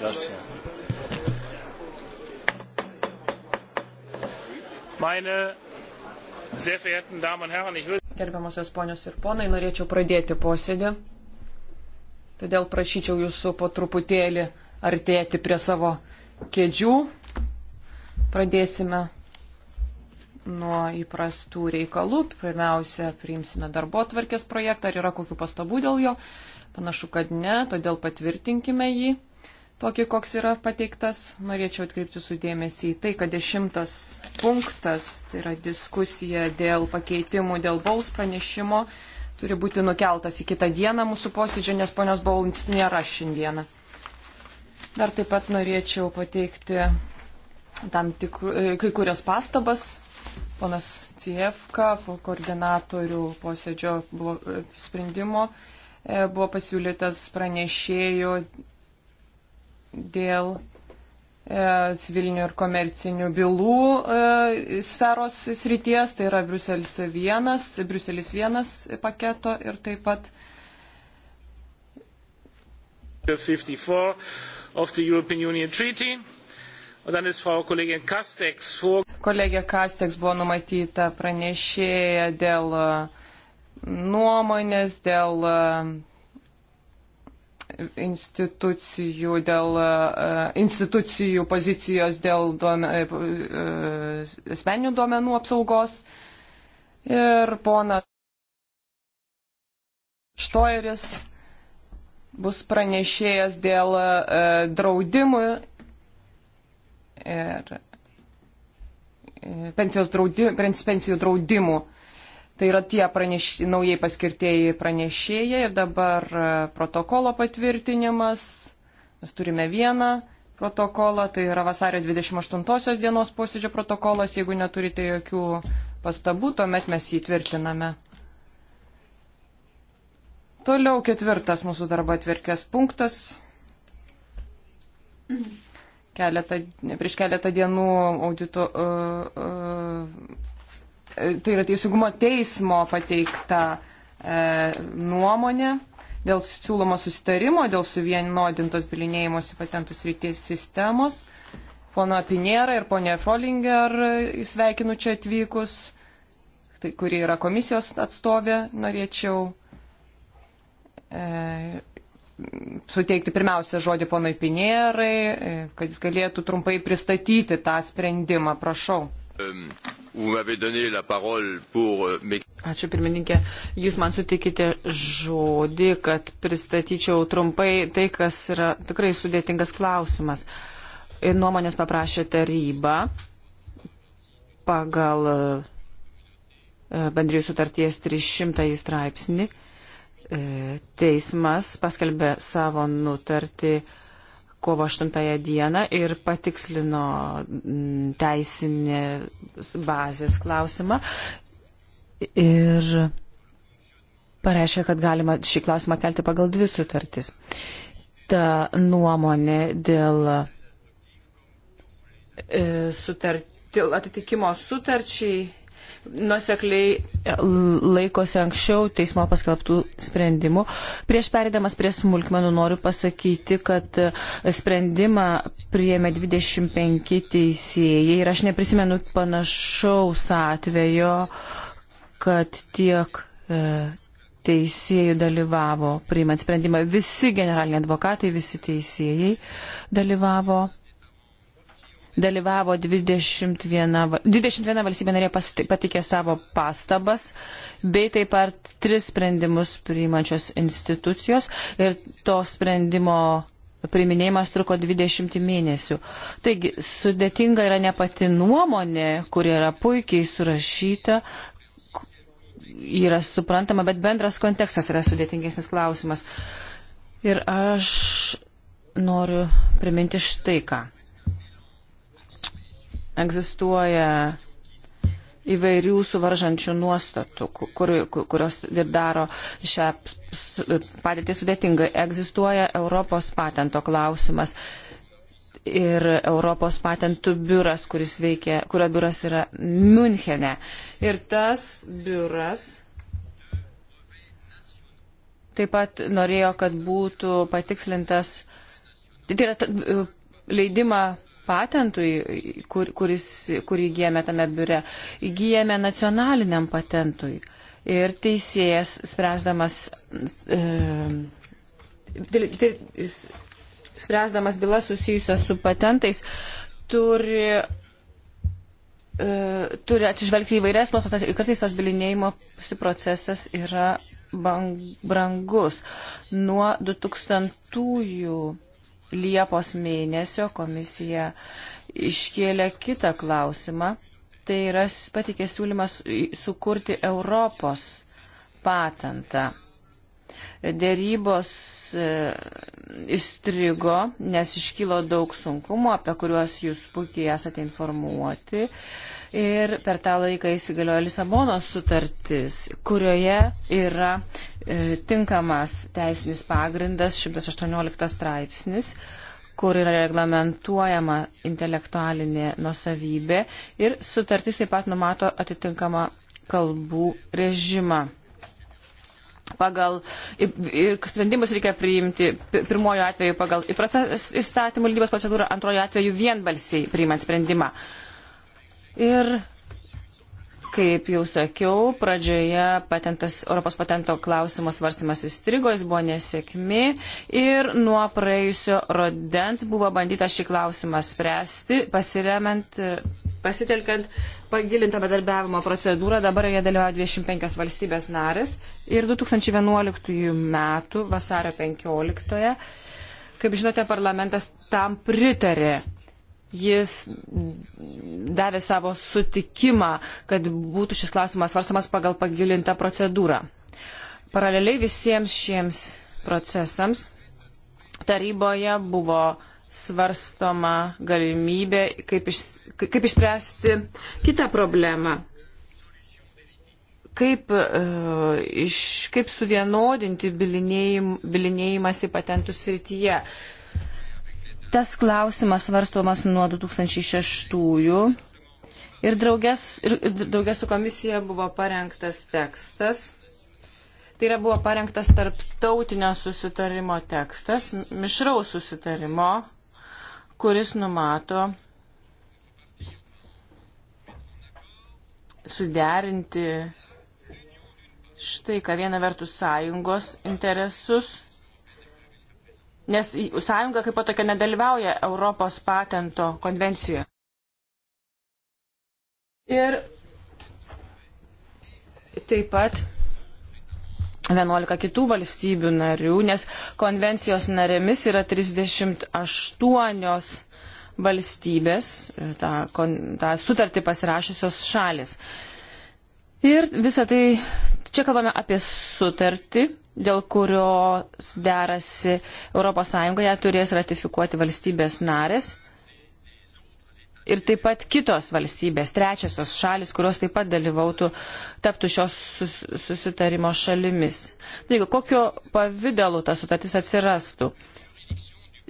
Das, ja. Meine sehr verehrten Damen und Herren, ich will. Gerbiamosios ponios ir ponai, norėčiau pradėti posėdį. Todėl prašyčiau jūsų po truputėlį artėti prie savo kėdžių. Pradėsime nuo įprastų reikalų. Pirmiausia, priimsime darbo tvarkės projektą. Ar yra kokių pastabų dėl jo? Panašu, kad ne, todėl patvirtinkime jį tokį, koks yra pateiktas. Norėčiau atkreipti sudėmėsi į tai, kad dešimtas punktas, tai yra diskusija dėl pakeitimų, dėl baus pranešimo, turi būti nukeltas į kitą dieną mūsų posėdžio, nes ponios baulins nėra šiandieną. Dar taip pat norėčiau pateikti tam tikru, e, kai kurios pastabas. Ponas Cievka po koordinatorių posėdžio buvo, e, sprendimo e, buvo pasiūlytas pranešėjų dėl e, civilinių ir komercinių bylų e, sferos srities, tai yra Bruselis vienas, Bruselis vienas paketo ir taip pat. 54 of the European Union Treaty. Und dann ist Frau Kollegin Castex vor. Kolegė Castex buvo numatyta pranešėja dėl e, nuomonės, dėl institucijų, dėl, e, institucijų pozicijos dėl duome, e, e, asmeninių duomenų apsaugos. Ir ponas Štoeris bus pranešėjas dėl draudimų ir pensijos draudi, pensijų draudimų. Tai yra tie praneš, naujai paskirtieji pranešėjai ir dabar e, protokolo patvirtinimas. Mes turime vieną protokolą, tai yra vasario 28 dienos posėdžio protokolas. Jeigu neturite jokių pastabų, tuomet mes jį tvirtiname. Toliau ketvirtas mūsų darbo atvirkės punktas. Keletą, prieš keletą dienų audito, uh, uh, E, tai yra teisingumo teismo pateikta e, nuomonė dėl siūlomo susitarimo, dėl suvienodintos bilinėjimosi patentų srities sistemos. Pona Pinėra ir ponė Frolinger e, sveikinu čia atvykus, tai, kuri yra komisijos atstovė, norėčiau e, suteikti pirmiausia žodį ponai Pinėrai, e, kad jis galėtų trumpai pristatyti tą sprendimą. Prašau. Um. Euh, Ačiū pirmininkė, jūs man sutikite žodį, kad pristatyčiau trumpai tai, kas yra tikrai sudėtingas klausimas. Nuomonės paprašė taryba pagal e, bendrijų sutarties 300 straipsnį. E, teismas paskelbė savo nutartį kovo 8 dieną ir patikslino mm, teisinės bazės klausimą ir pareiškė, kad galima šį klausimą kelti pagal dvi sutartis. Ta nuomonė dėl e, sutartį atitikimo sutarčiai nusekliai e, laikosi anksčiau teismo paskelbtų sprendimų. Prieš perėdamas prie smulkmenų noriu pasakyti, kad e, sprendimą priėmė 25 teisėjai ir aš neprisimenu panašaus atvejo, kad tiek e, teisėjų dalyvavo priimant sprendimą. Visi generaliniai advokatai, visi teisėjai dalyvavo dalyvavo 21, 21 valstybė narė patikė savo pastabas, bei taip pat tris sprendimus priimančios institucijos ir to sprendimo priminėjimas truko 20 mėnesių. Taigi sudėtinga yra ne pati nuomonė, kuri yra puikiai surašyta, yra suprantama, bet bendras kontekstas yra sudėtingesnis klausimas. Ir aš noriu priminti štai ką egzistuoja įvairių suvaržančių nuostatų, kur, kurios ir daro šią padėtį sudėtingai. Egzistuoja Europos patento klausimas ir Europos patentų biuras, veikia, kurio biuras yra Münchene. Ir tas biuras taip pat norėjo, kad būtų patikslintas, tai yra leidimą patentui, kur, kuris, kurį įgyjame tame biure, įgyjame nacionaliniam patentui. Ir teisėjas, spręsdamas, e, dėl, dėl, spręsdamas bylas susijusias su patentais, turi e, turi atsižvelgti įvairias nuostatas ir kartais tas bilinėjimo procesas yra bang, brangus. Nuo 2000-ųjų Liepos mėnesio komisija iškėlė kitą klausimą. Tai yra patikė siūlymas sukurti Europos patentą. Dėrybos e, įstrigo, nes iškilo daug sunkumų, apie kuriuos jūs puikiai esate informuoti. E, ir per tą laiką įsigalioja Lisabonos sutartis, kurioje yra e, tinkamas teisinis pagrindas 118 straipsnis kur yra reglamentuojama intelektualinė nusavybė ir sutartis taip pat numato atitinkamą kalbų režimą. Pagal, ir sprendimus reikia priimti pirmojo atveju pagal įprastą įstatymų lygybės procedūrą, antrojo atveju vienbalsiai priimant sprendimą. Uh, Ir Kaip jau sakiau, pradžioje patentas, Europos patento klausimo svarstymas įstrigo, jis buvo nesėkmi ir nuo praėjusio rodens buvo bandyta šį klausimą spręsti, pasiremiant, pasitelkiant pagilintą bedarbiavimo procedūrą. Dabar joje dalyvauja 25 valstybės narės ir 2011 m. vasario 15. Kaip žinote, parlamentas tam pritarė jis davė savo sutikimą, kad būtų šis klausimas svarstamas pagal pagilintą procedūrą. Paraleliai visiems šiems procesams taryboje buvo svarstoma galimybė, kaip, iš, kaip išspręsti kitą problemą. Kaip, uh, iš, kaip suvienodinti bilinėjimąsi patentų srityje. Uh, Tas klausimas svarstomas nuo 2006-ųjų ir draugės, ir draugės su komisija buvo parengtas tekstas. Tai yra buvo parengtas tarptautinio susitarimo tekstas, mišraus susitarimo, kuris numato suderinti štai ką viena vertus sąjungos interesus Nes sąjunga kaip tokia nedalyvauja Europos patento konvencijoje. Ir taip pat 11 kitų valstybių narių, nes konvencijos narėmis yra 38 valstybės, tą, tą sutartį pasirašysios šalis. Ir visą tai, čia kalbame apie sutartį, dėl kurios derasi ES, ją turės ratifikuoti valstybės narės ir taip pat kitos valstybės, trečiosios šalis, kurios taip pat dalyvautų, taptų šios sus, susitarimo šalimis. Taigi, kokio pavydalu ta sutartis atsirastų?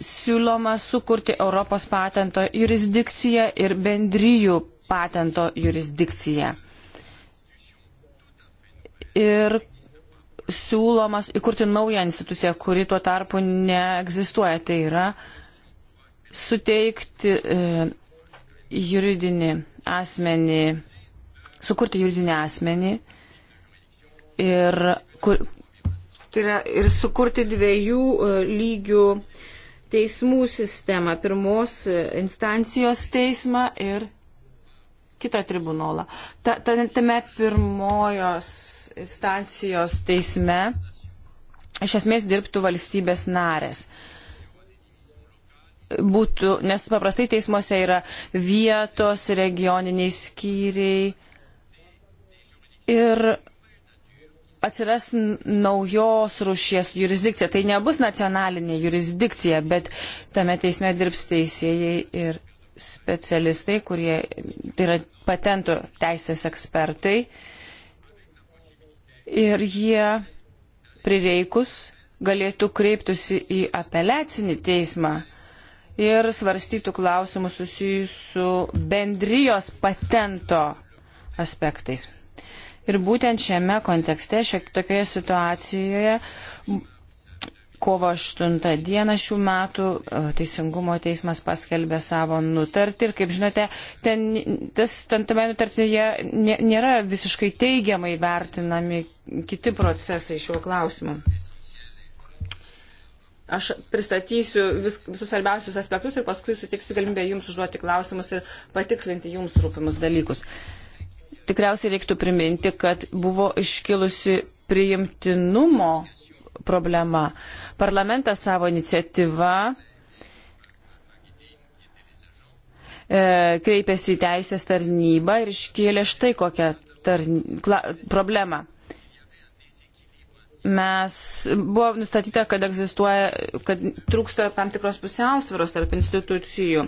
Siūloma sukurti Europos patento jurisdikciją ir bendryjų patento jurisdikciją. Ir siūlomas įkurti naują instituciją, kuri tuo tarpu neegzistuoja. Tai yra suteikti e, juridinį asmenį, sukurti juridinį asmenį ir, kur, tai yra, ir sukurti dviejų e, lygių teismų sistemą. Pirmos instancijos teismą ir kitą tribunolą. Ta, ta, tame pirmojos instancijos teisme iš esmės dirbtų valstybės narės. Būtų, nes paprastai teismuose yra vietos, regioniniai skyriai ir atsiras naujos rušies jurisdikcija. Tai nebus nacionalinė jurisdikcija, bet tame teisme dirbs teisėjai ir specialistai, kurie tai yra patentų teisės ekspertai. Uh, ir jie prireikus galėtų kreiptųsi į apeliacinį teismą ir svarstytų klausimus susijusius su bendrijos patento aspektais. Ir būtent šiame kontekste, šiek tokioje situacijoje, kovo 8 dieną šių metų e, Teisingumo teismas paskelbė savo nutartį ir, kaip žinote, ten, tas, ten tame nutartyje nėra visiškai teigiamai vertinami kiti procesai šiuo klausimu. Aš pristatysiu vis, visus svarbiausius aspektus ir paskui suteiksiu galimybę jums užduoti klausimus ir patikslinti jums rūpimus dalykus. Tikriausiai reiktų priminti, kad buvo iškilusi priimtinumo problema. Parlamentas savo iniciatyvą e, kreipėsi į teisės tarnybą ir iškėlė štai kokią tarny, kla, problemą. Mes buvo nustatyta, kad egzistuoja, kad trūksta tam tikros pusiausvėros tarp institucijų.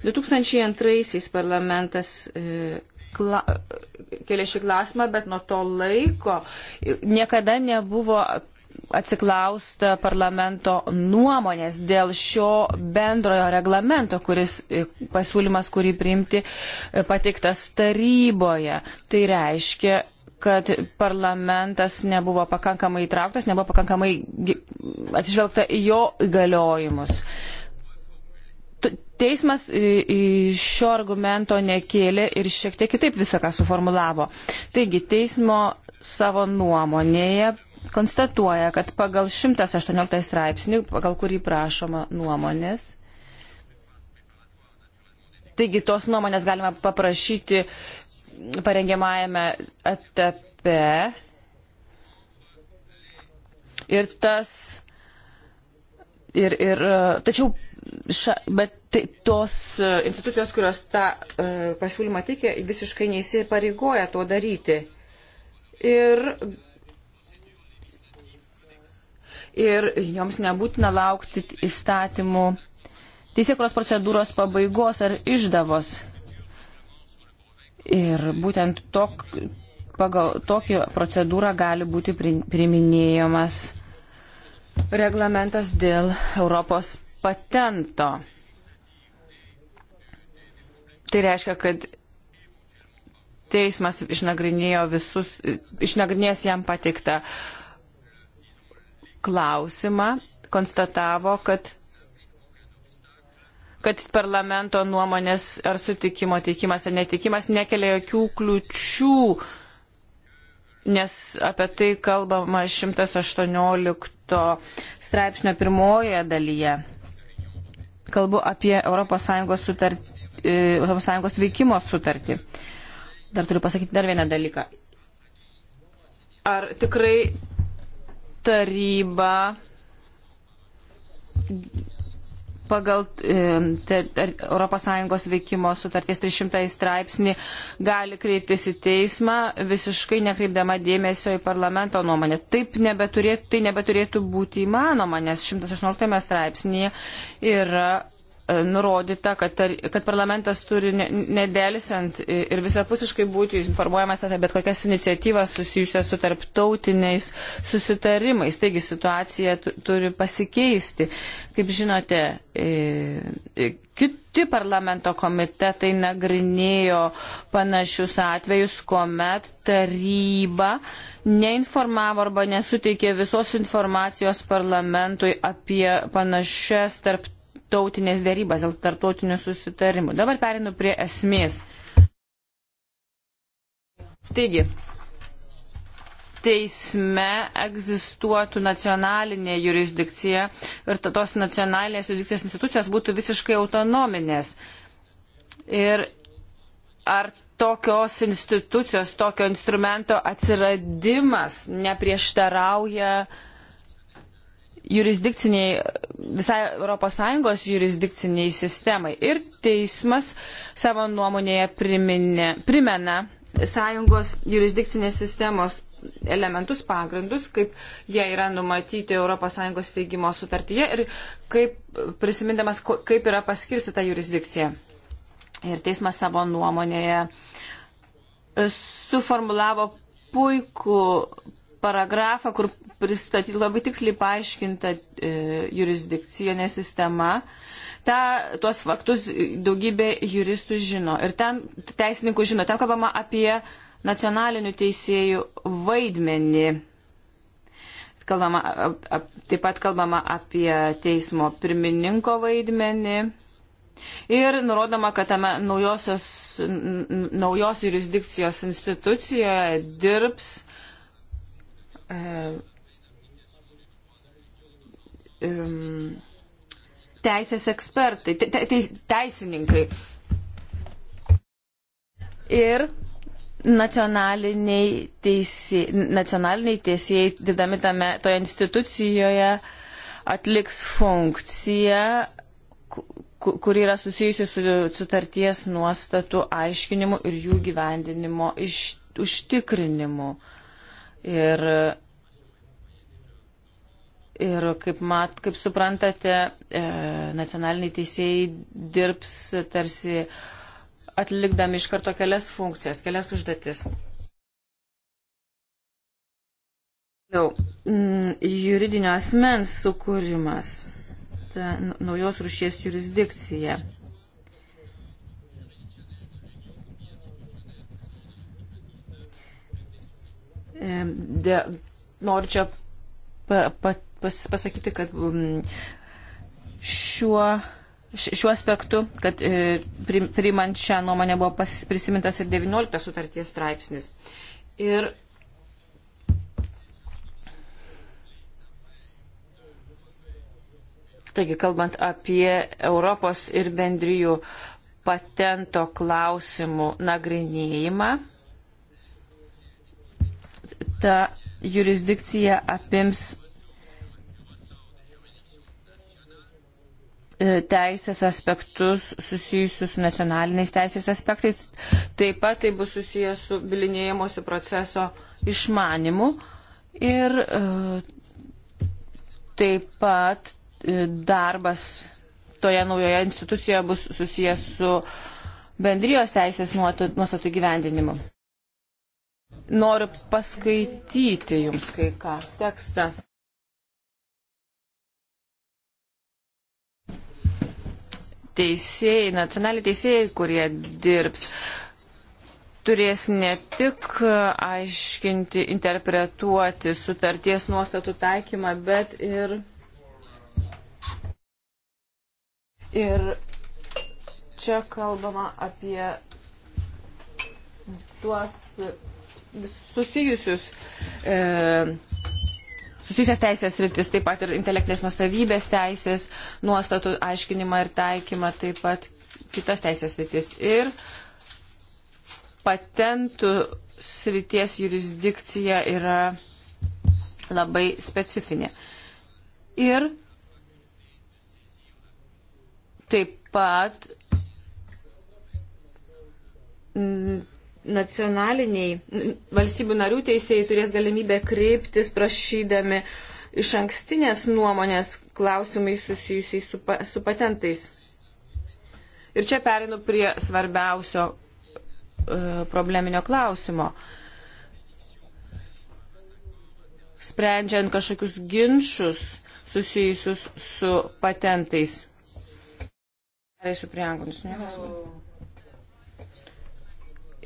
2002 parlamentas e, kla, kelia šį klausimą, bet nuo to laiko niekada nebuvo atsiklausta parlamento nuomonės dėl šio bendrojo reglamento, kuris e, pasiūlymas, kurį priimti, e, pateiktas taryboje. Tai reiškia, kad parlamentas nebuvo pakankamai įtrauktas, nebuvo pakankamai atsižvelgta į jo įgaliojimus. Teismas šio argumento nekėlė ir šiek tiek kitaip visą ką suformulavo. Taigi, teismo savo nuomonėje konstatuoja, kad pagal 118 straipsnį, pagal kurį prašoma nuomonės, taigi tos nuomonės galima paprašyti parengiamajame etape ir tas ir, ir tačiau ša, bet tai, tos e, institucijos, kurios tą e, pasiūlymą teikia, visiškai neįsipareigoja to daryti. Ir ir joms nebūtina laukti įstatymų teisėkuros procedūros pabaigos ar išdavos. Ir būtent tok, pagal tokią procedūrą gali būti priminėjamas reglamentas dėl Europos patento. Tai reiškia, kad teismas išnagrinėjo visus, išnagrinės jam pateiktą uh, klausimą, konstatavo, kad kad parlamento nuomonės ar sutikimo teikimas ar netikimas nekelia jokių kliučių, nes apie tai kalbama 118 straipsnio pirmojoje dalyje. Kalbu apie ES, sutart, ES veikimo sutartį. Dar turiu pasakyti dar vieną dalyką. Ar tikrai taryba pagal ES veikimo sutarties 300 straipsnį gali kreiptis į teismą, visiškai nekreipdama dėmesio į parlamento nuomonę. Taip nebeturėtų, tai nebeturėtų būti įmanoma, nes 118 straipsnėje yra nurodyta, kad, tar, kad parlamentas turi nedelsiant ir visapusiškai būti informuojamas apie bet kokias iniciatyvas susijusias su tarptautiniais susitarimais. Taigi situacija turi pasikeisti. Kaip žinote, kiti parlamento komitetai nagrinėjo panašius atvejus, kuomet taryba neinformavo arba nesuteikė visos informacijos parlamentui apie panašias tarptautinės tarptautinės dėrybas, dėl tarptautinių susitarimų. Dabar perinu prie esmės. Taigi, teisme egzistuotų nacionalinė jurisdikcija ir tos nacionalinės jurisdikcijos institucijos būtų visiškai autonominės. Ir ar tokios institucijos, tokio instrumento atsiradimas neprieštarauja uh, jurisdikciniai, visai ES jurisdikciniai sistemai. Ir teismas savo nuomonėje priminė, primena sąjungos jurisdikcinės sistemos elementus, pagrindus, kaip jie yra numatyti ES teigimo sutartyje ir kaip, prisimindamas, kaip yra paskirstyta jurisdikcija. Ir teismas savo nuomonėje e, suformulavo puikų paragrafą, kur pristatyti labai tiksliai paaiškinta e, jurisdikcinė sistema. Ta, tuos faktus daugybė juristų žino. Ir ten teisininkų žino. Ten kalbama apie nacionalinių teisėjų vaidmenį. Kalbama, ap, ap, taip pat kalbama apie teismo pirmininko vaidmenį. Ir nurodoma, kad tame naujosios, naujos jurisdikcijos institucijoje dirbs e, um, teisės ekspertai, te, te, teisininkai. Ir nacionaliniai teisėjai, nacionaliniai teisėjai didami tame, toje institucijoje atliks funkciją, kuri yra susijusi su sutarties nuostatų aiškinimu ir jų gyvendinimo iš, užtikrinimu. Ir Ir kaip, mat, kaip suprantate, e, nacionaliniai teisėjai dirbs tarsi atlikdami iš karto kelias funkcijas, kelias užduotis. Jau, mm, juridinio asmens sukūrimas, ta naujos rušies jurisdikcija. E, de, noriu čia pa, pat pas, pasakyti, kad um, šiuo šiuo aspektu, kad e, priimant šią nuomonę buvo pas, prisimintas ir 19 sutarties straipsnis. Ir Taigi, kalbant apie Europos ir bendrijų patento klausimų nagrinėjimą, ta jurisdikcija apims E, teisės aspektus susijusius su nacionaliniais teisės aspektais. Taip pat tai bus susijęs su bilinėjimuose proceso išmanimu ir e, taip pat e, darbas toje naujoje institucijoje bus susijęs su bendrijos teisės nuostatų gyvendinimu. Noriu paskaityti jums kai ką tekstą. teisėjai, nacionaliniai teisėjai, kurie dirbs, turės ne tik aiškinti, interpretuoti sutarties nuostatų taikymą, bet ir, ir čia kalbama apie tuos susijusius e, susijusias teisės rytis, taip pat ir intelektinės nusavybės teisės, nuostatų aiškinimą ir taikymą, taip pat kitas teisės rytis. Ir patentų srities jurisdikcija yra labai specifinė. Ir taip pat mm, nacionaliniai valstybių narių teisėjai turės galimybę kreiptis prašydami iš ankstinės nuomonės klausimai susijusiai su, pa, su patentais. Ir čia perinu prie svarbiausio e, probleminio klausimo. Sprendžiant kažkokius ginčius susijusius su patentais. Reisiu prie anglų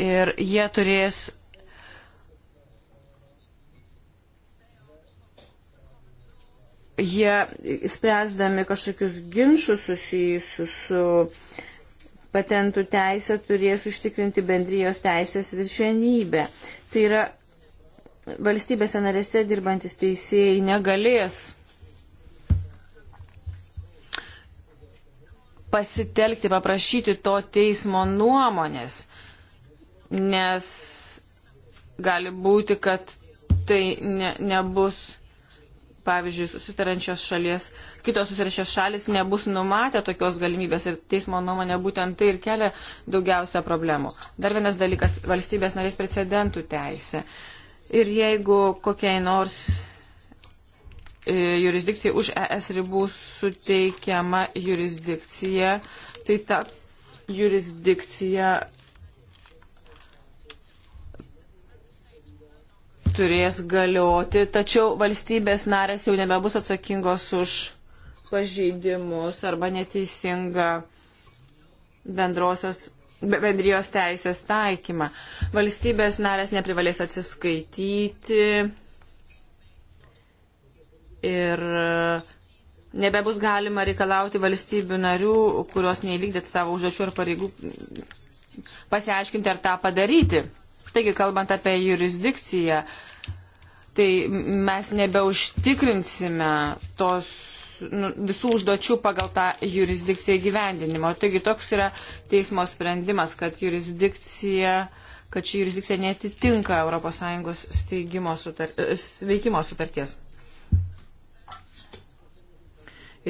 ir jie turės jie spręsdami kažkokius ginčius susijusius su patentų teisė turės užtikrinti bendrijos teisės viršenybę. Tai yra valstybėse narėse dirbantis teisėjai negalės pasitelkti, paprašyti to teismo nuomonės nes gali būti, kad tai ne, nebus, pavyzdžiui, susitarančios šalies, kitos susitarančios šalis nebus numatę tokios galimybės ir teismo nuomonė būtent tai ir kelia daugiausia problemų. Dar vienas dalykas - valstybės narės precedentų teisė. Ir jeigu kokiai nors e, jurisdikcijai už ES ribų suteikiama jurisdikcija, tai ta jurisdikcija turės galioti, tačiau valstybės narės jau nebebus atsakingos už pažeidimus arba neteisingą bendrosios bendrijos teisės taikymą. Valstybės narės neprivalės atsiskaityti ir nebebus galima reikalauti valstybių narių, kurios neįvykdėt savo užduočių ar pareigų, pasiaiškinti ar tą padaryti. Taigi, kalbant apie jurisdikciją, tai mes nebeužtikrinsime tos nu, visų užduočių pagal tą jurisdikciją gyvendinimo. Taigi toks yra teismo sprendimas, kad jurisdikcija kad ši jurisdikcija netitinka ES steigimo sutar, veikimo sutarties.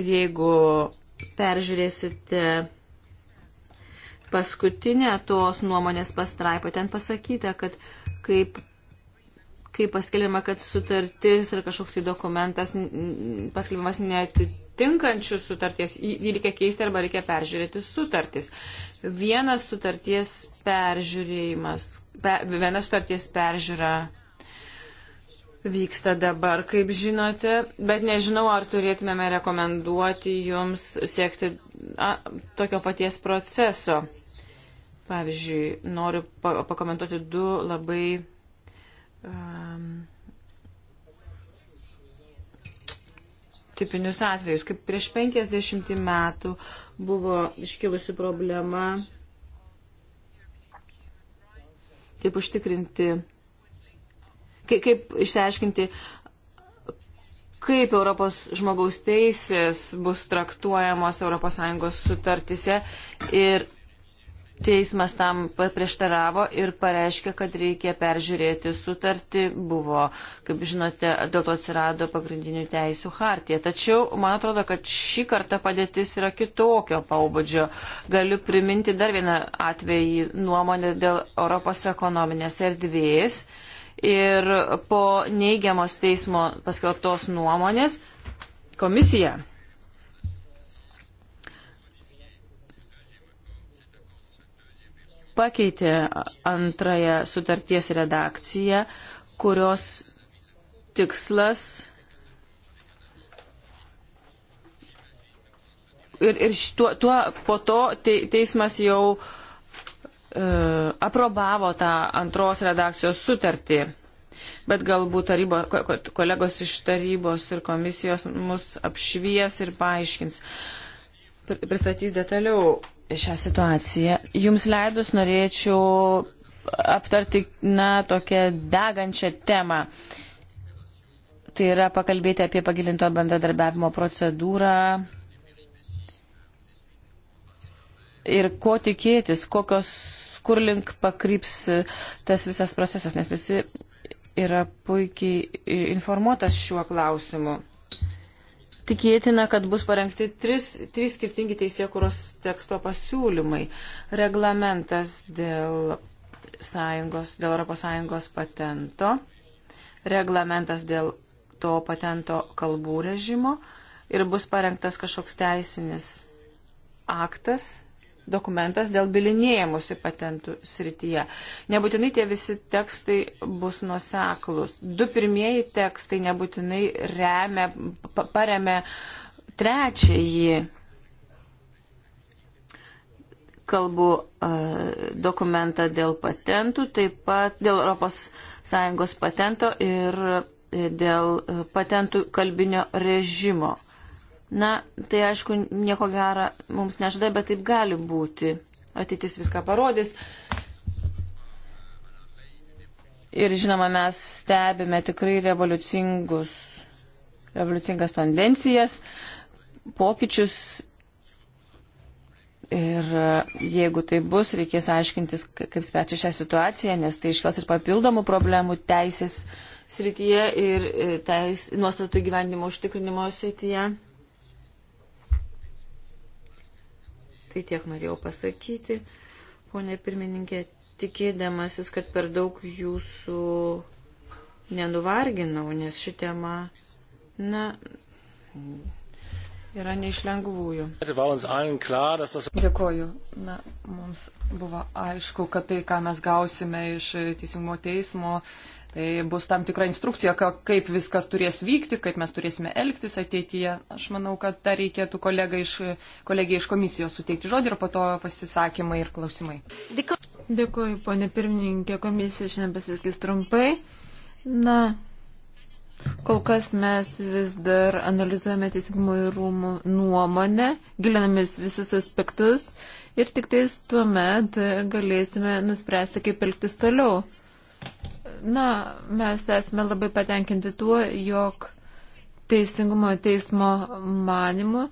Ir jeigu peržiūrėsite paskutinė tos nuomonės pastraipa. Ten pasakyta, kad kaip, kaip paskelbima, kad sutartis ar kažkoks tai dokumentas paskelbimas netitinkančių sutarties, jį reikia keisti arba reikia peržiūrėti sutartis. Vienas sutarties peržiūrėjimas, per, viena sutarties peržiūra vyksta dabar, kaip žinote, bet nežinau, ar turėtumėme rekomenduoti jums siekti a, tokio paties proceso. Pavyzdžiui, noriu pakomentuoti du labai um, tipinius atvejus. Kaip prieš 50 metų buvo iškilusi problema, kaip užtikrinti, kaip, kaip išsiaiškinti, kaip Europos žmogaus teisės bus traktuojamos ES sutartise ir Teismas tam prieštaravo ir pareiškė, kad reikia peržiūrėti sutartį. Buvo, kaip žinote, dėl to atsirado pagrindinių teisų hartija. Tačiau man atrodo, kad šį kartą padėtis yra kitokio paubodžio. Galiu priminti dar vieną atvejį nuomonę dėl Europos ekonominės erdvės. Ir po neigiamos teismo paskelbtos nuomonės komisija pakeitė antrąją sutarties redakciją, kurios tikslas ir, ir šituo, tuo, po to te, teismas jau e, aprobavo tą antros redakcijos sutartį. Bet galbūt taryba, kolegos iš tarybos ir komisijos mus apšvies ir paaiškins, pristatys detaliau šią situaciją. Jums leidus norėčiau aptarti, na, tokią degančią temą. Tai yra pakalbėti apie pagilinto bendradarbiavimo procedūrą ir ko tikėtis, kokios, kur link pakryps tas visas procesas, nes visi yra puikiai informuotas šiuo klausimu tikėtina, kad bus parengti tris, trys skirtingi teisėkuros teksto pasiūlymai. Reglamentas dėl, sąjungos, dėl ES patento, reglamentas dėl to patento kalbų režimo ir bus parengtas kažkoks teisinis aktas dokumentas dėl bilinėjimusi patentų srityje. Nebūtinai tie visi tekstai bus nuseklus. Du pirmieji tekstai nebūtinai remia, paremia trečiąjį. Kalbu uh, dokumentą dėl patentų, taip pat dėl ES patento ir e, dėl e, patentų kalbinio režimo. Uh, Na, tai aišku, nieko gera mums nežada, bet taip gali būti. Ateitis viską parodys. Ir žinoma, mes stebime tikrai revoliucingus, revoliucingas tendencijas, pokyčius. Ir e, jeigu tai bus, reikės aiškintis, kaip spręsti šią situaciją, nes tai iškels ir papildomų problemų teisės srityje ir e, teis, nuostatų gyvenimo užtikrinimo srityje. Tai tiek norėjau pasakyti, ponė pirmininkė, tikėdamasis, kad per daug jūsų nenuvarginau, nes ši tema, na, yra neiš lengvųjų. Dėkoju. Na, mums buvo aišku, kad tai, ką mes gausime iš teisingumo teismo, Tai bus tam tikra instrukcija, kaip viskas turės vykti, kaip mes turėsime elgtis ateityje. Aš manau, kad dar reikėtų kolegai iš, kolegiai iš komisijos suteikti žodį ir po to pasisakymai ir klausimai. Dėkuoju, ponė pirmininkė, komisija šiandien pasisakys trumpai. Na, kol kas mes vis dar analizuojame teisingumo ir rūmų nuomonę, gilinamės visus aspektus ir tik tais tuomet galėsime nuspręsti, kaip elgtis toliau. Na, mes esame labai patenkinti tuo, jog teisingumo teismo manimu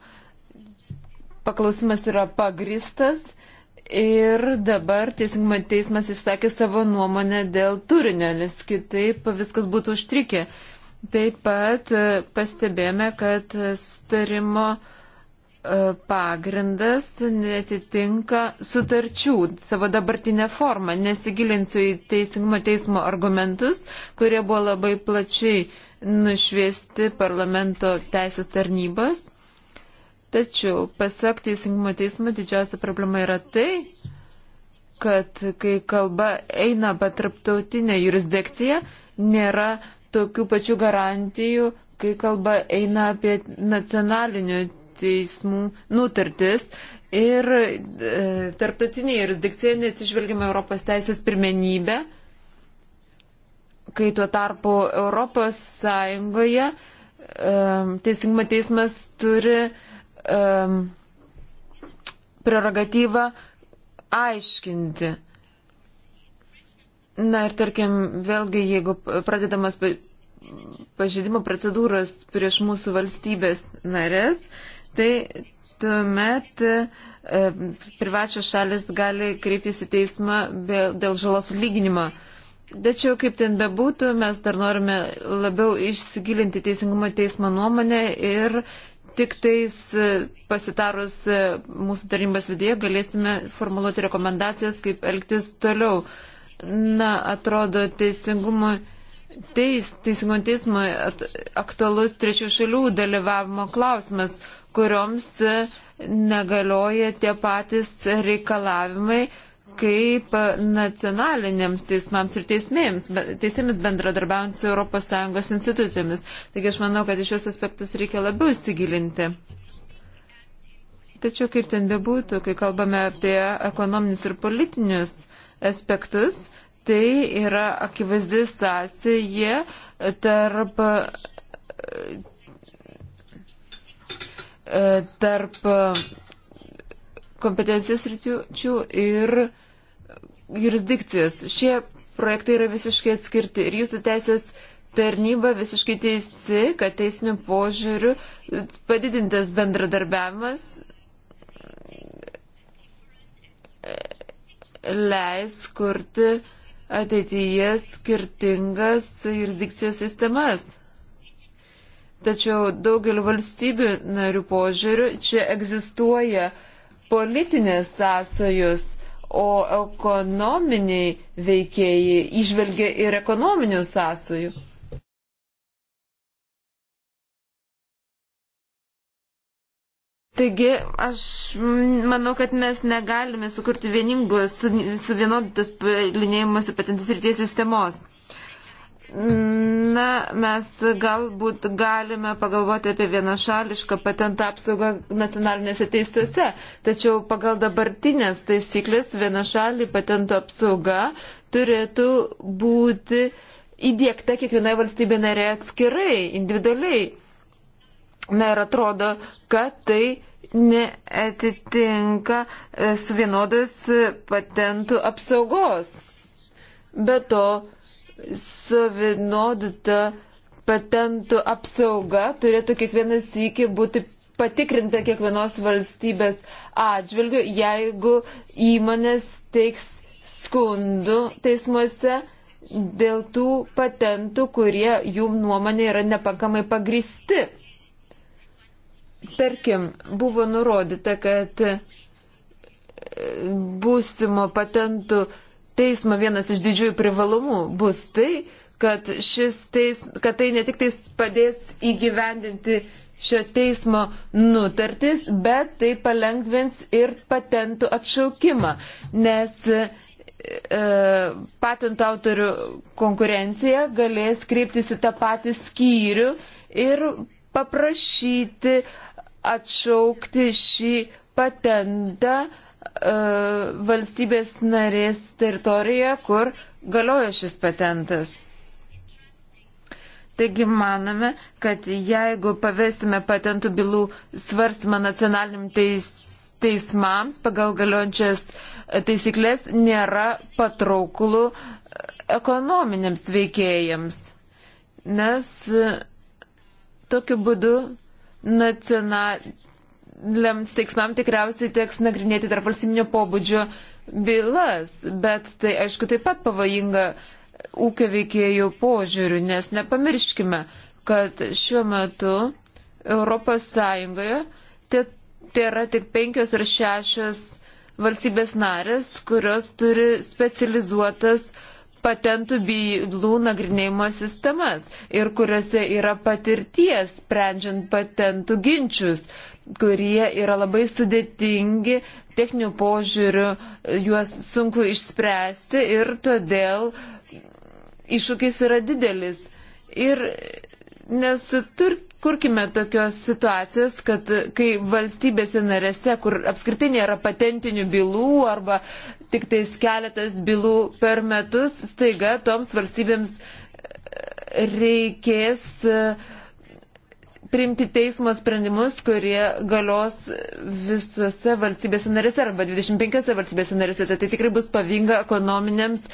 paklausimas yra pagristas ir dabar teisingumo teismas išsakė savo nuomonę dėl turinio, nes kitaip viskas būtų užtrikę. Taip pat pastebėjome, kad starimo uh, E, pagrindas netitinka sutarčių savo dabartinę formą. Nesigilinsiu į teisingumo teismo argumentus, kurie buvo labai plačiai nušviesti parlamento teisės tarnybos. Tačiau, pasak teisingumo teismo, didžiausia problema yra tai, kad kai kalba eina apie traptautinę jurisdikciją, nėra tokių pačių garantijų, kai kalba eina apie nacionalinių teismų nutartis. Ir e, tarptautinė jurisdikcija neatsižvelgiama Europos teisės pirmenybė, kai tuo tarpu Europos Sąjungoje e, teisingumo teismas turi e, prerogatyvą aiškinti. Na ir tarkim, vėlgi, jeigu pradedamas pažydimo procedūros prieš mūsų valstybės narės, tai tuomet e, privačios šalis gali kreiptis į teismą dėl žalos atlyginimo. Tačiau, kaip ten bebūtų, mes dar norime labiau išsigilinti teisingumo teismo nuomonę ir tik tais e, pasitarus e, mūsų tarnybos vidėje galėsime formuluoti rekomendacijas, kaip elgtis toliau. Na, atrodo, teisingumo, teis, teisingumo teismo aktualus trečių šalių dalyvavimo klausimas kurioms e, negalioja tie patys reikalavimai kaip e, nacionaliniams teismams ir teismėms, teisėmis bendradarbiaujant su ES institucijomis. Taigi aš manau, kad iš šios aspektus reikia labiau įsigilinti. Tačiau kaip ten bebūtų, kai kalbame apie ekonominius ir politinius aspektus, tai yra akivaizdi sąsija tarp e, E, tarp e, kompetencijos ryčių ir jurisdikcijos. Šie projektai yra visiškai atskirti ir jūsų teisės tarnyba visiškai teisi, kad teisiniu požiūriu padidintas bendradarbiavimas leis kurti ateityje skirtingas jurisdikcijos sistemas. Tačiau daugelio valstybių narių požiūrių čia egzistuoja politinės sąsajos, o ekonominiai veikėjai išvelgia ir ekonominių sąsajų. Taigi, aš manau, kad mes negalime sukurti vieningos, suvienodytos su linėjimuose patentus ir tie sistemos. Na, mes galbūt galime pagalvoti apie vienašališką patentą apsaugą nacionalinėse teisėse, tačiau pagal dabartinės taisyklės vienašalį patento apsauga turėtų būti įdėkta kiekvienoje valstybėje narėje atskirai, individualiai. Na ir atrodo, kad tai neatitinka e, suvienodos e, patentų apsaugos. Be to, suvienodita patentų apsauga turėtų kiekvienas iki būti patikrinta kiekvienos valstybės atžvilgiu, jeigu įmonės teiks skundų teismuose dėl tų patentų, kurie jų nuomonė yra nepakamai pagristi. Tarkim, buvo nurodyta, kad būsimo patentų teismo vienas iš didžiųjų privalumų bus tai, kad, teis, kad tai ne tik tais padės įgyvendinti šio teismo nutartis, bet tai palengvins ir patentų atšaukimą, nes e, e patentų autorių konkurencija galės kreiptis į tą patį skyrių ir paprašyti atšaukti šį patentą, E, valstybės narės teritorijoje, kur galioja šis patentas. Taigi manome, kad jeigu pavėsime patentų bylų svarstymą nacionaliniam teis, teismams pagal galiojančias taisyklės, nėra patrauklų ekonominiams veikėjams. Nes tokiu būdu nacional, lems teiksmam tikriausiai teks nagrinėti tarp valstybinio pobūdžio bylas, bet tai aišku taip pat pavojinga ūkio veikėjų požiūrių, nes nepamirškime, kad šiuo metu Europos Sąjungoje tai, tai yra tik penkios ar šešios valstybės narės, kurios turi specializuotas patentų bylų nagrinėjimo sistemas ir kuriuose yra patirties sprendžiant patentų ginčius kurie yra labai sudėtingi, techninių požiūrių juos sunku išspręsti ir todėl iššūkis yra didelis. Ir nesuturkime tokios situacijos, kad kai valstybėse narėse, kur apskritai nėra patentinių bylų arba tik tais keletas bylų per metus, staiga toms valstybėms reikės uh, priimti teismo sprendimus, kurie galios visose valstybėse narėse arba 25 valstybėse narėse. Tai, tai tikrai bus pavinga ekonominiams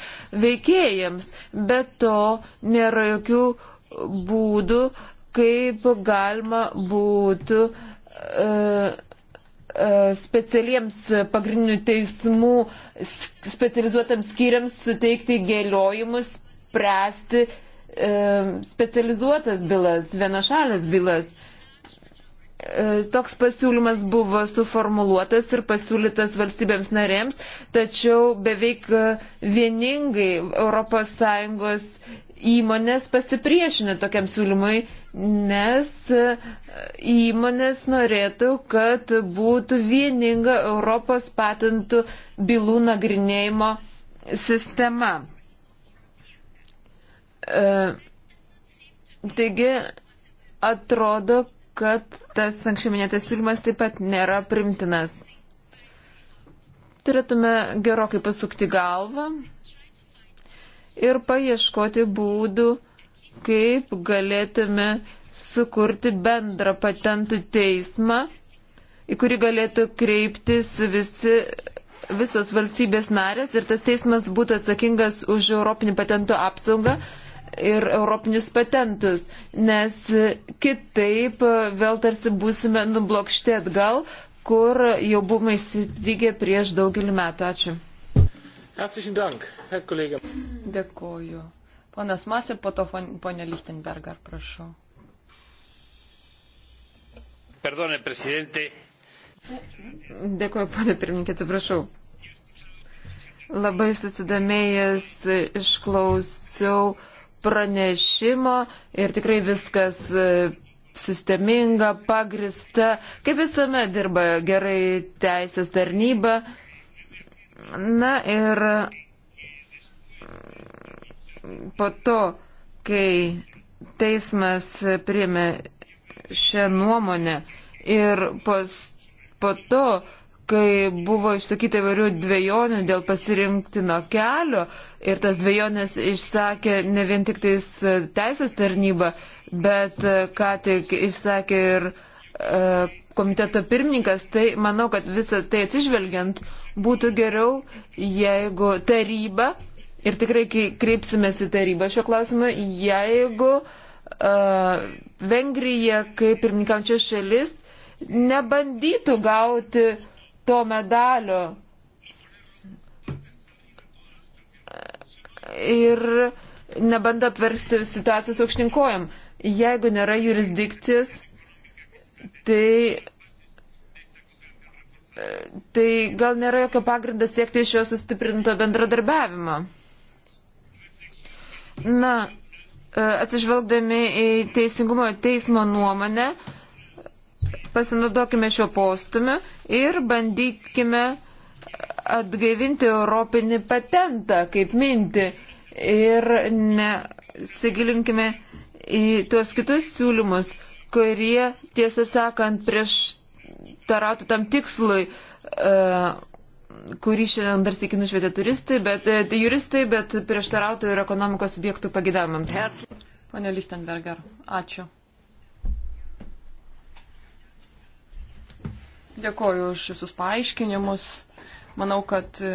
veikėjams. Be to nėra jokių būdų, kaip galima būtų e, e, specialiems pagrindinių teismų specializuotams skyriams suteikti gėliojimus, spręsti e, specializuotas bylas, vienašalės bylas. E, toks pasiūlymas buvo suformuluotas ir pasiūlytas valstybėms narėms, tačiau beveik vieningai ES įmonės pasipriešino tokiam siūlymui, nes įmonės norėtų, kad būtų vieninga Europos patentų bylų nagrinėjimo sistema. E, taigi, atrodo, kad tas anksčiau minėtas siūlymas taip pat nėra primtinas. Turėtume gerokai pasukti galvą ir paieškoti būdų, kaip galėtume sukurti bendrą patentų teismą, į kurį galėtų kreiptis visi, visos valstybės narės ir tas teismas būtų atsakingas už Europinį patentų apsaugą. Mm ir europinius patentus, nes kitaip vėl tarsi būsime nublokšti atgal, kur jau buvome įsitrygę prieš daugelį metų. Ačiū. Dėkoju. Ponas Masė, po to ponė Lichtenberger, prašau. Perdone, prezidentė. Dėkoju, ponė pirmininkė, atsiprašau. Labai susidomėjęs išklausiau pranešimo ir tikrai viskas e, sisteminga, pagrista, kaip visuomet dirba gerai teisės tarnyba. Na ir po to, kai teismas priėmė šią nuomonę ir pos, po to, kai buvo išsakyta įvairių dviejonių dėl pasirinktino kelio ir tas dviejonės išsakė ne vien tik tais e, teisės tarnyba, bet e, ką tik išsakė ir e, komiteto pirmininkas, tai manau, kad visą tai atsižvelgiant būtų geriau, jeigu taryba, ir tikrai kreipsimės į tarybą šio klausimu, jeigu uh, Vengrija kaip pirmininkamčia šalis nebandytų gauti uh, to medalio. Ir nebando apversti situacijos aukštinkojam. Jeigu nėra jurisdikcijos, tai tai gal nėra jokio pagrindo siekti iš jo sustiprinto bendradarbiavimo. Na, e, atsižvelgdami į teisingumo teismo nuomonę, Pasinaudokime šio postumiu ir bandykime atgaivinti europinį patentą kaip mintį ir nesigilinkime į tuos kitus siūlymus, kurie, tiesą sakant, prieš tarautų tam tikslui, uh, kurį šiandien dar sėki nušvietė turistai, bet, uh, e, tai juristai, bet prieštarautų ir ekonomikos subjektų pagidavimams. Pone Lichtenberger, ačiū. Dėkoju už visus paaiškinimus. Manau, kad e,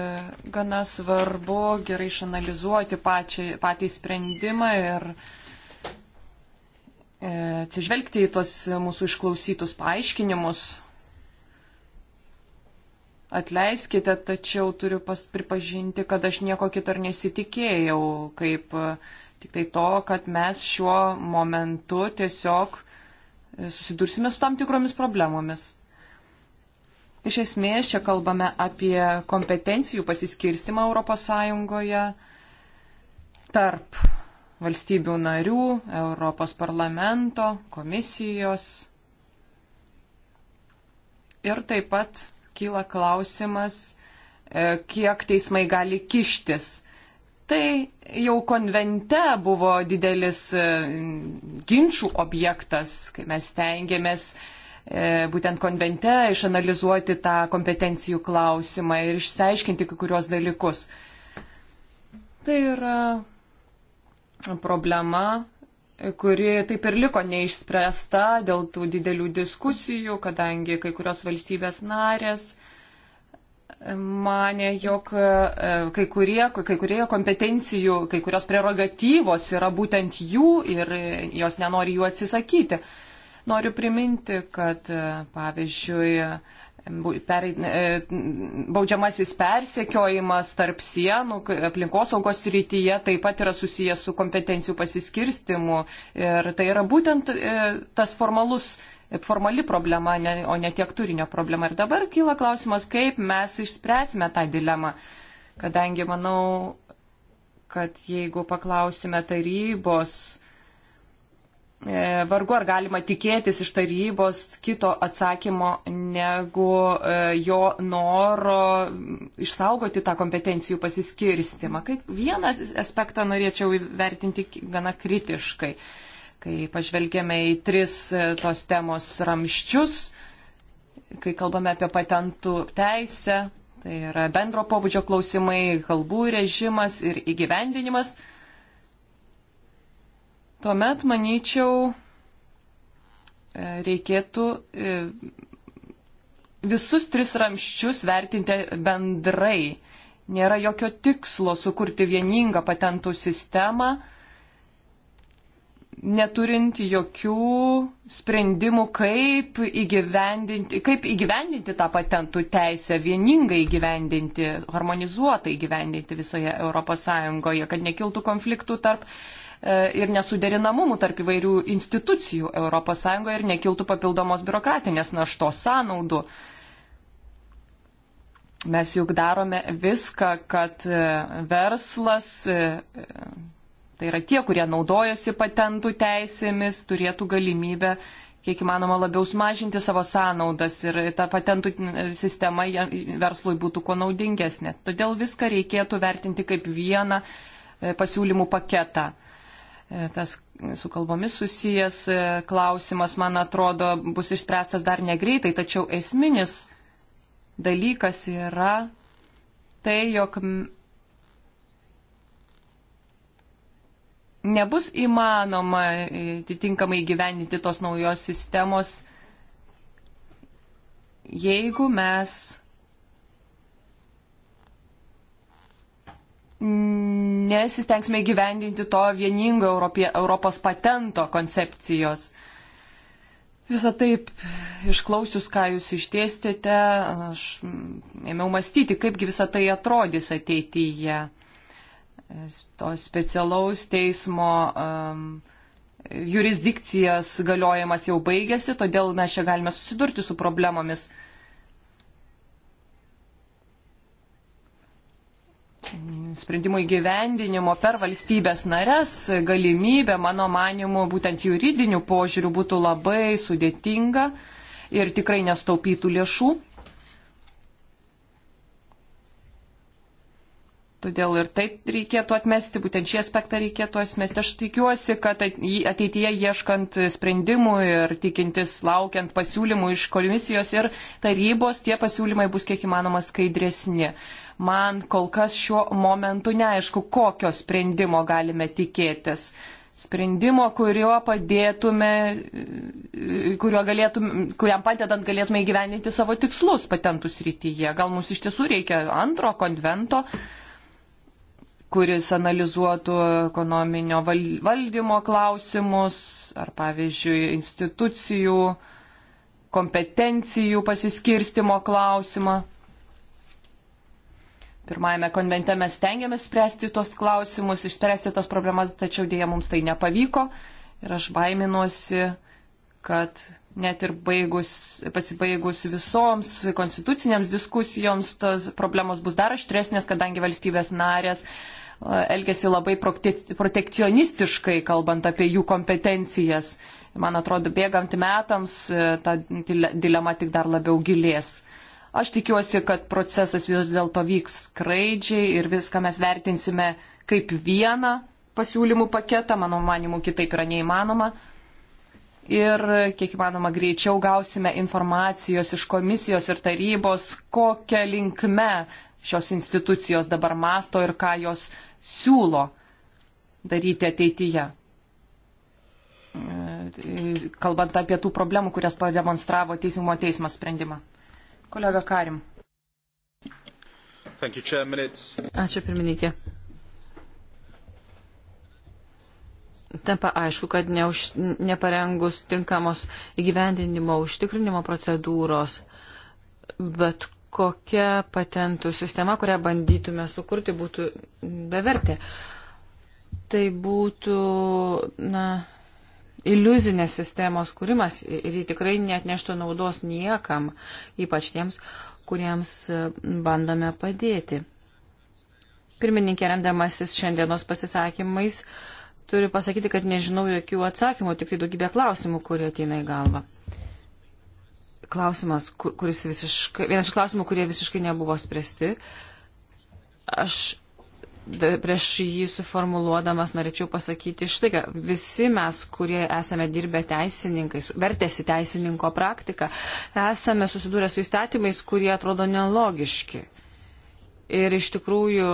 gana svarbu gerai išanalizuoti pačią, patį sprendimą ir e, atsižvelgti į tuos mūsų išklausytus paaiškinimus. Atleiskite, tačiau turiu pas, pripažinti, kad aš nieko kito ir nesitikėjau, kaip e, tik tai to, kad mes šiuo momentu tiesiog susidursime su tam tikromis problemomis. Iš esmės čia kalbame apie kompetencijų pasiskirstimą ES tarp valstybių narių, Europos parlamento, komisijos. Ir taip pat kyla klausimas, e, kiek teismai gali kištis. Tai jau konvente buvo didelis e, ginčių objektas, kai mes tengiamės uh, E, būtent konvente išanalizuoti tą kompetencijų klausimą ir išsiaiškinti kai kurios dalykus. Tai yra problema, kuri taip ir liko neišspręsta dėl tų didelių diskusijų, kadangi kai kurios valstybės narės mane, jog e, kai, kurie, kai kurie kompetencijų, kai kurios prerogatyvos yra būtent jų ir jos nenori jų atsisakyti. Noriu priminti, kad e, pavyzdžiui, e, baudžiamasis persekiojimas tarp sienų aplinkosaugos rytyje taip pat yra susijęs su kompetencijų pasiskirstimu ir tai yra būtent e, tas formalus formali problema, o ne tiek turinio problema. Ir dabar kyla klausimas, kaip mes išspręsime tą dilemą, kadangi manau, kad jeigu paklausime tarybos, E, vargu ar galima tikėtis iš tarybos kito atsakymo negu e, jo noro išsaugoti tą kompetencijų pasiskirstimą. Kaip vieną aspektą norėčiau vertinti gana kritiškai, kai pažvelgėme į tris e, tos temos ramščius, kai kalbame apie patentų teisę, tai yra bendro pobūdžio klausimai, kalbų režimas ir įgyvendinimas tuomet, manyčiau, e, reikėtų e, visus tris ramščius vertinti bendrai. Nėra jokio tikslo sukurti vieningą patentų sistemą, neturint jokių sprendimų, kaip įgyvendinti, kaip įgyvendinti tą patentų teisę, vieningai įgyvendinti, harmonizuotai įgyvendinti visoje ES, kad nekiltų konfliktų tarp E, ir nesuderinamumų tarp įvairių institucijų ES ir nekiltų papildomos biurokratinės naštos sąnaudų. Mes juk darome viską, kad e, verslas, e, tai yra tie, kurie naudojasi patentų teisėmis, turėtų galimybę kiek įmanoma labiau sumažinti savo sąnaudas ir ta patentų sistema verslui būtų kuo naudingesnė. Todėl viską reikėtų vertinti kaip vieną pasiūlymų paketą. E, tas su kalbomis susijęs e, klausimas, man atrodo, bus išspręstas dar negreitai, tačiau esminis dalykas yra tai, jog nebus įmanoma e, atitinkamai gyveninti tos naujos sistemos, jeigu mes nesistengsime gyvendinti to vieningo Europie, Europos patento koncepcijos. Visą taip, išklausius, ką jūs išdėstėte, aš ėmiau mąstyti, kaipgi visą tai atrodys ateityje. To specialaus teismo um, jurisdikcijas galiojimas jau baigėsi, todėl mes čia galime susidurti su problemomis sprendimų įgyvendinimo per valstybės nares galimybė, mano manimu, būtent juridinių požiūrių būtų labai sudėtinga ir tikrai nestaupytų lėšų. Todėl ir tai reikėtų atmesti, būtent šį aspektą reikėtų atmesti. Aš tikiuosi, kad ateityje ieškant sprendimų ir tikintis, laukiant pasiūlymų iš komisijos ir tarybos, tie pasiūlymai bus kiek įmanoma skaidresni. Man kol kas šiuo momentu neaišku, kokio sprendimo galime tikėtis. Sprendimo, kuriuo padėtume, kuriuo galėtume, kuriam padedant galėtume įgyveninti savo tikslus patentų srityje. Gal mums iš tiesų reikia antro konvento kuris analizuotų ekonominio valdymo klausimus ar, pavyzdžiui, institucijų kompetencijų pasiskirstimo klausimą. Pirmajame konvente mes stengiamės spręsti tuos klausimus, išspręsti tas problemas, tačiau dėja mums tai nepavyko ir aš baiminuosi, kad net ir baigus, pasibaigus visoms konstitucinėms diskusijoms, tos problemos bus dar aštresnės, kadangi valstybės narės uh, elgesi labai protekcionistiškai, kalbant apie jų kompetencijas. Man atrodo, bėgant metams e, ta dilema tik dar labiau gilės. Aš tikiuosi, kad procesas vis dėlto vyks skraidžiai ir viską mes vertinsime kaip vieną pasiūlymų paketą, mano manimu, kitaip yra neįmanoma. Ir kiek įmanoma greičiau gausime informacijos iš komisijos ir tarybos, kokią linkme šios institucijos dabar masto ir ką jos siūlo daryti ateityje. Kalbant apie tų problemų, kurias pademonstravo Teisingumo teismas sprendimą. Kolega Karim. You, Ačiū pirmininkė. Tampa aišku, kad neuž, neparengus tinkamos įgyvendinimo užtikrinimo procedūros, bet kokia patentų sistema, kurią bandytume sukurti, būtų bevertė. Tai būtų, na, iliuzinės sistemos kūrimas ir ji tikrai neatneštų naudos niekam, ypač tiems, kuriems e, bandome padėti. Pirmininkė remdamasis šiandienos pasisakymais turiu pasakyti, kad nežinau jokių atsakymų, tik tai daugybė klausimų, kurie ateina į galvą klausimas, kuris visiškai, vienas iš klausimų, kurie visiškai nebuvo spręsti. Aš prieš jį suformuluodamas norėčiau pasakyti štai, kad visi mes, kurie esame dirbę teisininkais, vertėsi teisininko praktiką, esame susidūrę su įstatymais, kurie atrodo nelogiški. Ir iš tikrųjų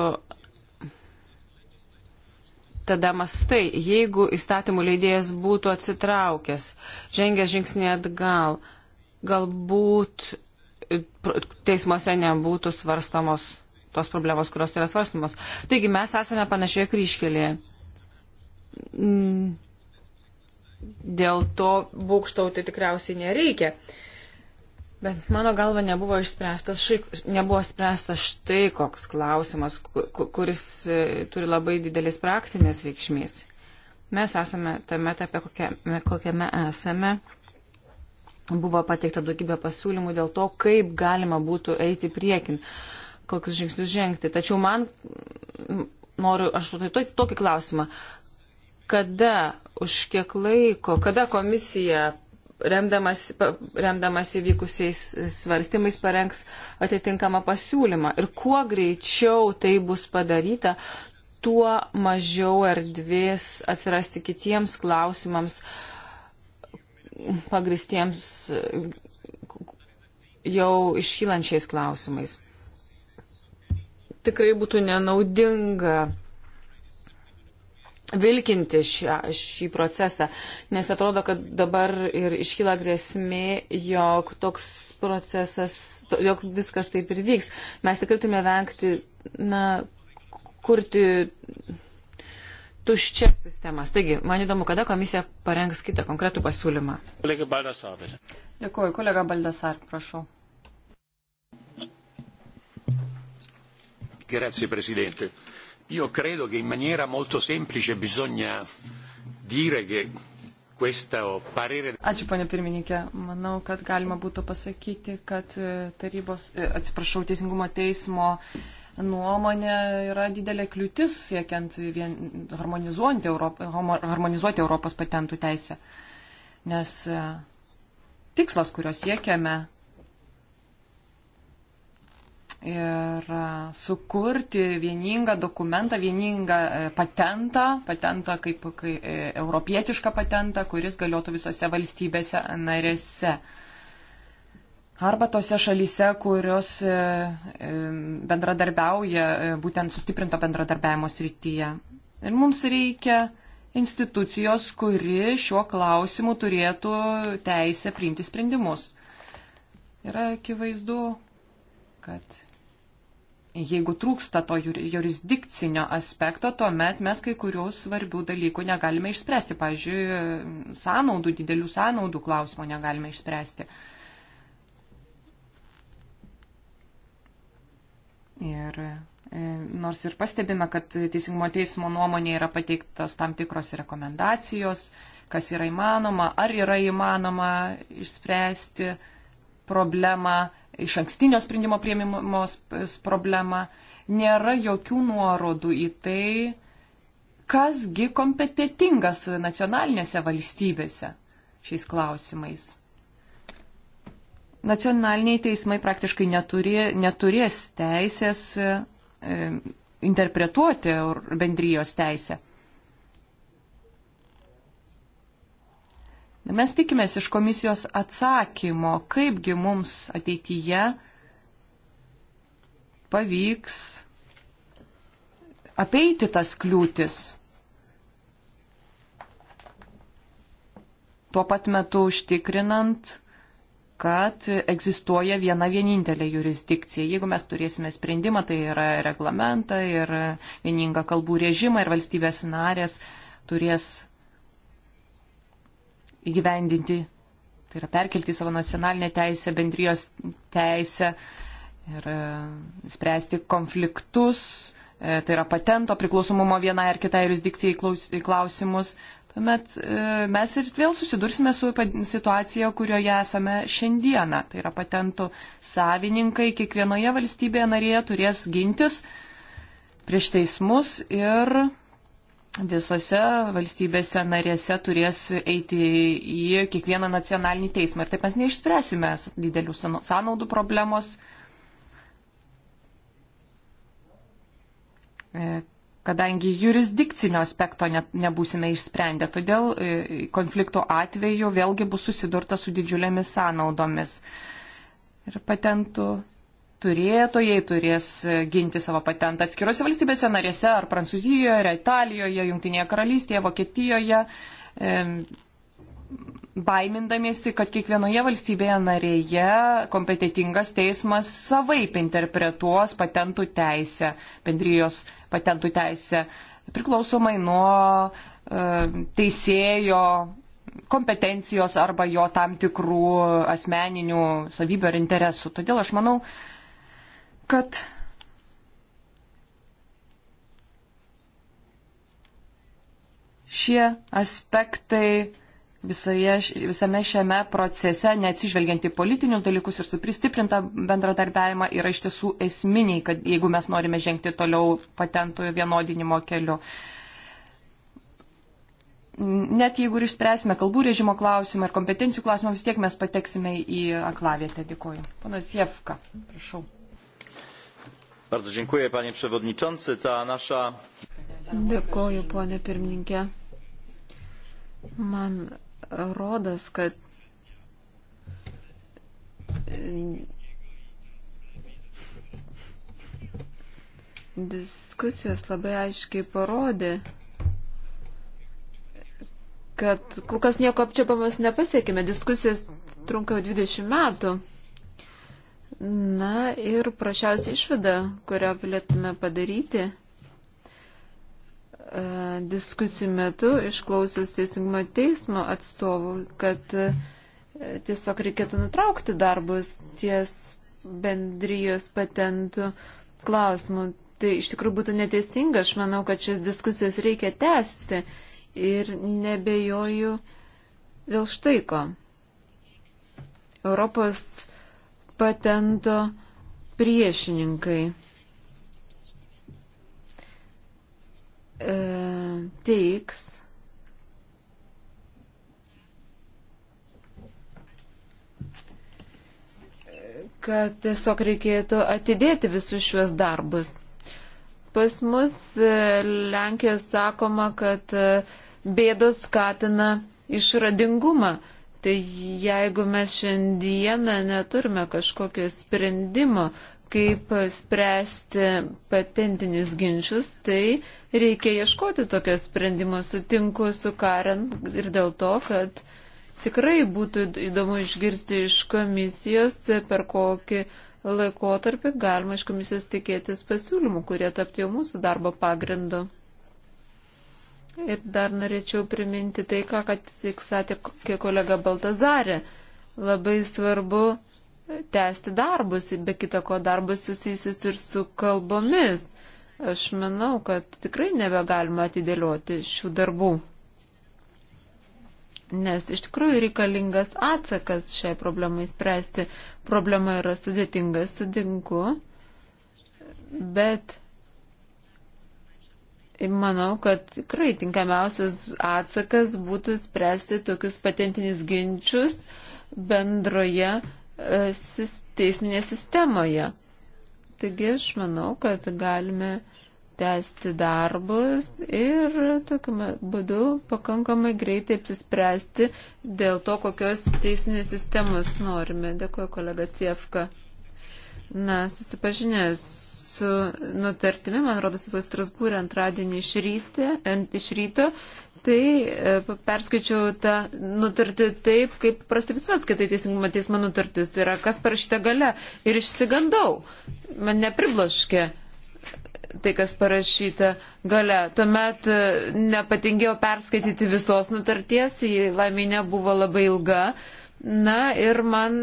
tada mastai, jeigu įstatymų leidėjas būtų atsitraukęs, žengęs žingsnį atgal, uh, galbūt e, teismuose nebūtų svarstamos tos problemos, kurios yra svarstamos. Taigi mes esame panašioje kryškelėje. Mm. Dėl to būkštauti tikriausiai nereikia. Bet mano galva nebuvo išspręstas, šik, nebuvo spręstas štai koks klausimas, kuris e, turi labai didelis praktinės reikšmės. Mes esame tame etape, kokiame, kokiame esame. Buvo pateikta daugybė pasiūlymų dėl to, kaip galima būtų eiti priekin, kokius žingsnius žengti. Tačiau man noriu, aš tai tokį klausimą, kada, už kiek laiko, kada komisija remdamas, remdamas įvykusiais svarstymais parengs atitinkamą pasiūlymą. Ir kuo greičiau tai bus padaryta, tuo mažiau erdvės atsirasti kitiems klausimams, uh, pagristiems jau iškylančiais klausimais. Tikrai būtų nenaudinga vilkinti šią, šį procesą, nes atrodo, kad dabar ir iškyla grėsmė, jog toks procesas, jog viskas taip ir vyks. Mes tikrai turime vengti, na, kurti tuščias sistemas. Taigi, man įdomu, kada komisija parengs kitą konkretų pasiūlymą. Kolega Baldasar, bitte. Dėkuoju, kolega Baldasar, prašau. Grazie, Presidente. Io credo che in maniera molto semplice bisogna dire che questo parere. Ačiū, ponė pirmininkė. Manau, kad galima būtų pasakyti, kad eh, tarybos, eh, atsiprašau, teisingumo teismo uh, nuomonė yra didelė kliūtis siekiant vien, harmonizuoti, Europą, harmonizuoti Europos patentų teisę. Nes e, tikslas, kurio siekiame, ir sukurti vieningą dokumentą, vieningą e, patentą, patentą kaip, kaip e, europietišką patentą, kuris galiotų visose valstybėse narėse arba tose šalyse, kurios e, e, bendradarbiauja e, būtent sustiprinto bendradarbiavimo srityje. Ir mums reikia institucijos, kuri šiuo klausimu turėtų teisę priimti sprendimus. Yra akivaizdu, kad jeigu trūksta to jurisdikcinio aspekto, tuomet mes kai kurių svarbių dalykų negalime išspręsti. Pavyzdžiui, sąnaudų, didelių sąnaudų klausimo negalime išspręsti. Uh, Ir e, nors ir pastebime, kad Teisingumo teismo nuomonė yra pateiktas tam tikros rekomendacijos, kas yra įmanoma, ar yra įmanoma išspręsti problemą, iš ankstinio sprendimo prieimimo problemą, nėra jokių nuorodų į tai, kasgi kompetitingas nacionalinėse valstybėse šiais klausimais. Nacionaliniai teismai praktiškai neturė, neturės teisės e, interpretuoti bendrijos teisę. Mes tikimės iš komisijos atsakymo, kaipgi mums ateityje pavyks apeiti tas kliūtis. Tuo pat metu užtikrinant kad egzistuoja viena vienintelė jurisdikcija. Jeigu mes turėsime sprendimą, tai yra reglamentą ir vieningą kalbų režimą ir valstybės narės turės įgyvendinti, tai yra perkelti savo nacionalinę teisę, bendrijos teisę ir e, spręsti konfliktus, e, tai yra patento priklausomumo vienai ar kitai jurisdikcijai klausimus, tuomet e, mes ir vėl susidursime su situacija, kurioje esame šiandieną. Tai yra patentų savininkai kiekvienoje valstybėje narėje turės gintis prieš teismus ir visose valstybėse narėse turės eiti į kiekvieną nacionalinį teismą. Ir taip mes neišspręsime didelių sąnaudų problemos. E, kadangi jurisdikcinio aspekto ne, nebūsime išsprendę. Todėl e, konflikto atveju vėlgi bus susidurta su didžiulėmis sąnaudomis. Ir patentų turėtojai turės e, ginti savo patentą atskirose valstybėse narėse, ar Prancūzijoje, ar Italijoje, Junktinėje karalystėje, Vokietijoje. E, baimindamiesi, kad kiekvienoje valstybėje narėje kompetitingas teismas savaip interpretuos patentų teisę, bendrijos patentų teisę, priklausomai nuo e, teisėjo kompetencijos arba jo tam tikrų asmeninių savybių ar interesų. Todėl aš manau, kad šie aspektai visoje, visame šiame procese, neatsižvelgiant į politinius dalykus ir su pristiprintą bendradarbiavimą, yra iš tiesų esminiai, kad jeigu mes norime žengti toliau patentų vienodinimo keliu. Net jeigu ir išspręsime kalbų režimo klausimą ir kompetencijų klausimą, vis tiek mes pateksime į aklavietę. Dėkuoju. Panas Jevka, prašau. Bardzo dziękuję, panie przewodniczący. Ta nasza. Dėkuoju, ponė pirmininkė. Man rodos, kad diskusijos labai aiškiai parodė, kad kol kas nieko apčiopamos nepasiekime. Diskusijos trunkau 20 metų. Na ir prašiausia išvada, kurią galėtume padaryti, E, diskusijų metu išklausius Teisingumo teismo atstovų, kad e, tiesiog reikėtų nutraukti darbus ties bendrijos patentų klausimų. Tai iš tikrųjų būtų neteisinga, aš manau, kad šias diskusijas reikia tęsti ir nebejoju dėl štai ko. Europos patento priešininkai. E, teiks kad tiesiog reikėtų atidėti visus šiuos darbus. Pas mus e, Lenkijoje sakoma, kad e, bėdos skatina išradingumą. Tai jeigu mes šiandieną neturime kažkokio sprendimo, kaip spręsti patentinius ginčius, tai reikia ieškoti tokio sprendimo. Sutinku su Karen ir dėl to, kad tikrai būtų įdomu išgirsti iš komisijos, per kokį laikotarpį galima iš komisijos tikėtis pasiūlymų, kurie tapti jau mūsų darbo pagrindu. Ir dar norėčiau priminti tai, ką tik sakė kolega Baltazarė. Labai svarbu tęsti darbus, be kita ko darbas susijusius ir su kalbomis. Aš manau, kad tikrai nebegalima atidėlioti šių darbų. Nes iš tikrųjų reikalingas atsakas šiai problemai spręsti. Problema yra sudėtinga, sudinku, bet manau, kad tikrai tinkamiausias atsakas būtų spręsti tokius patentinius ginčius bendroje teisminėje sistemoje. Taigi aš manau, kad galime tęsti darbus ir tokiu būdu pakankamai greitai apsispręsti dėl to, kokios teisminės sistemos norime. Dėkuoju, kolega Cievka. Na, susipažinęs su nutartimi, man rodos, buvo Strasbūrė antradienį iš, ryte, iš ryto Tai e, perskaičiau tą nutartį taip, kaip prastai viskas skaitai teisingumo teismo nutartis, tai yra kas parašyta gale. Ir išsigandau, man nepribloškė tai, kas parašyta gale. Tuomet e, nepatingėjau perskaityti visos nutarties, ji laimė nebuvo labai ilga, Na ir man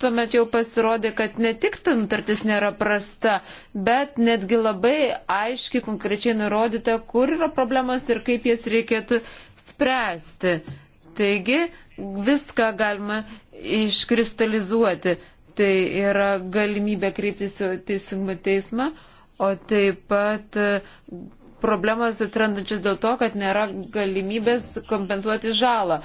tuomet jau pasirodė, kad ne tik ta nutartis nėra prasta, bet netgi labai aiškiai, konkrečiai nurodyta, kur yra problemas ir kaip jas reikėtų spręsti. Taigi viską galima iškristalizuoti. Tai yra galimybė kreiptis į teisingumo teismą, o taip pat e, problemas atrandančias dėl to, kad nėra galimybės kompensuoti žalą.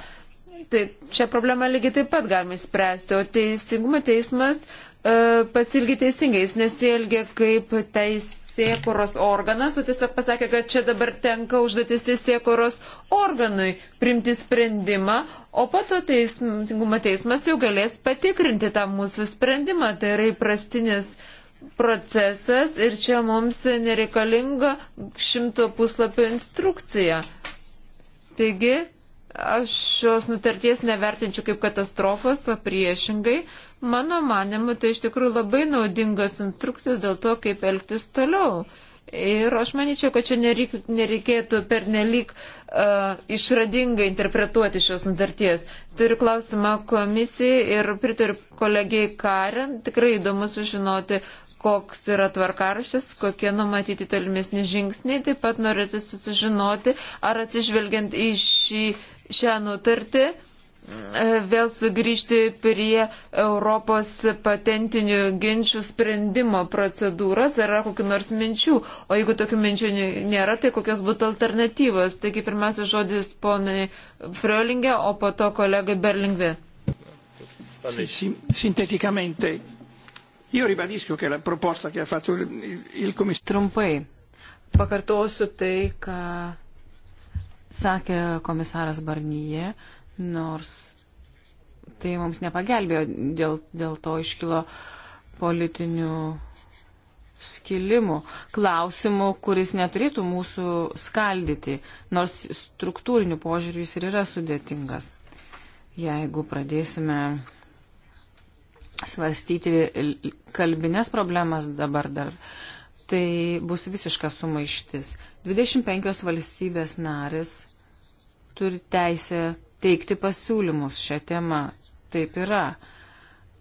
Tai čia problema lygiai taip pat galima spręsti, o teisingumo teismas e, pasilgi teisingai, jis nesielgia kaip teisėkuros organas, o tiesiog pasakė, kad čia dabar tenka užduotis teisėkuros organui primti sprendimą, o po to teisingumo teismas jau galės patikrinti tą mūsų sprendimą, tai yra įprastinis procesas ir čia mums nereikalinga šimto puslapio instrukcija. Taigi, Aš šios nutarties nevertinčiau kaip katastrofos, o priešingai, mano manimu, tai iš tikrųjų labai naudingos instrukcijos dėl to, kaip elgtis toliau. Ir aš manyčiau, kad čia nereik, nereikėtų pernelyg uh, išradingai interpretuoti šios nutarties. Turiu klausimą komisijai ir pritariu kolegijai Karen. Tikrai įdomu sužinoti, koks yra tvarkaraštis, kokie numatyti tolimesni žingsniai. Taip pat norėtų susižinoti, ar atsižvelgiant į šį šią nutartį e, vėl sugrįžti prie Europos patentinių ginčių sprendimo procedūros, ar yra kokiu nors minčių, o jeigu tokių minčių nėra, tai kokios būtų alternatyvos. Taigi pirmiausia žodis ponai Frölingė, o po to kolegai Berlingvė. Sintetikamente, io ribadisco che la proposta che ha fatto il, il commissario. Trumpai, pakartosiu tai, ką sakė komisaras Barnyje, nors tai mums nepagelbėjo, dėl, dėl to iškilo politinių skilimų, klausimų, kuris neturėtų mūsų skaldyti, nors struktūrinių požiūrių jis ir yra sudėtingas. Jeigu pradėsime svarstyti kalbinės problemas dabar dar, tai bus visiškas sumaištis. 25 valstybės narės turi teisę teikti pasiūlymus šią temą. Taip yra.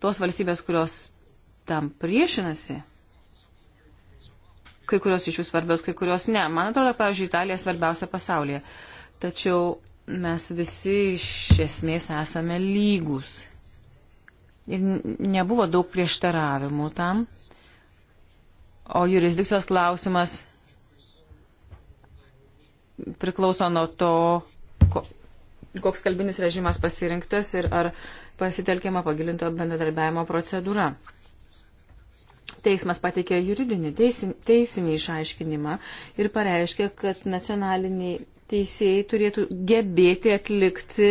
Tos valstybės, kurios tam priešinasi, kai kurios iš jų svarbios, kai kurios ne. Man atrodo, pavyzdžiui, Italija svarbiausia pasaulyje. Tačiau mes visi iš esmės esame lygus. Ir nebuvo daug prieštaravimų tam. O jurisdikcijos klausimas priklauso nuo to, koks kalbinis režimas pasirinktas ir ar pasitelkiama pagilinto bendradarbiavimo procedūra. Teismas pateikė juridinį teisin, teisinį išaiškinimą ir pareiškė, kad nacionaliniai teisėjai turėtų gebėti atlikti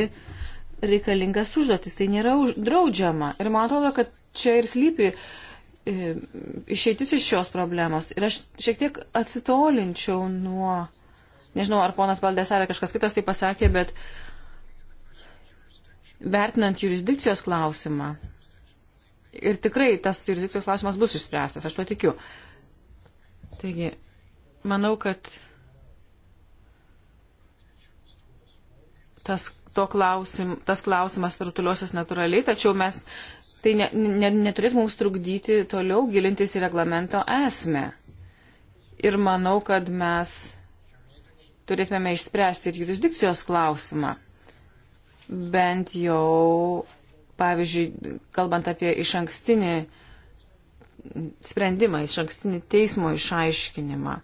reikalingas užduotis. Tai nėra už, draudžiama. Ir man atrodo, kad čia ir slypi e, išeitis iš šios problemos. Ir aš šiek tiek atsitolinčiau nuo uh, Nežinau, ar ponas Valdės ar kažkas kitas tai pasakė, bet vertinant jurisdikcijos klausimą, ir tikrai tas jurisdikcijos klausimas bus išspręstas, aš to tikiu. Taigi, manau, kad tas, klausim, tas klausimas rutuliuosis natūraliai, tačiau mes tai ne, ne, neturėtų mums trukdyti toliau gilintis į reglamento esmę. Ir manau, kad mes turėtume išspręsti ir jurisdikcijos klausimą. Bent jau, pavyzdžiui, kalbant apie iš ankstinį sprendimą, iš ankstinį teismo išaiškinimą.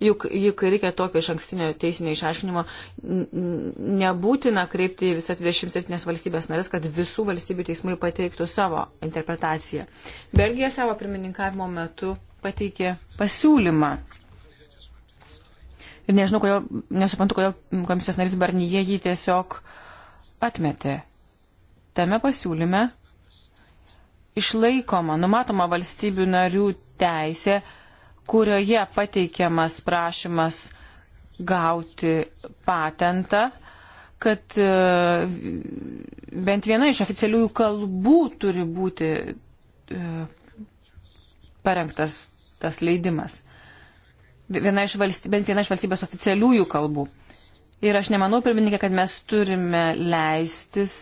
juk, juk reikia tokio iš ankstinio teisinio išaiškinimo, nebūtina kreipti visas 27 valstybės narės, kad visų valstybių teismai pateiktų savo interpretaciją. Belgija savo pirmininkavimo metu pateikė pasiūlymą. Ir nežinau, kodėl, nesuprantu, kodėl komisijos narys Barnyje jį tiesiog atmetė. Tame pasiūlyme išlaikoma, numatoma valstybių narių teisė kurioje pateikiamas prašymas gauti patentą, kad e, bent viena iš oficialiųjų kalbų turi būti e, parengtas tas leidimas. Viena iš valstybės, bent viena iš valstybės oficialiųjų kalbų. Ir aš nemanau, pirmininkė, kad mes turime leistis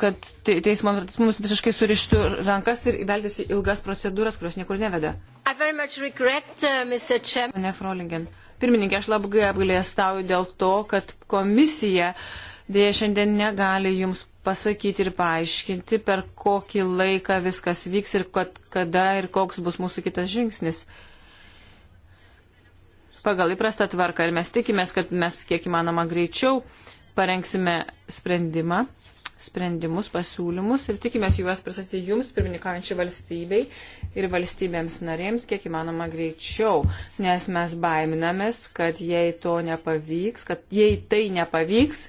kad teismo mums visiškai surištų rankas ir įveltis į ilgas procedūras, kurios niekur neveda. Regret, uh, ne Frolingen. Pirmininkė, aš labai apgailėstauju dėl to, kad komisija dėja šiandien negali jums pasakyti ir paaiškinti, per kokį laiką viskas vyks ir kad, kada ir koks bus mūsų kitas žingsnis pagal įprastą tvarką ir mes tikimės, kad mes kiek įmanoma greičiau parengsime sprendimą sprendimus, pasiūlymus ir tikimės juos pristatyti jums, pirmininkaujančiai valstybei ir valstybėms narėms, kiek įmanoma greičiau, nes mes baiminamės, kad jei to nepavyks, kad jei tai nepavyks,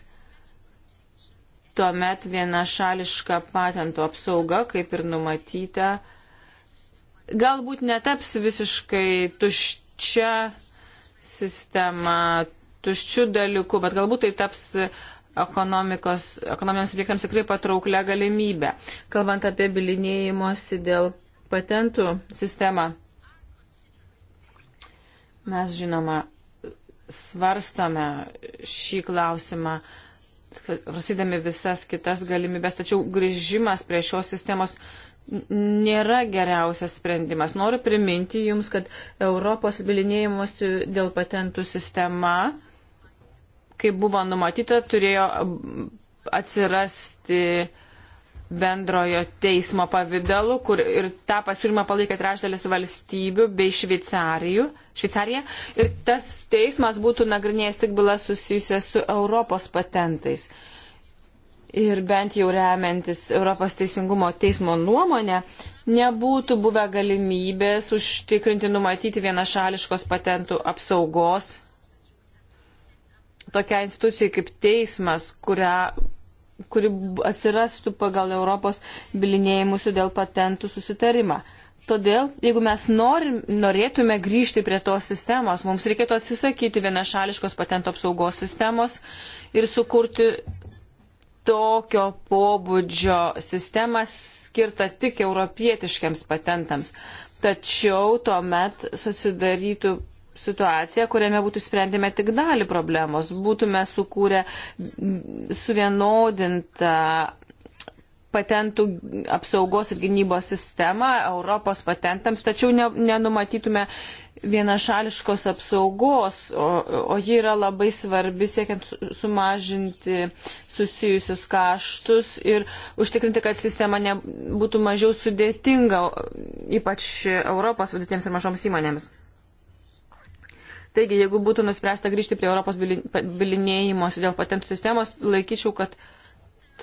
tuomet vienašališka patento apsauga, kaip ir numatyta, galbūt netaps visiškai tuščia sistema, tuščių dalykų, bet galbūt tai taps ekonominiams subjektams tikrai patrauklę galimybę. Kalbant apie bilinėjimuosi dėl patentų sistemą, mes žinoma svarstame šį klausimą, rasydami visas kitas galimybės, tačiau grįžimas prie šios sistemos nėra geriausias sprendimas. Noriu priminti Jums, kad Europos bilinėjimuosi dėl patentų sistema kaip buvo numatyta, turėjo atsirasti bendrojo teismo pavydalu, kur ir tą pasiūlymą palaikė trečdalis valstybių bei Šveicarijų. Šveicarija. Ir tas teismas būtų nagrinėjęs tik bylas susijusias su Europos patentais. Ir bent jau remiantis Europos teisingumo teismo nuomonę, nebūtų buvę galimybės užtikrinti numatyti vienašališkos patentų apsaugos tokia institucija kaip teismas, kurią, kuri atsirastų pagal Europos bilinėjimus dėl patentų susitarimą. Todėl, jeigu mes norim, norėtume grįžti prie tos sistemos, mums reikėtų atsisakyti vienašališkos patento apsaugos sistemos ir sukurti tokio pobūdžio sistemą skirtą tik europietiškiams patentams. Tačiau tuomet susidarytų situaciją, kuriame būtų sprendėme tik dalį problemos. Būtume sukūrę suvienodintą patentų apsaugos ir gynybos sistemą Europos patentams, tačiau ne, nenumatytume vienašališkos apsaugos, o, o ji yra labai svarbi siekiant sumažinti susijusius kaštus ir užtikrinti, kad sistema nebūtų mažiau sudėtinga, ypač Europos vidutinėms ir mažoms įmonėms. Taigi, jeigu būtų nuspręsta grįžti prie Europos bilinėjimosi dėl patentų sistemos, laikyčiau, kad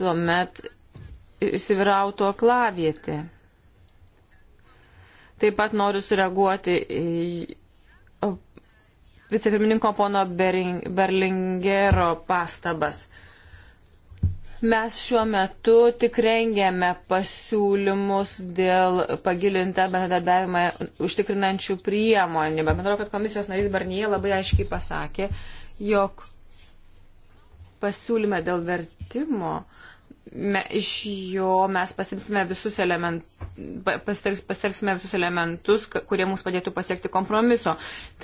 tuomet įsivirautų aklavietė. Taip pat noriu sureaguoti į vicepirmininko pono Berlingero pastabas. Mes šiuo metu tik rengėme pasiūlymus dėl pagilintą bendradarbiavimą užtikrinančių priemonių. Bet manau, kad komisijos narys Barnyje labai aiškiai pasakė, jog pasiūlyme dėl vertimo me, iš jo mes pasimsime visus elementus, pasitelksime visus elementus, kurie mums padėtų pasiekti kompromiso.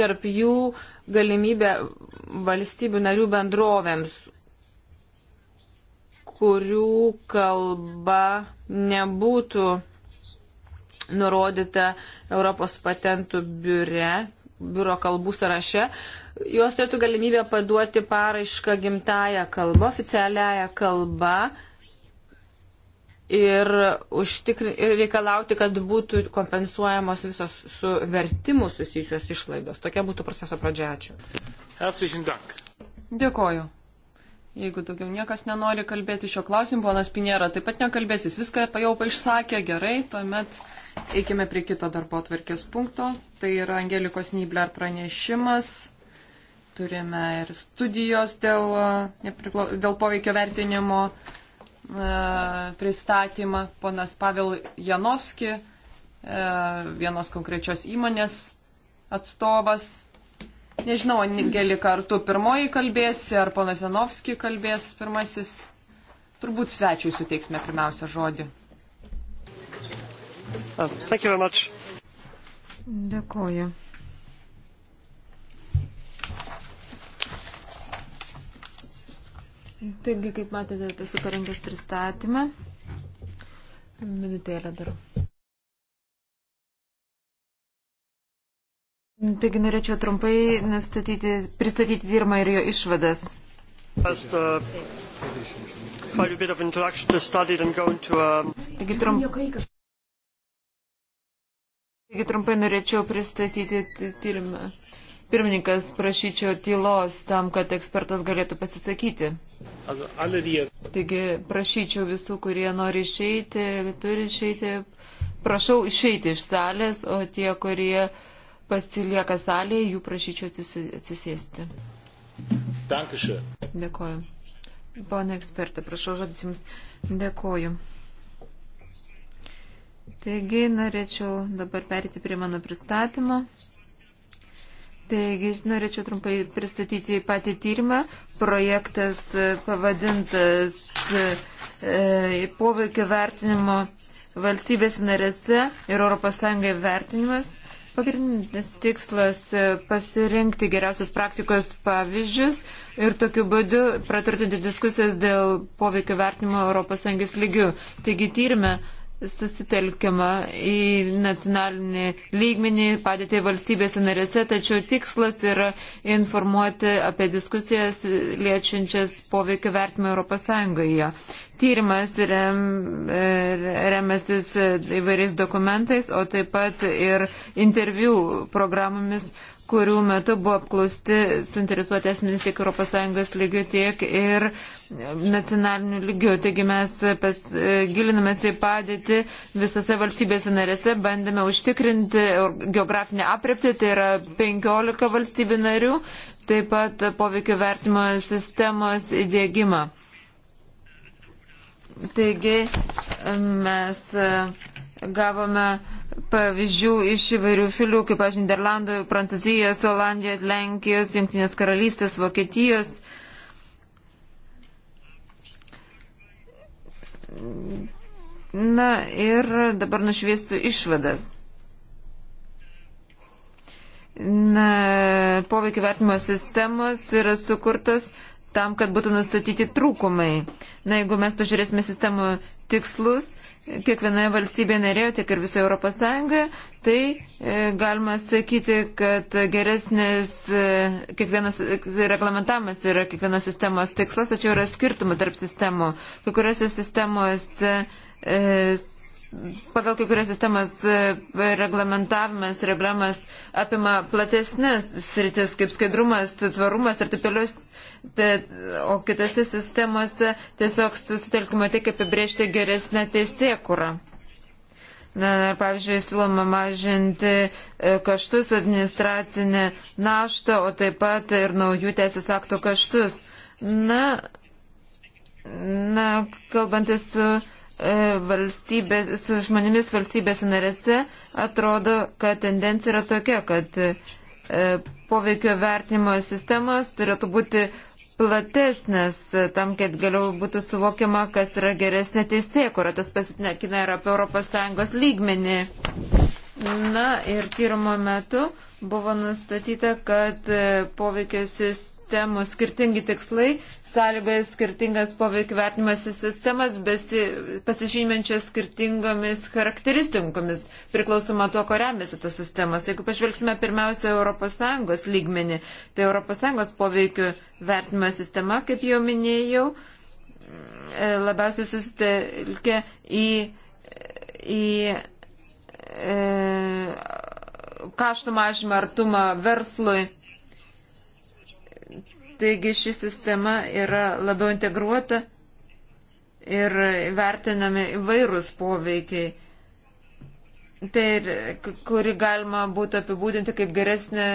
Tarp jų galimybė valstybių narių bendrovėms kurių kalba nebūtų nurodyta Europos patentų biure, biuro kalbų sąraše, jos turėtų galimybę paduoti paraišką gimtają kalbą, oficialiąją kalbą ir, užtikri, ir reikalauti, kad būtų kompensuojamos visos su vertimu susijusios išlaidos. Tokia būtų proceso pradžia. Ačiū. Dėkoju. Jeigu daugiau niekas nenori kalbėti šio klausimu, ponas Pinėra taip pat nekalbės, jis viską jau išsakė gerai, tuomet eikime prie kito darbo atvarkės punkto. Tai yra Angelikos Nybler pranešimas. Turime ir studijos dėl, uh, dėl poveikio vertinimo e, pristatymą. Ponas Pavel Janovski, e, vienos konkrečios įmonės atstovas, Nežinau, keli kartų pirmoji kalbėsi, ar ponas Janovski kalbės pirmasis. Turbūt svečiui suteiksime pirmiausia žodį. Oh, Dėkoju. Taigi, kaip matėte, esu parengęs pristatymą. Minutėlę dar. Taigi norėčiau trumpai pristatyti tyrimą ir jo išvadas. Uh, uh, Taigi, trum... Taigi trumpai norėčiau pristatyti tyrimą. Pirmininkas, prašyčiau tylos tam, kad ekspertas galėtų pasisakyti. Taigi prašyčiau visų, kurie nori išeiti, turi išeiti. Prašau išeiti iš salės, o tie, kurie pasilieka salėje, jų prašyčiau atsisėsti. Dankeschön. Dėkoju. Pone ekspertė, prašau žodis Jums. Dėkoju. Taigi, norėčiau dabar perėti prie mano pristatymo. Taigi, norėčiau trumpai pristatyti patį tyrimą. Projektas pavadintas e, poveikio vertinimo valstybės narėse ir ES vertinimas. Pagrindinis tikslas e, - pasirinkti geriausias praktikos pavyzdžius ir tokiu būdu praturtinti diskusijas dėl poveikio vertinimo ES lygių. Taigi tyrime susitelkiama į nacionalinį lygmenį padėtį valstybėse narėse, tačiau tikslas yra informuoti apie diskusijas liečiančias poveikio vertimą ES. Tyrimas rem, e, remiasis įvairiais dokumentais, o taip pat ir interviu programomis kurių metu buvo apklausti suinteresuoti asmenys tiek ES lygių, tiek ir nacionalinių lygių. Taigi mes pas, gilinomės į padėtį visose valstybėse narėse, bandėme užtikrinti geografinę aprepti, tai yra 15 valstybių narių, taip pat poveikio vertimo sistemos įdėgymą. Taigi mes Gavome pavyzdžių iš įvairių šalių, kaip aš Niderlandų, Prancūzijos, Olandijos, Lenkijos, Junktinės karalystės, Vokietijos. Na ir dabar nušviesiu išvadas. Na, poveikio vertimo sistemos yra sukurtas tam, kad būtų nustatyti trūkumai. Na, jeigu mes pažiūrėsime sistemų tikslus, kiekvienoje valstybėje narėjo, tiek ir visoje Europos Sąjungoje, tai e, galima sakyti, kad geresnis e, kiekvienas e, reglamentavimas yra kiekvienos sistemos tikslas, tačiau yra skirtumų tarp sistemų. Kai kuriuose sistemose pagal kai kurias sistemas reglamentavimas, reglamentas apima platesnės sritis, kaip skaidrumas, tvarumas ir taip toliau bet, o kitose sistemose tiesiog susitelkime tik apibriežti geresnę teisėkurą. Na, ar, pavyzdžiui, siūloma mažinti e, kaštus administracinę naštą, o taip pat ir naujų teisės aktų kaštus. Na, na kalbantis su, e, valstybė, su žmonėmis valstybės narėse, atrodo, kad tendencija yra tokia, kad e, poveikio vertinimo sistemos turėtų būti platesnės e, tam, kad galiau būtų suvokiama, kas yra geresnė teisėkura. Tas pasitinekina ir apie ES lygmenį. Na ir tyrimo metu buvo nustatyta, kad e, poveikio sistemų skirtingi tikslai sąlygoja skirtingas poveikio vertinimas sistemas, pasižyminčias skirtingomis charakteristikomis, priklausoma tuo, ko remiasi tos sistemas. Jeigu pažvelgsime pirmiausia ES lygmenį, tai ES poveikio vertinimo sistema, kaip jau minėjau, labiausiai susitelkia į, į e, kaštų mažymą artumą verslui Taigi ši sistema yra labiau integruota ir vertinami įvairūs poveikiai. Tai, kuri galima būtų apibūdinti kaip geresnė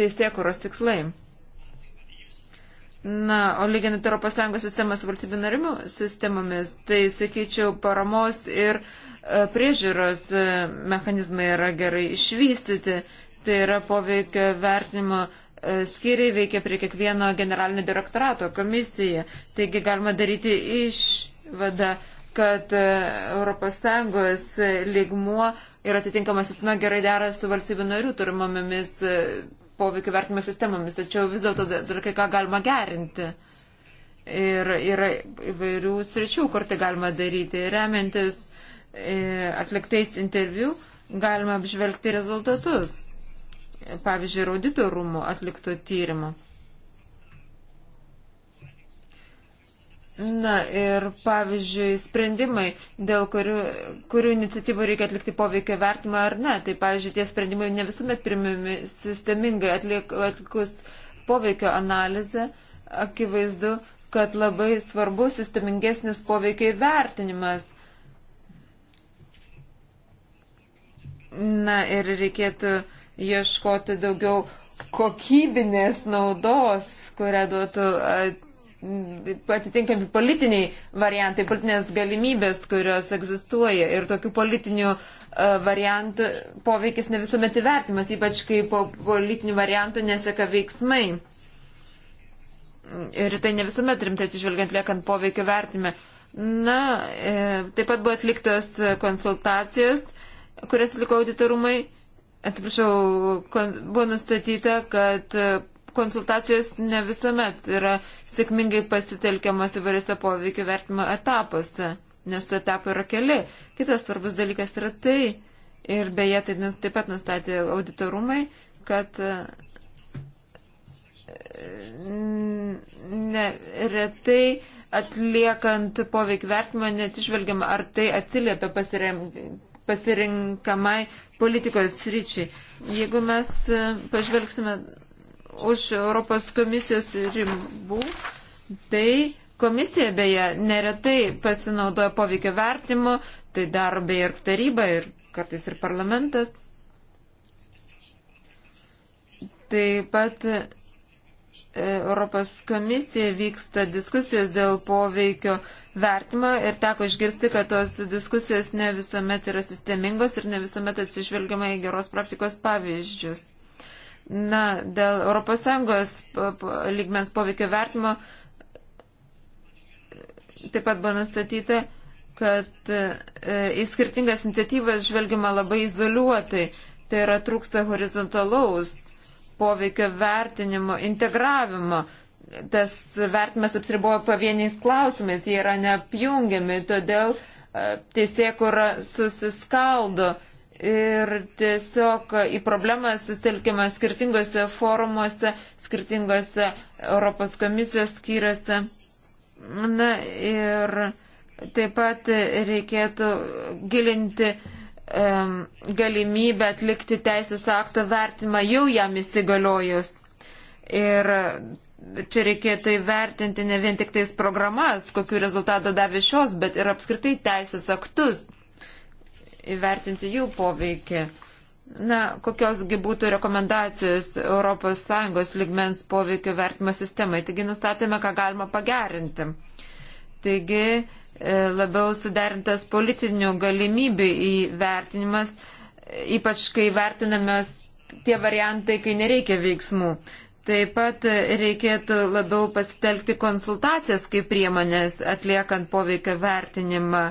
teisėkuros tikslai. Na, o lyginant Europos Sąjungos sistemas valstybių narimų sistemomis, tai, sakyčiau, paramos ir e, priežiūros e, mechanizmai yra gerai išvystyti. Tai yra poveikio vertinimo E, skiriai veikia prie kiekvieno generalinio direktorato komisija. Taigi galima daryti išvadą, kad ES lygmuo ir atitinkamas sistema gerai dera su valstybių narių turimomis e, poveikio vertinimo sistemomis, tačiau vis dėlto dar kai ką galima gerinti. Ir yra įvairių sričių, kur tai galima daryti. Remiantis e, atliktais interviu, galima apžvelgti rezultatus pavyzdžiui, audito rūmų atlikto tyrimo. Na ir pavyzdžiui, sprendimai, dėl kurių, kurių iniciatyvų reikia atlikti poveikio vertimą ar ne, tai pavyzdžiui, tie sprendimai ne visuomet primimi sistemingai atliek, atlikus poveikio analizę, akivaizdu, kad labai svarbu sistemingesnis poveikio vertinimas. Na ir reikėtų uh, ieškoti daugiau kokybinės naudos, kurią duotų atitinkami politiniai variantai, politinės galimybės, kurios egzistuoja ir tokių politinių variantų poveikis ne visuomet įvertimas, ypač kai po politinių variantų neseka veiksmai. Ir tai ne visuomet rimtai atsižvelgiant liekant poveikio vertimę. Na, e, taip pat buvo atliktos konsultacijos, kurias liko auditorumai atsiprašau, buvo nustatyta, kad e, konsultacijos ne visuomet yra sėkmingai pasitelkiamas įvairiose poveikio vertimo etapuose, nes su etapu yra keli. Kitas svarbus dalykas yra tai, ir beje, tai taip pat nustatė auditorumai, kad e, neretai atliekant poveikį vertimą neatsižvelgiama, ar tai atsiliepia pasirinkamai politikos ryčiai. Jeigu mes e, pažvelgsime už Europos komisijos ribų, tai komisija beje neretai pasinaudoja poveikio vertimu, tai daro beje ir taryba, ir kartais ir parlamentas. Taip pat e, Europos komisija vyksta diskusijos dėl poveikio vertimo vertimą ir teko išgirsti, kad tos diskusijos ne visuomet yra sistemingos ir ne visuomet atsižvelgiama į geros praktikos pavyzdžius. Na, dėl ES lygmens poveikio vertimo taip pat buvo nustatyta, kad e, į skirtingas iniciatyvas žvelgiama labai izoliuotai. Tai yra trūksta horizontalaus poveikio vertinimo, integravimo tas vertimas apsiriboja pavieniais klausimais, jie yra neapjungiami, todėl e, teisėkura susiskaldo ir tiesiog į problemą sustelkime skirtingose forumuose, skirtingose Europos komisijos skyriuose. Na ir taip pat reikėtų gilinti um, galimybę atlikti teisės akto vertimą jau jam įsigaliojus. Ir čia reikėtų įvertinti ne vien tik tais programas, kokiu rezultatu davė šios, bet ir apskritai teisės aktus, įvertinti jų poveikį. Na, kokiosgi būtų rekomendacijos ES ligmens poveikio vertimo sistemai. Taigi nustatėme, ką galima pagerinti. Taigi e, labiau suderintas politinių galimybių įvertinimas, e, ypač kai vertinamas tie variantai, kai nereikia veiksmų. Taip pat reikėtų labiau pasitelkti konsultacijas kaip priemonės atliekant poveikio vertinimą.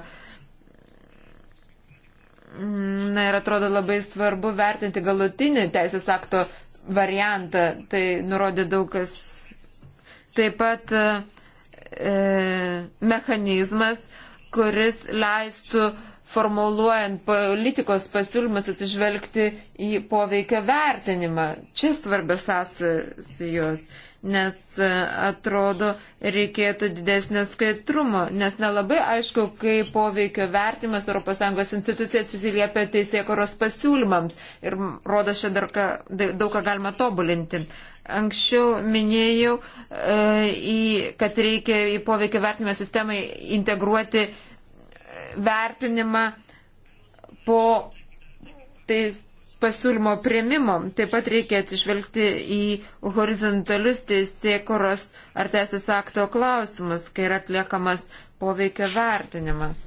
Na ir atrodo labai svarbu vertinti galutinį teisės akto variantą, tai nurodė daug kas. Taip pat e, mechanizmas, kuris leistų e, formuluojant politikos pasiūlymus atsižvelgti į poveikio vertinimą. Čia svarbios sąsajos, nes e, atrodo reikėtų didesnio skaidrumo, nes nelabai aišku, kai poveikio vertimas ES institucija atsiliepia teisėkoros pasiūlymams ir rodo čia dar ką, daug ką galima tobulinti. Anksčiau minėjau, e, kad reikia į poveikio vertinimo sistemą integruoti vertinimą po tai pasiūlymo prieimimo. Taip pat reikia atsižvelgti į horizontalius teisėkoros ar teisės akto klausimus, kai yra atliekamas poveikio vertinimas.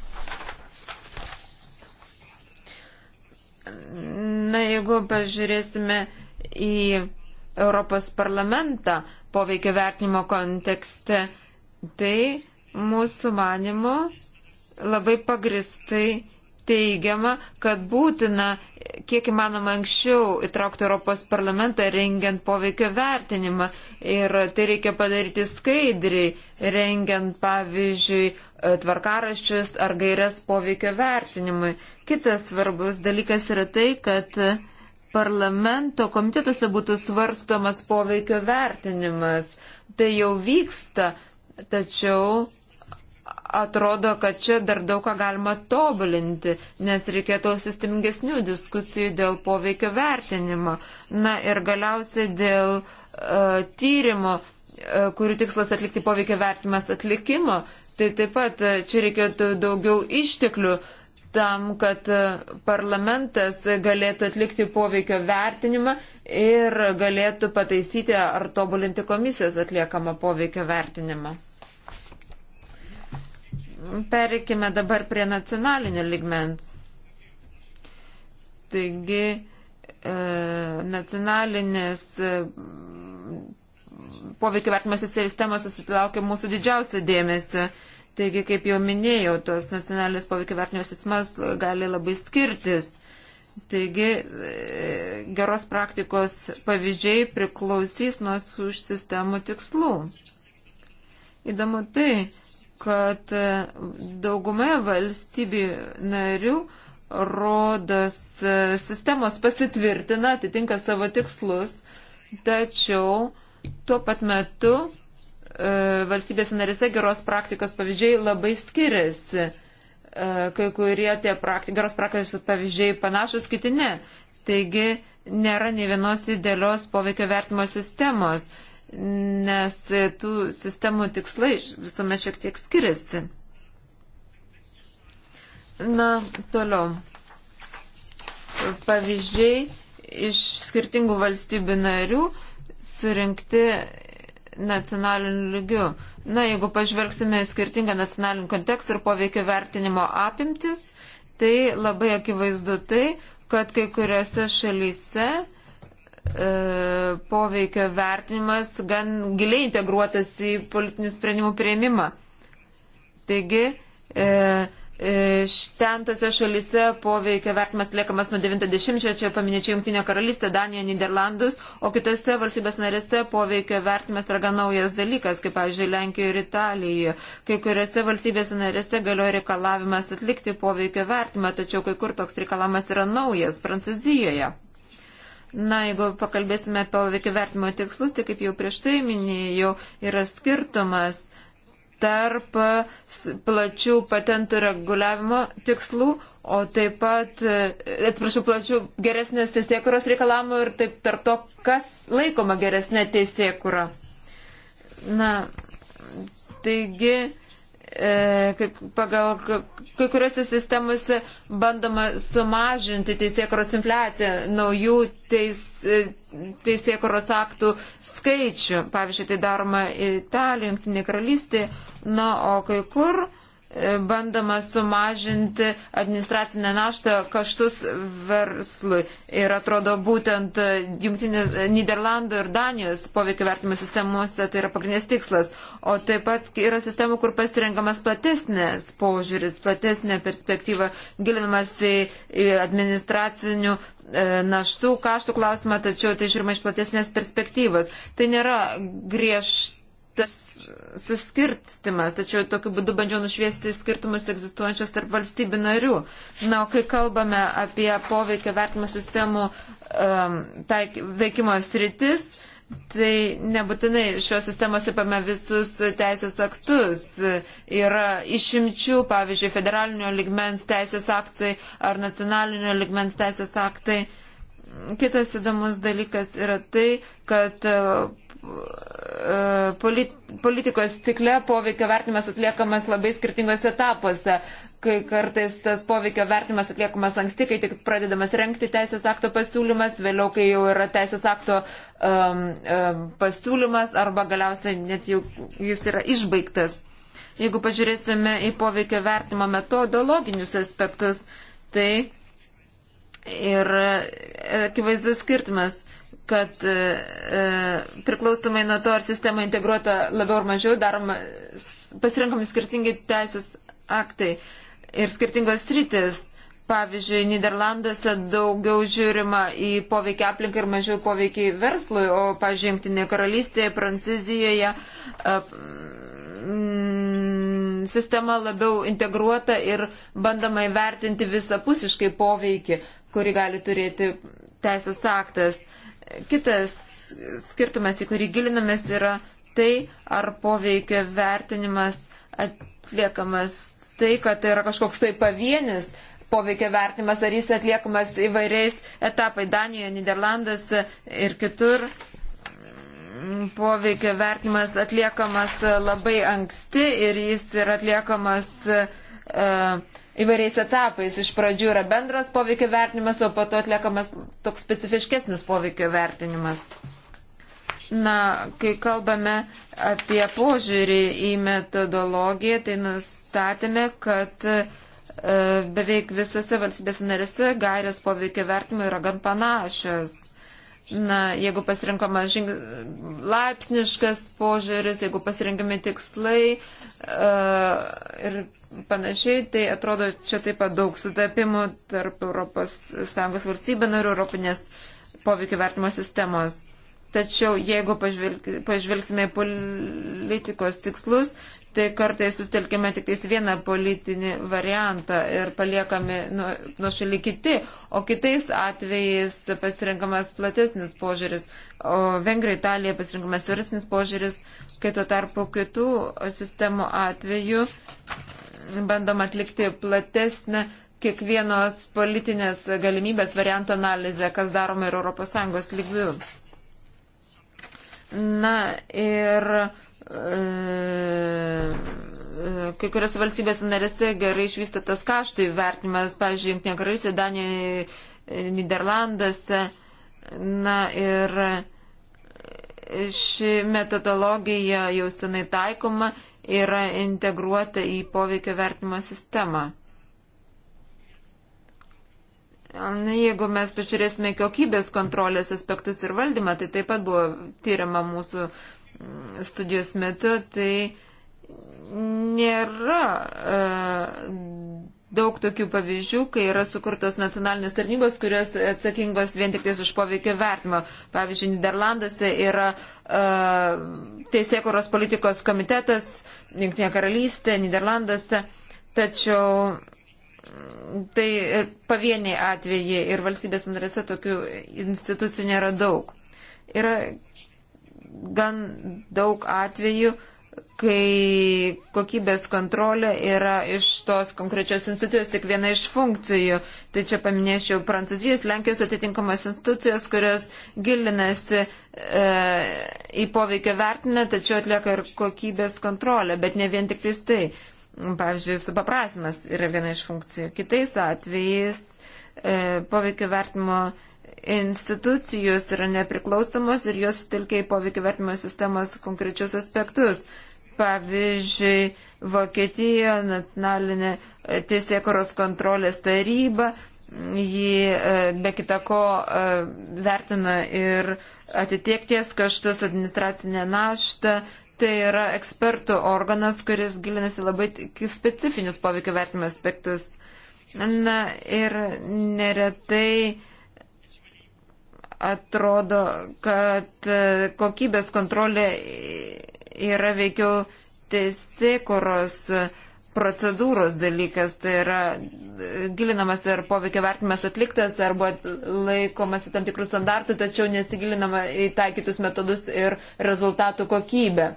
Na, jeigu pažiūrėsime į Europos parlamentą poveikio vertinimo kontekste, tai mūsų manimo labai pagristai teigiama, kad būtina kiek įmanoma anksčiau įtraukti Europos parlamentą rengiant poveikio vertinimą. Ir tai reikia padaryti skaidriai, rengiant pavyzdžiui tvarkaraščius ar gairias poveikio vertinimui. Kitas svarbus dalykas yra tai, kad parlamento komitetuose būtų svarstomas poveikio vertinimas. Tai jau vyksta, tačiau atrodo, kad čia dar daug ką galima tobulinti, nes reikėtų sistemingesnių diskusijų dėl poveikio vertinimo. Na ir galiausiai dėl uh, tyrimo, uh, kurių tikslas atlikti poveikio vertimas atlikimo, tai taip pat uh, čia reikėtų daugiau išteklių tam, kad parlamentas galėtų atlikti poveikio vertinimą ir galėtų pataisyti ar tobulinti komisijos atliekamą poveikio vertinimą. Perikime dabar prie nacionalinio ligmens. Taigi, e, nacionalinės e, poveikio vertimas sistemos susitraukia mūsų didžiausią dėmesį. Taigi, kaip jau minėjau, tos nacionalinės poveikio vertinimo sistemas gali labai skirtis. Taigi, e, geros praktikos pavyzdžiai priklausys nuo šių sistemų tikslų. Įdomu tai, kad daugumoje valstybių narių rodos e, sistemos pasitvirtina, atitinka savo tikslus, tačiau tuo pat metu e, valstybės narise geros praktikos pavyzdžiai labai skiriasi. E, kai kurie tie prakti, geros praktikos pavyzdžiai panašus, kiti ne. Taigi nėra nei vienos idealios poveikio vertimo sistemos nes tų sistemų tikslai visuomet šiek tiek skiriasi. Na, toliau. Pavyzdžiai iš skirtingų valstybių narių surinkti nacionaliniu lygiu. Na, jeigu pažvelgsime skirtingą nacionalinį kontekstą ir poveikio vertinimo apimtis, tai labai akivaizdu tai, kad kai kuriuose šalyse E, poveikio vertinimas gan giliai integruotas į politinių sprendimų prieimimą. Taigi, e, e ten tose šalise poveikio vertimas liekamas nuo 90-čio, čia paminėčiau Junktinę karalystę, Daniją, Niderlandus, o kitose valstybės narėse poveikio vertimas yra gan naujas dalykas, kaip pavyzdžiui Lenkijoje ir Italijoje. Kai kuriuose valstybės narėse galioja reikalavimas atlikti poveikio vertimą, tačiau kai kur toks reikalavimas yra naujas Prancūzijoje. Na, jeigu pakalbėsime apie poveikį vertimo tikslus, tai kaip jau prieš tai minėjau, yra skirtumas tarp plačių patentų reguliavimo tikslų, o taip pat, e, atsiprašau, plačių geresnės teisėkuros reikalavimų ir taip tarp to, kas laikoma geresnė teisėkura. Na, taigi E, kaip pagal kai kuriuose sistemose bandoma sumažinti teisėkuros infliaciją naujų teis, e, teisėkuros aktų skaičių. Pavyzdžiui, tai daroma Italijoje, Junktinė karalystė, na, o kai kur uh, E, bandoma sumažinti administracinę naštą kaštus verslui. Ir atrodo, būtent Junktinės Niderlandų ir Danijos poveikio vertimo sistemuose tai yra pagrindinės tikslas. O taip pat yra sistemų, kur pasirenkamas platesnės požiūris, platesnė perspektyva, gilinamas į, į administracinių e, naštų, kaštų klausimą, tačiau tai žiūrima iš platesnės perspektyvos. Tai nėra griežta tas suskirstimas, tačiau tokiu būdu bandžiau nušviesti skirtumus egzistuojančios tarp valstybių narių. Na, o kai kalbame apie poveikio vertimo sistemų um, taik, veikimo sritis, tai nebūtinai šios sistemos apima visus teisės aktus. Yra išimčių, pavyzdžiui, federalinio ligmens teisės aktai ar nacionalinio ligmens teisės aktai. Kitas įdomus dalykas yra tai, kad uh, politikos tikle poveikio vertinimas atliekamas labai skirtingose etapuose, kai kartais tas poveikio vertinimas atliekamas anksti, kai tik pradedamas renkti teisės akto pasiūlymas, vėliau, kai jau yra teisės akto um, um, pasiūlymas arba galiausiai net jau jis yra išbaigtas. Jeigu pažiūrėsime į poveikio vertinimo metodologinius aspektus, tai ir e, akivaizdus skirtumas kad e, e, priklausomai nuo to, ar sistema integruota labiau ar mažiau, daroma, pasirinkami skirtingi teisės aktai ir skirtingos rytis. Pavyzdžiui, Niderlanduose daugiau žiūrima į poveikį aplinką ir mažiau poveikį verslui, o, pavyzdžiui, Junktinėje karalystėje, Prancūzijoje ap, e, mm, sistema labiau integruota ir bandama įvertinti visapusiškai poveikį, kurį gali turėti teisės aktas. E, Kitas skirtumas, į kurį gilinamės, yra tai, ar poveikio vertinimas atliekamas tai, kad tai yra kažkoks tai pavienis poveikio vertinimas, ar jis atliekamas įvairiais etapai Danijoje, Niderlanduose ir kitur poveikio vertimas atliekamas e, labai anksti ir jis yra atliekamas e, e, įvairiais etapais. Iš pradžių yra bendras poveikio vertinimas, o po to atliekamas toks specifiškesnis poveikio vertinimas. Na, kai kalbame apie požiūrį į metodologiją, tai nustatėme, kad beveik visose valstybės narėse gairės poveikio vertimo yra gan panašios. Na, jeigu pasirinkamas žing... laipsniškas požiūris, jeigu pasirinkami tikslai uh, ir panašiai, tai atrodo čia taip pat daug sutapimų tarp ES valstybė ir Europinės poveikio vertimo sistemos. Tačiau jeigu pažvelg... pažvelgsime į politikos tikslus, tai kartais sustelkime tik tais vieną politinį variantą ir paliekami nuo nu šalia kiti, o kitais atvejais pasirinkamas platesnis požiūris, o Vengrija, Italija pasirinkamas svaresnis požiūris, kai tuo tarpu kitų sistemų atveju bandom atlikti platesnę kiekvienos politinės galimybės varianto analizę, kas daroma ir ES lygių. Na ir E, kai kurias valstybės narėse gerai išvystytas kaštai vertinimas, pavyzdžiui, Junktinė karalystė, Danija, Niderlandose. Na ir ši metodologija jau senai taikoma yra integruota į poveikio vertinimo sistemą. Na, jeigu mes pažiūrėsime kokybės kontrolės aspektus ir valdymą, tai taip pat buvo tyriama mūsų studijos metu, tai nėra e, daug tokių pavyzdžių, kai yra sukurtos nacionalinės tarnybos, kurios atsakingos vien tik už poveikio vertimą. Pavyzdžiui, Niderlanduose yra e, Teisėkuros politikos komitetas, Junktinė karalystė, Niderlanduose, tačiau tai ir pavieniai atvejai ir valstybės narėse tokių institucijų nėra daug. Yra gan daug atvejų, kai kokybės kontrolė yra iš tos konkrečios institucijos tik viena iš funkcijų. Tai čia paminėčiau Prancūzijos, Lenkijos atitinkamas institucijos, kurios gilinasi e, į poveikio vertinę, tačiau atlieka ir kokybės kontrolę, bet ne vien tik tai. Pavyzdžiui, supaprasimas yra viena iš funkcijų. Kitais atvejais e, poveikio vertinimo e, institucijos yra nepriklausomos ir jos tilkia į poveikį vertimo sistemos konkrečius aspektus. Pavyzdžiui, Vokietija, nacionalinė e, teisėkoros kontrolės taryba, ji e, be kitako e, vertina ir atitiekties kaštus, administracinę naštą, tai yra ekspertų organas, kuris gilinasi labai specifinius poveikio vertimo aspektus. Na ir neretai atrodo, kad e, kokybės kontrolė yra veikiau teisėkoros procedūros dalykas, tai yra e, gilinamas ir poveikio vertinimas atliktas arba laikomasi tam tikrų standartų, tačiau nesigilinama į taikytus metodus ir rezultatų kokybę.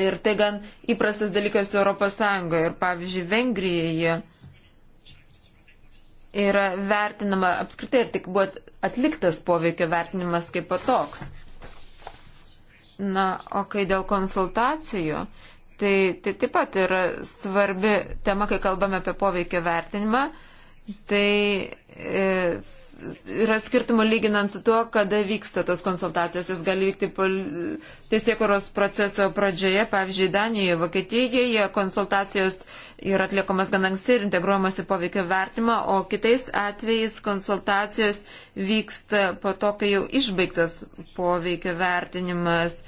Ir tai gan įprastas dalykas Europos Sąjungoje. Ir pavyzdžiui, Vengrijoje yra vertinama apskritai ir tik buvo atliktas poveikio vertinimas kaip patoks. Na, o kai dėl konsultacijų, tai, tai taip pat yra svarbi tema, kai kalbame apie poveikio vertinimą, tai e, yra skirtumų lyginant su tuo, kada vyksta tos konsultacijos. Jis gali vykti teisėkuros proceso pradžioje, pavyzdžiui, Danijoje, Vokietijoje konsultacijos e, yra atliekamas gan anksti ir integruojamas į poveikio vertimą, o kitais atvejais konsultacijos vyksta po to, kai jau išbaigtas poveikio vertinimas.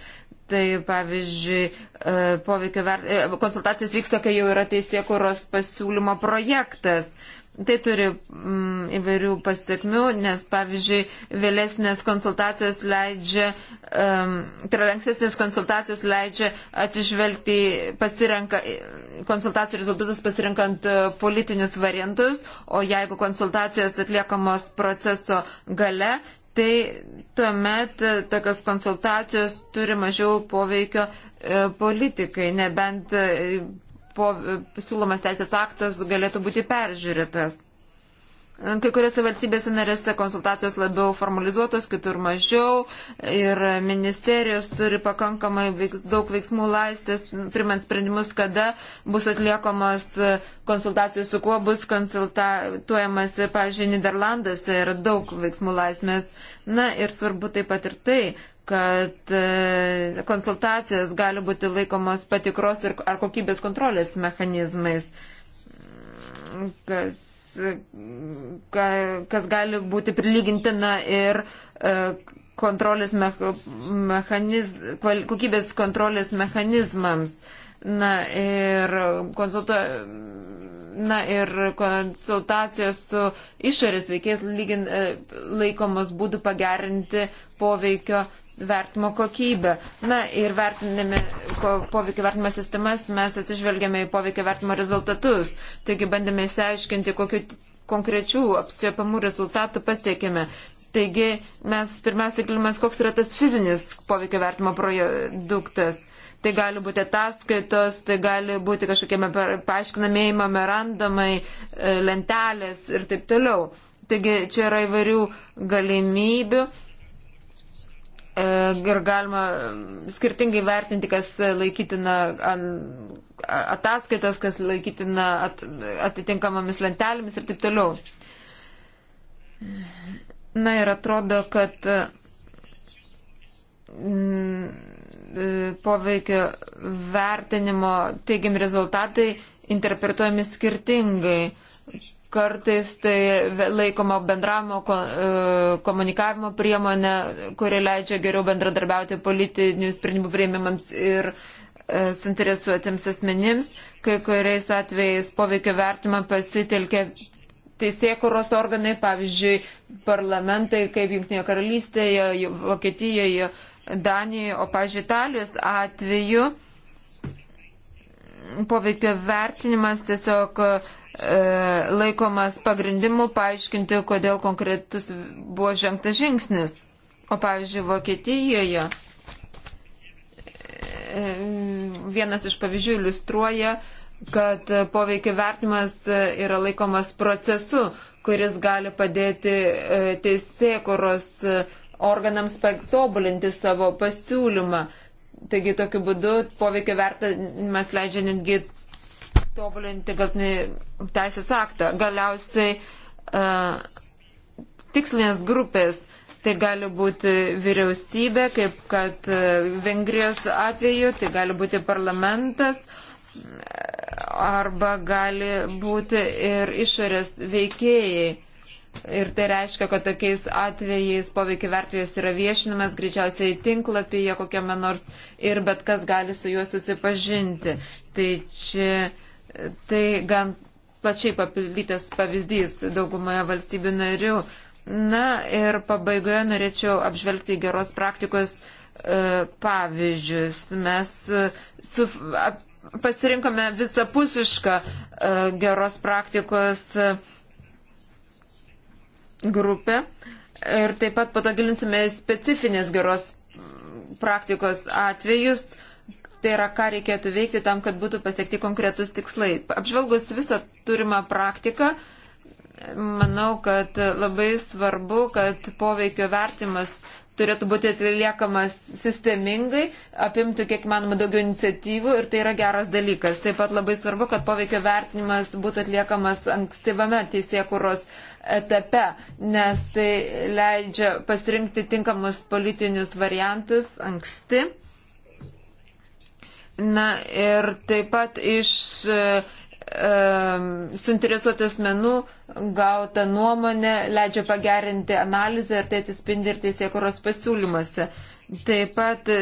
Tai pavyzdžiui, e, ver... E, konsultacijas vyksta, kai jau yra teisėkuros pasiūlymo projektas. Tai turi mm, įvairių pasiekmių, nes pavyzdžiui, vėlesnės konsultacijos leidžia, um, tai yra lengvesnės konsultacijos leidžia atsižvelgti, pasirenka, konsultacijų rezultatus pasirinkant e, politinius variantus, o jeigu konsultacijos atliekamos proceso gale, tai tuomet e, tokios konsultacijos turi mažiau poveikio e, politikai, nebent. E, po, e, siūlomas teisės aktas galėtų būti peržiūrėtas. Kai kuriuose valstybėse narėse konsultacijos labiau formalizuotos, kitur mažiau ir ministerijos turi pakankamai veiks, daug veiksmų laistės, primant sprendimus, kada bus atliekamas e, konsultacijos, su kuo bus konsultuojamas, pavyzdžiui, Niderlanduose yra daug veiksmų laisvės. Na ir svarbu taip pat ir tai, kad e, konsultacijos gali būti laikomos patikros ir, ar kokybės kontrolės mechanizmais, kas, ka, kas gali būti prilygintina ir e, kontrolės mechaniz, kokybės kontrolės mechanizmams. Na ir, konsulta, na ir konsultacijos su išorės veikės lygin, e, laikomos būdų pagerinti poveikio vertimo kokybę. Na ir vertinami poveikio vertimo sistemas mes atsižvelgiame į poveikio vertimo rezultatus. Taigi bandėme įsiaiškinti, kokiu konkrečių apsiepiamų rezultatų pasiekėme. Taigi mes pirmiausia gilimės, koks yra tas fizinis poveikio vertimo produktas. Tai gali būti ataskaitos, tai gali būti kažkokie paaiškinamieji memorandumai, e, lentelės ir taip toliau. Taigi čia yra įvairių galimybių E, ir galima skirtingai vertinti, kas laikytina ataskaitas, kas laikytina atitinkamomis lentelėmis ir taip toliau. Na ir atrodo, kad mm, e, poveikio vertinimo teigiami rezultatai interpretuojami skirtingai. Kartais tai laikoma bendravimo e, komunikavimo priemonė, kuri leidžia geriau bendradarbiauti politinių sprendimų prieimimams ir e, suinteresuotiems asmenims. Kai kuriais atvejais poveikio vertimą pasitelkia teisėkuros organai, pavyzdžiui, parlamentai, kaip Junktinėje karalystėje, Vokietijoje, Danijoje, o, pavyzdžiui, Italijos atveju poveikio vertinimas tiesiog uh, E, laikomas pagrindimu paaiškinti, kodėl konkretus buvo žengtas žingsnis. O pavyzdžiui, Vokietijoje e, vienas iš pavyzdžių iliustruoja, kad poveikio vertimas yra laikomas procesu, kuris gali padėti e, teisėkuros organams patobulinti savo pasiūlymą. Taigi tokiu būdu poveikio vertinimas leidžia netgi tobulinti galtinį teisės aktą. Galiausiai uh, tikslinės grupės, tai gali būti vyriausybė, kaip kad e, Vengrijos atveju, tai gali būti parlamentas arba gali būti ir išorės veikėjai. Ir tai reiškia, kad tokiais atvejais poveikia vertėjas yra viešinamas greičiausiai tinklapyje kokiame nors ir bet kas gali su juo susipažinti. Tai čia Tai gan plačiai papildytas pavyzdys daugumoje valstybių narių. Na ir pabaigoje norėčiau apžvelgti geros praktikos e, pavyzdžius. Mes e, su, ap, pasirinkome visapusišką e, geros praktikos grupę ir taip pat patogilinsime specifinės geros praktikos atvejus Tai yra, ką reikėtų veikti tam, kad būtų pasiekti konkretus tikslai. Apžvelgus visą turimą praktiką, manau, kad labai svarbu, kad poveikio vertimas turėtų būti atliekamas sistemingai, apimtų kiek manoma daugiau iniciatyvų ir tai yra geras dalykas. Taip pat labai svarbu, kad poveikio vertinimas būtų atliekamas ankstyvame teisėkuros etape, nes tai leidžia pasirinkti tinkamus politinius variantus anksti. Na ir taip pat iš e, e, suinteresuotų asmenų gauta nuomonė leidžia pagerinti analizę ir tai atsispindi ir teisėkuros pasiūlymuose. Taip pat e,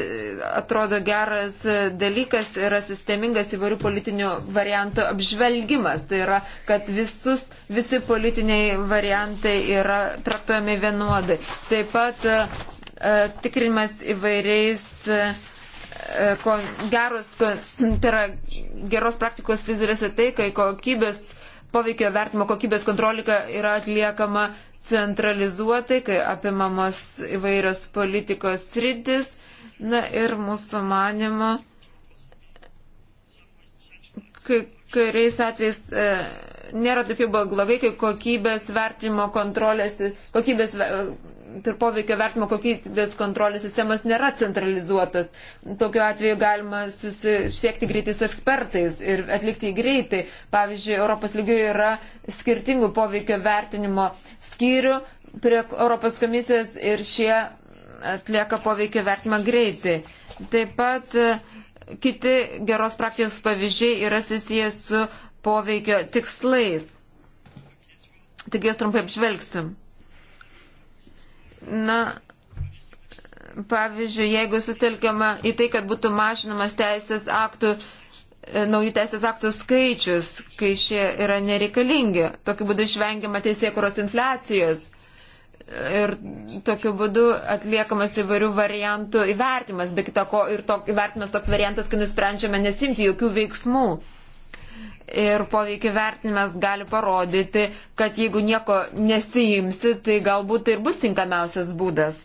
atrodo geras dalykas yra sistemingas įvairių politinių variantų apžvelgimas. Tai yra, kad visus, visi politiniai variantai yra traktuojami vienodai. Taip pat e, tikrinimas įvairiais E, geros, tai yra geros praktikos vizirėse tai, kai kokybės, poveikio vertimo kokybės kontrolika yra atliekama centralizuotai, kai apimamos įvairios politikos sritis. Na ir mūsų manimo, kai kuriais atvejais e, nėra taip jau blogai, kai kokybės vertimo kontrolės, kokybės ir poveikio vertimo kokybės kontrolės sistemas nėra centralizuotos. Tokiu atveju galima susisiekti greitai su ekspertais ir atlikti greitai. Pavyzdžiui, Europos lygių yra skirtingų poveikio vertinimo skyrių prie Europos komisijos ir šie atlieka poveikio vertimą greitai. Taip pat e, kiti geros praktikos pavyzdžiai yra susijęs su poveikio tikslais. Tik jas trumpai apžvelgsim. Na, pavyzdžiui, jeigu sustelkiama į tai, kad būtų mažinamas teisės aktų, e, naujų teisės aktų skaičius, kai šie yra nereikalingi, tokiu būdu išvengiama teisėkuros infliacijos e, ir tokiu būdu atliekamas įvairių variantų įvertimas, be kita ko ir to, įvertimas toks variantas, kai nusprendžiame nesimti jokių veiksmų ir poveikį vertinimas gali parodyti, kad jeigu nieko nesijimsi, tai galbūt tai ir bus tinkamiausias būdas.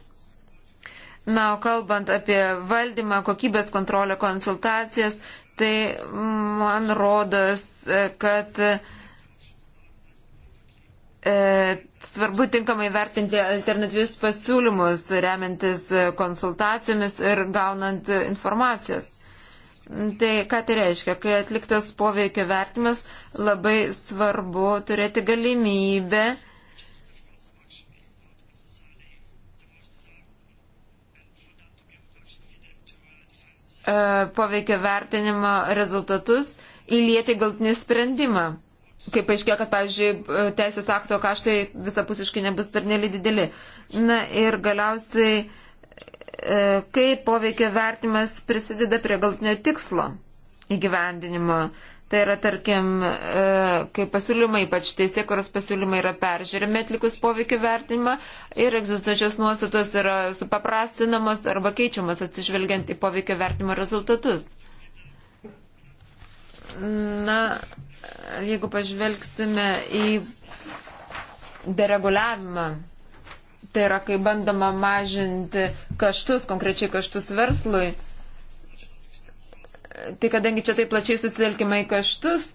Na, o kalbant apie valdymą, kokybės kontrolę, konsultacijas, tai man rodos, kad e, svarbu tinkamai vertinti alternatyvius pasiūlymus, remiantis konsultacijomis ir gaunant informacijos. Tai ką tai reiškia? Kai atliktas poveikio vertimas, labai svarbu turėti galimybę e, poveikio vertinimo rezultatus įlieti galtinį sprendimą. Kaip aiškėjo, kad, pavyzdžiui, e, teisės akto kaštai visapusiškai nebus pernelyg dideli. Na ir galiausiai uh, E, kaip poveikio vertimas prisideda prie galtinio tikslo įgyvendinimo. Tai yra, tarkim, e, kai pasiūlymai, ypač teisėkuros pasiūlymai yra peržiūrimi atlikus poveikio vertinimą ir egzistuojančios nuostatos yra supaprastinamos arba keičiamas atsižvelgiant į poveikio vertinimo rezultatus. Na, jeigu pažvelgsime į dereguliavimą Tai yra, kai bandoma mažinti kaštus, konkrečiai kaštus verslui. Tai kadangi čia taip plačiai susitelkime į kaštus,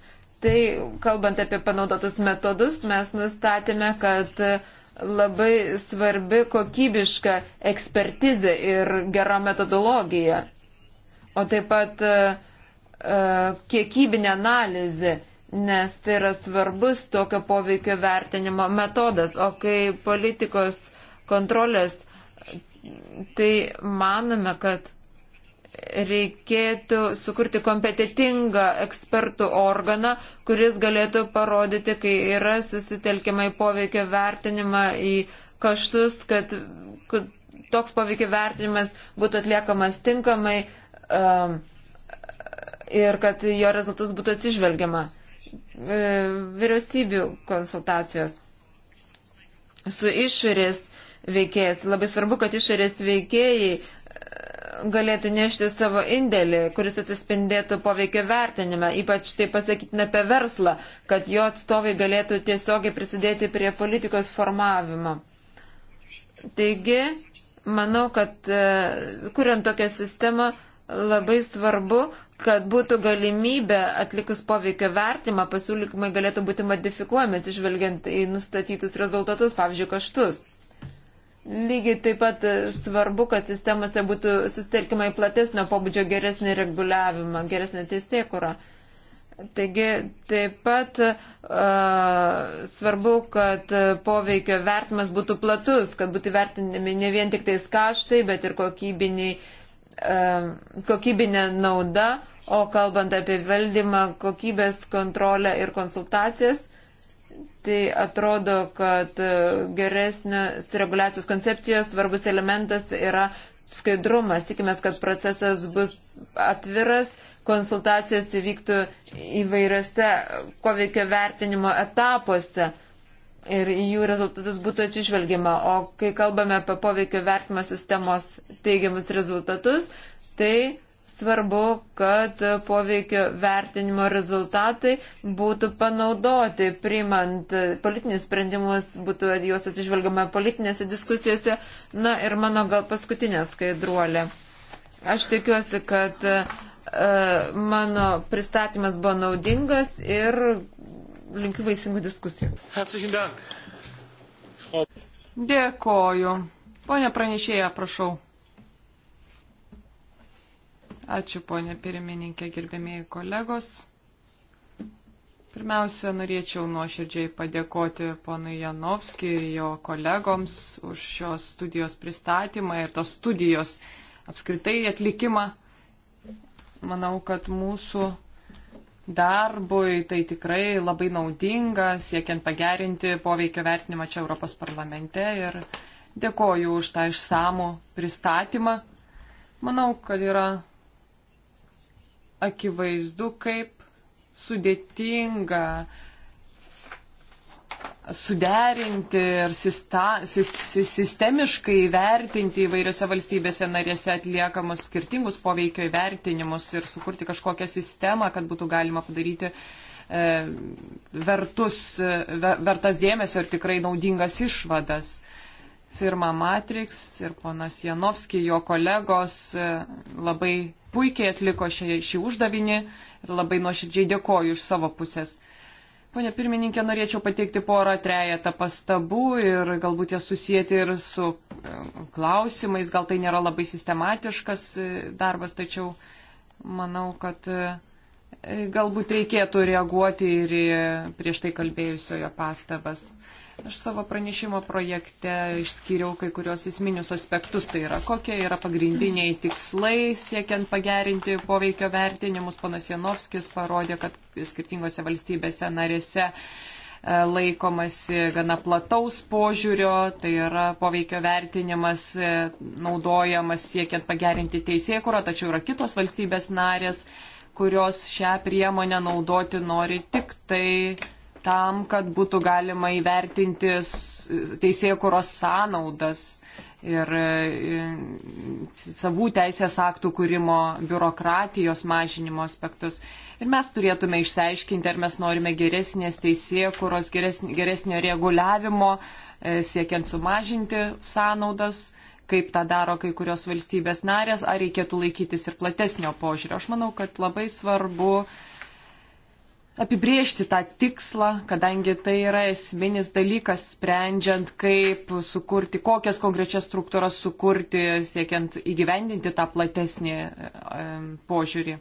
tai kalbant apie panaudotus metodus, mes nustatėme, kad labai svarbi kokybiška ekspertizė ir gera metodologija. O taip pat e, e, kiekybinė analizė nes tai yra svarbus tokio poveikio vertinimo metodas. O kai politikos kontrolės, tai manome, kad reikėtų sukurti kompetitingą ekspertų organą, kuris galėtų parodyti, kai yra susitelkimai poveikio vertinimą į kaštus, kad, kad toks poveikio vertinimas būtų atliekamas tinkamai um, ir kad jo rezultatus būtų atsižvelgiama. E, vyriausybių konsultacijos su išorės veikėjas. Labai svarbu, kad išorės veikėjai e, galėtų nešti savo indėlį, kuris atsispindėtų poveikio vertinime, ypač tai pasakytina apie verslą, kad jo atstovai galėtų tiesiogiai prisidėti prie politikos formavimo. Taigi, manau, kad e, kuriant tokią sistemą labai svarbu, kad būtų galimybė atlikus poveikio vertimą, pasiūlymai galėtų būti modifikuojami, atsižvelgiant į nustatytus rezultatus, pavyzdžiui, kaštus. Lygiai taip pat e, svarbu, kad sistemose būtų susitelkimai platesnio pobūdžio geresnį reguliavimą, geresnį teisėkurą. Taigi taip pat uh, svarbu, kad poveikio vertimas būtų platus, kad būtų vertinami ne vien tik tais kaštai, bet ir kokybiniai, uh, kokybinė nauda, o kalbant apie valdymą, kokybės kontrolę ir konsultacijas, tai atrodo, kad e, geresnės reguliacijos koncepcijos svarbus elementas yra skaidrumas. Tikimės, kad procesas bus atviras, konsultacijos įvyktų įvairiose poveikio vertinimo etapuose ir į jų rezultatus būtų atsižvelgiama. O kai kalbame apie poveikio vertimo sistemos teigiamus rezultatus, tai svarbu, kad poveikio vertinimo rezultatai būtų panaudoti, priimant politinius sprendimus, būtų juos atsižvelgiama politinėse diskusijose. Na ir mano gal paskutinė skaidruolė. Aš tikiuosi, kad e, mano pristatymas buvo naudingas ir linkiu vaisingų diskusijų. Dėkoju. Pone pranešėja, prašau. Ačiū, ponė pirmininkė, gerbėmėjai kolegos. Pirmiausia, norėčiau nuoširdžiai padėkoti ponui Janovskijui ir jo kolegoms už šios studijos pristatymą ir tos studijos apskritai atlikimą. Manau, kad mūsų darbui tai tikrai labai naudinga, siekiant pagerinti poveikio vertinimą čia Europos parlamente ir dėkoju už tą išsamų pristatymą. Manau, kad yra akivaizdu, kaip sudėtinga suderinti ir sistemiškai vertinti įvairiose valstybėse narėse atliekamus skirtingus poveikio įvertinimus ir sukurti kažkokią sistemą, kad būtų galima padaryti e, vertus, e, vertas dėmesio ir tikrai naudingas išvadas firma Matrix ir ponas Janovski, jo kolegos e, labai puikiai atliko šį, šį uždavinį ir labai nuoširdžiai dėkoju iš savo pusės. Pone pirmininkė, norėčiau pateikti porą trejetą pastabų ir galbūt jas susijęti ir su e, klausimais. Gal tai nėra labai sistematiškas e, darbas, tačiau manau, kad e, galbūt reikėtų reaguoti ir prieš tai kalbėjusiojo pastabas. Aš savo pranešimo projekte išskyriau kai kurios esminius aspektus, tai yra kokie yra pagrindiniai tikslai siekiant pagerinti poveikio vertinimus. Panas Janovskis parodė, kad skirtingose valstybėse narėse e, laikomasi gana plataus požiūrio, tai yra poveikio vertinimas e, naudojamas siekiant pagerinti teisėkurą, tačiau yra kitos valstybės narės, kurios šią priemonę naudoti nori tik tai tam, kad būtų galima įvertinti teisėjų kuros sąnaudas ir e, savų teisės aktų kūrimo, biurokratijos mažinimo aspektus. Ir mes turėtume išsiaiškinti, ar mes norime geresnės teisėjų kuros, geresnio reguliavimo, e, siekiant sumažinti sąnaudas kaip tą daro kai kurios valstybės narės, ar reikėtų laikytis ir platesnio požiūrio. Aš manau, kad labai svarbu uh, apibriežti tą tikslą, kadangi tai yra esminis dalykas, sprendžiant, kaip sukurti, kokias konkrečias struktūras sukurti, siekiant įgyvendinti tą platesnį požiūrį.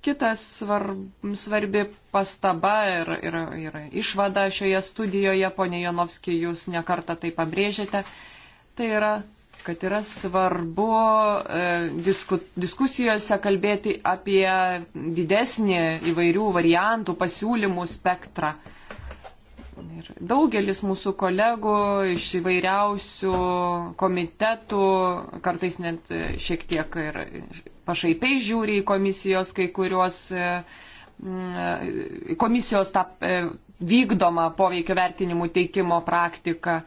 Kitas svarbi pastaba ir, ir, ir išvada šioje studijoje, ponė Jonovskija, jūs nekartą tai pabrėžėte, tai yra kad yra svarbu e, disku, diskusijose kalbėti apie didesnį įvairių variantų pasiūlymų spektrą. Ir daugelis mūsų kolegų iš įvairiausių komitetų, kartais net šiek tiek ir pašaipiai žiūri į komisijos kai kuriuos, e, e, komisijos tą vykdomą poveikio vertinimų teikimo praktiką.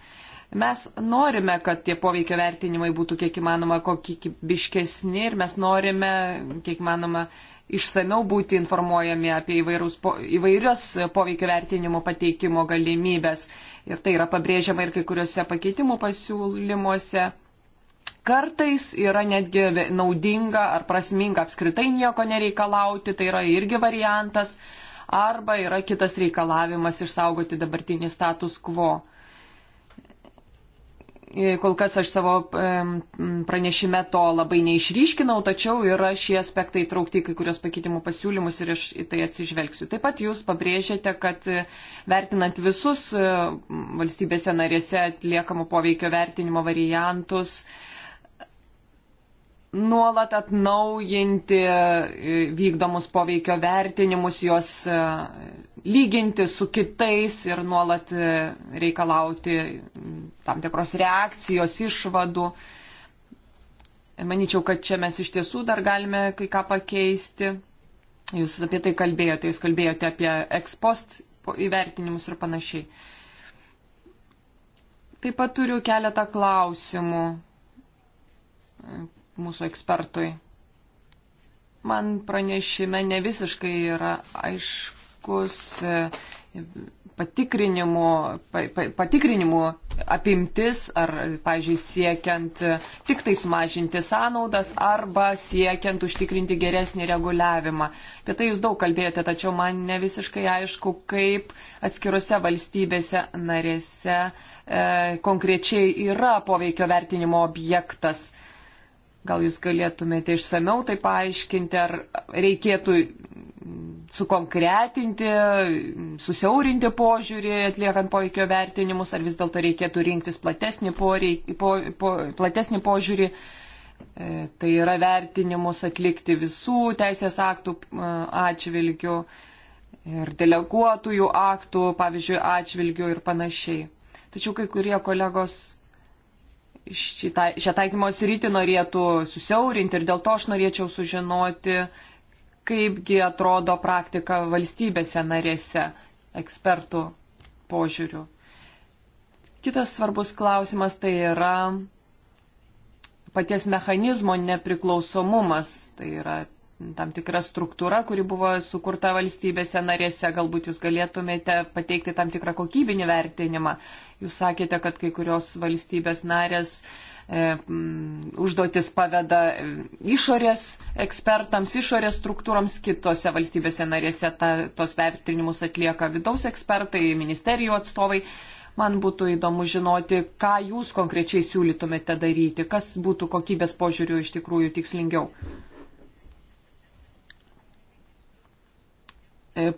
Mes norime, kad tie poveikio vertinimai būtų kiek įmanoma kokybiškesni ir mes norime kiek įmanoma išsameu būti informuojami apie po, įvairios poveikio vertinimo pateikimo galimybės. Ir tai yra pabrėžiama ir kai kuriuose pakeitimų pasiūlymuose. Kartais yra netgi naudinga ar prasminga apskritai nieko nereikalauti, tai yra irgi variantas. Arba yra kitas reikalavimas išsaugoti dabartinį status quo. E, kol kas aš savo pranešime to labai neišryškinau, tačiau yra šie aspektai traukti kai kurios pakeitimų pasiūlymus ir aš į tai atsižvelgsiu. Taip pat jūs pabrėžėte, kad e, vertinant visus e, valstybėse narėse atliekamų poveikio vertinimo variantus, nuolat atnaujinti vykdomus poveikio vertinimus, juos lyginti su kitais ir nuolat e, reikalauti tam tikros reakcijos, išvadų. Manyčiau, kad čia mes iš tiesų dar galime kai ką pakeisti. Jūs apie tai kalbėjote, jūs kalbėjote apie ekspost įvertinimus ir panašiai. Taip pat turiu keletą klausimų mūsų ekspertui. Man pranešime ne visiškai yra aišku aiškus patikrinimų, patikrinimų apimtis, ar, pavyzdžiui, siekiant tik tai sumažinti sąnaudas, arba siekiant užtikrinti geresnį reguliavimą. Apie tai jūs daug kalbėjote, tačiau man ne visiškai aišku, kaip atskirose valstybėse narėse e, konkrečiai yra poveikio vertinimo objektas. Gal jūs galėtumėte išsameu tai paaiškinti, ar reikėtų sukonkretinti, susiaurinti požiūrį, atliekant poveikio vertinimus, ar vis dėlto reikėtų rinktis platesnį, poreik, po, po, platesnį požiūrį, e, tai yra vertinimus atlikti visų teisės aktų e, atžvilgių ir deleguotųjų aktų, pavyzdžiui, atžvilgių ir panašiai. Tačiau kai kurie kolegos šitą, šią taikymo sritį norėtų susiaurinti ir dėl to aš norėčiau sužinoti, kaipgi atrodo praktika valstybėse narėse ekspertų požiūrių. Kitas svarbus klausimas tai yra paties mechanizmo nepriklausomumas, tai yra tam tikra struktūra, kuri buvo sukurta valstybėse narėse, galbūt jūs galėtumėte pateikti tam tikrą kokybinį vertinimą. Jūs sakėte, kad kai kurios valstybės narės e, m, užduotis paveda e, išorės ekspertams, išorės struktūroms kitose valstybėse narėse, ta, tos vertinimus atlieka vidaus ekspertai, ministerijų atstovai. Man būtų įdomu žinoti, ką jūs konkrečiai siūlytumėte daryti, kas būtų kokybės požiūrių iš tikrųjų tikslingiau.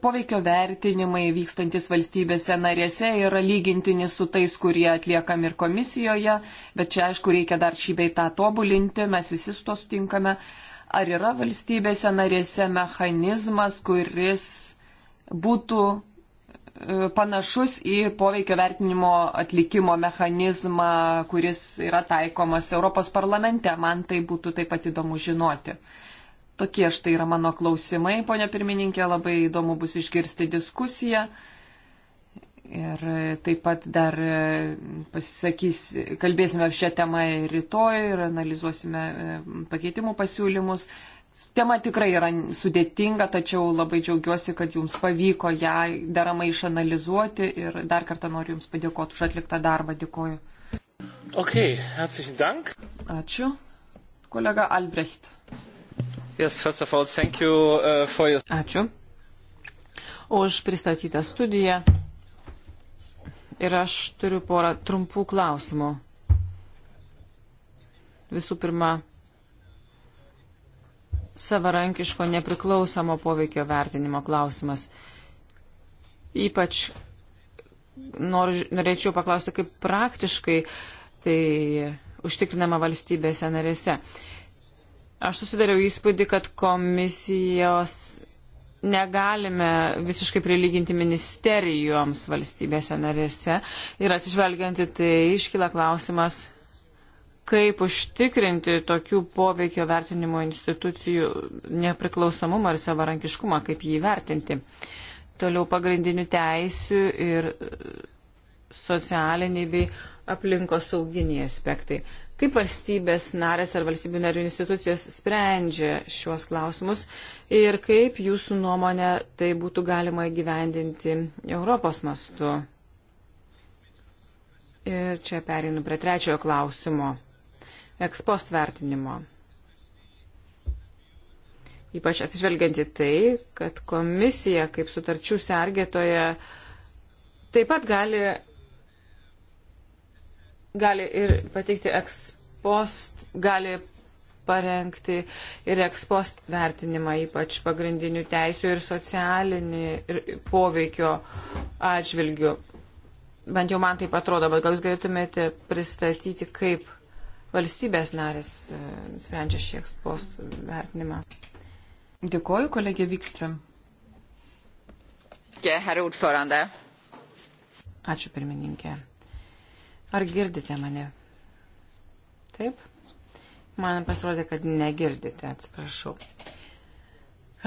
poveikio vertinimai vykstantis valstybėse narėse yra lygintini su tais, kurie atliekami ir komisijoje, bet čia aišku reikia dar šį beitą tobulinti, mes visi su to sutinkame. Ar yra valstybėse narėse mechanizmas, kuris būtų e, panašus į poveikio vertinimo atlikimo mechanizmą, kuris yra taikomas Europos parlamente. Man tai būtų taip pat įdomu žinoti. Uh, Tokie štai yra mano klausimai, ponia pirmininkė, labai įdomu bus išgirsti diskusiją. Ir taip pat dar e, pasisakys, kalbėsime šią temą rytoj ir analizuosime e, pakeitimų pasiūlymus. Tema tikrai yra sudėtinga, tačiau labai džiaugiuosi, kad jums pavyko ją deramai išanalizuoti ir dar kartą noriu jums padėkoti už atliktą darbą. Dėkoju. Okay, Ačiū. Kolega Albrecht. Yes, all, you, uh, your... Ačiū už pristatytą studiją. Ir aš turiu porą trumpų klausimų. Visų pirma, savarankiško nepriklausomo poveikio vertinimo klausimas. Ypač nor, norėčiau paklausti, kaip praktiškai tai užtikrinama valstybėse narėse. Uh, Aš susidariau įspūdį, kad komisijos negalime visiškai prilyginti ministerijoms valstybėse narėse ir atsižvelgianti tai iškyla klausimas, kaip užtikrinti tokių poveikio vertinimo institucijų nepriklausomumą ir savarankiškumą, kaip jį vertinti. Toliau pagrindinių teisių ir socialiniai bei aplinkos sauginiai aspektai. Kaip valstybės narės ar valstybių narių institucijos sprendžia šiuos klausimus ir kaip jūsų nuomonė tai būtų galima įgyvendinti Europos mastu? Ir čia perinu prie trečiojo klausimo - ekspost vertinimo. Ypač atsižvelgiant į tai, kad komisija kaip sutarčių sergėtoja taip pat gali gali ir pateikti ekspost, gali parengti ir ekspost vertinimą, ypač pagrindinių teisų ir socialinį ir poveikio atžvilgių. Bent jau man taip atrodo, bet gal jūs galėtumėte pristatyti, kaip valstybės narės e, sprendžia šį ekspost vertinimą. Dėkoju, kolegė Vikström. Ačiū, pirmininkė. Ar girdite mane? Taip? Man pasirodė, kad negirdite, atsiprašau.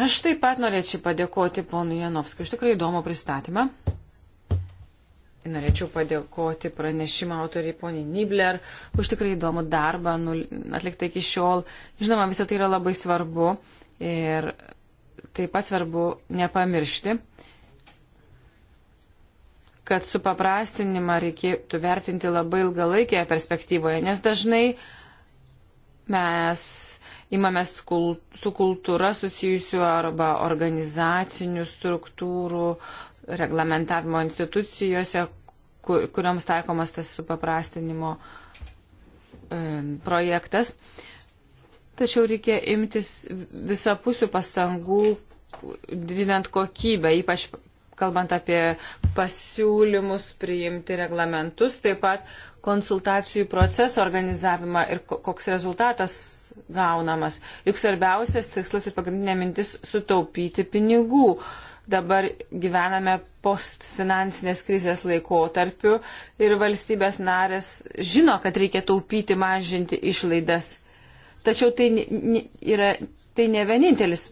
Aš taip pat norėčiau padėkoti ponui Janovskui už tikrai įdomų pristatymą. Norėčiau padėkoti pranešimo autoriai poniai Nibler už tikrai įdomų darbą atliktą iki šiol. Žinoma, visą tai yra labai svarbu ir taip pat svarbu nepamiršti, kad supaprastinimą reikėtų vertinti labai ilgalaikėje perspektyvoje, nes dažnai mes imamės kul su kultūra susijusių arba organizacinių struktūrų, reglamentavimo institucijose, kur, kuriams taikomas tas supaprastinimo e, projektas. Tačiau reikia imtis visapusių pastangų, didinant kokybę, ypač kalbant apie pasiūlymus priimti reglamentus, taip pat konsultacijų proceso organizavimą ir koks rezultatas gaunamas. Juk svarbiausias tikslas ir pagrindinė mintis - sutaupyti pinigų. Dabar gyvename postfinansinės krizės laikotarpiu ir valstybės narės žino, kad reikia taupyti, mažinti išlaidas. Tačiau tai, yra, tai ne vienintelis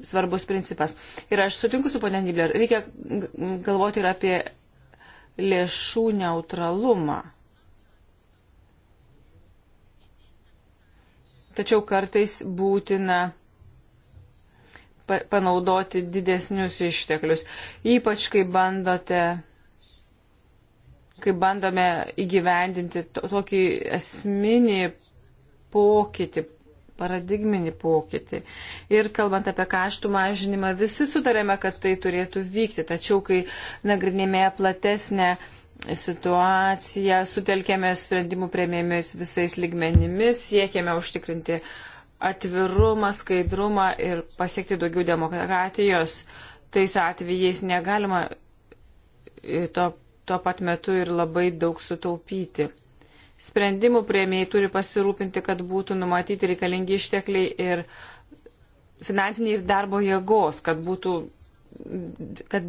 svarbus principas. Ir aš sutinku su ponė Nibler, reikia galvoti ir apie lėšų neutralumą. Tačiau kartais būtina panaudoti didesnius išteklius, ypač kai bandote, kai bandome įgyvendinti tokį esminį pokytį, paradigminį pokytį. Ir kalbant apie kaštų mažinimą, visi sutarėme, kad tai turėtų vykti, tačiau kai nagrinėme platesnę situaciją, sutelkėme sprendimų prieimėmis visais ligmenimis, siekėme užtikrinti atvirumą, skaidrumą ir pasiekti daugiau demokratijos. Tais atvejais negalima e, to, to pat metu ir labai daug sutaupyti. Sprendimų prieimėjai turi pasirūpinti, kad būtų numatyti reikalingi ištekliai ir finansiniai ir darbo jėgos, kad būtų kad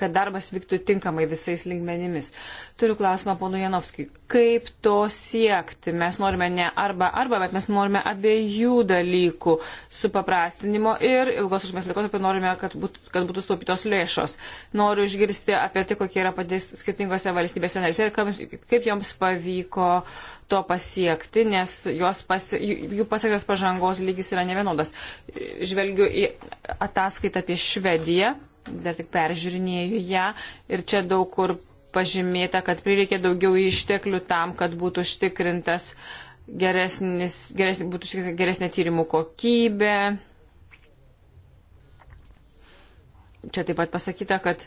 kad darbas vyktų tinkamai visais lingmenimis. Turiu klausimą pono Janovskijui. Kaip to siekti? Mes norime ne arba arba, bet mes norime abiejų dalykų supaprastinimo ir ilgos užmės laikotarpio norime, kad būtų, kad būtų sutaupytos lėšos. Noriu išgirsti apie tai, kokie yra padės skirtingose valstybėse narėse ir kaip, kaip joms pavyko to pasiekti, nes pasi, jų pasiektas pažangos lygis yra nevienodas. Žvelgiu į ataskaitą apie Švediją dar tik peržiūrinėju ją ir čia daug kur pažymėta, kad prireikė daugiau išteklių tam, kad būtų užtikrintas geresnis, geresnė, būtų geresnė tyrimų kokybė. Čia taip pat pasakyta, kad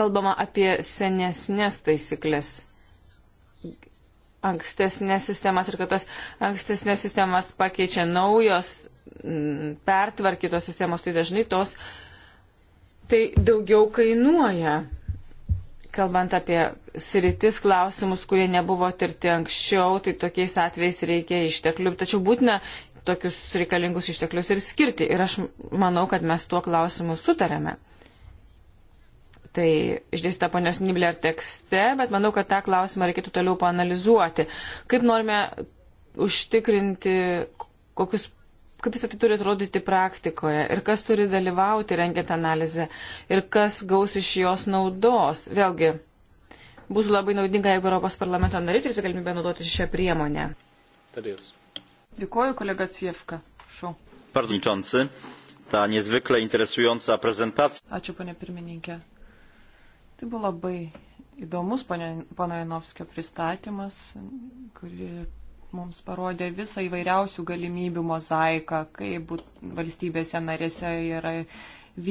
kalbama apie senesnės taisyklės ankstesnės sistemas ir kad tas ankstesnės sistemas pakeičia naujos mm, pertvarkytos sistemos, tai dažnai tos tai daugiau kainuoja. Kalbant apie sritis klausimus, kurie nebuvo tirti anksčiau, tai tokiais atvejais reikia išteklių, tačiau būtina tokius reikalingus išteklius ir skirti. Ir aš manau, kad mes tuo klausimu sutarėme tai išdėstyta ponios Nibler tekste, bet manau, kad tą klausimą reikėtų toliau panalizuoti. Kaip norime užtikrinti, kokius, kaip visą tai turi atrodyti praktikoje ir kas turi dalyvauti rengiant analizę ir kas gaus iš jos naudos. Vėlgi, būtų labai naudinga, jeigu Europos parlamento nariai turėtų galimybę naudoti šią priemonę. Tadėjus. Dėkuoju, kolega Cievka. Šau. Pardončiansi, ta niezvykle interesuojanti prezentacija. Ačiū, ponė pirmininkė. Tai buvo labai įdomus pono Janovskio pristatymas, kuri mums parodė visą įvairiausių galimybių mozaiką, kaip valstybėse narėse yra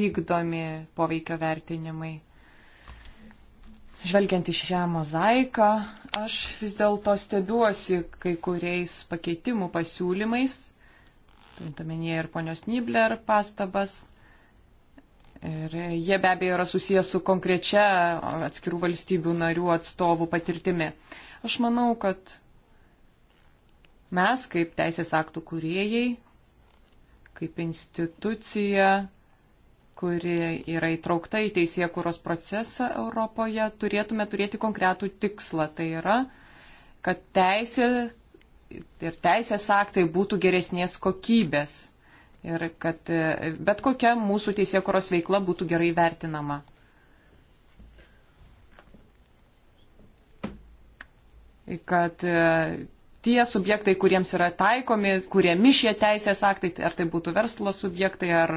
vykdomi poveikio vertinimai. Žvelgiant į šią mozaiką, aš vis dėlto stebiuosi kai kuriais pakeitimų pasiūlymais, turint omenyje ir ponios Nibler pastabas. Ir jie be abejo yra susijęs su konkrečia atskirų valstybių narių atstovų patirtimi. Aš manau, kad mes kaip teisės aktų kuriejai, kaip institucija, kuri yra įtraukta į teisėkūros procesą Europoje, turėtume turėti konkretų tikslą. Tai yra, kad teisė ir teisės aktai būtų geresnės kokybės ir kad e, bet kokia mūsų teisėkuros veikla būtų gerai vertinama. Kad e, tie subjektai, kuriems yra taikomi, kuriami šie teisės aktai, tai ar tai būtų verslo subjektai, ar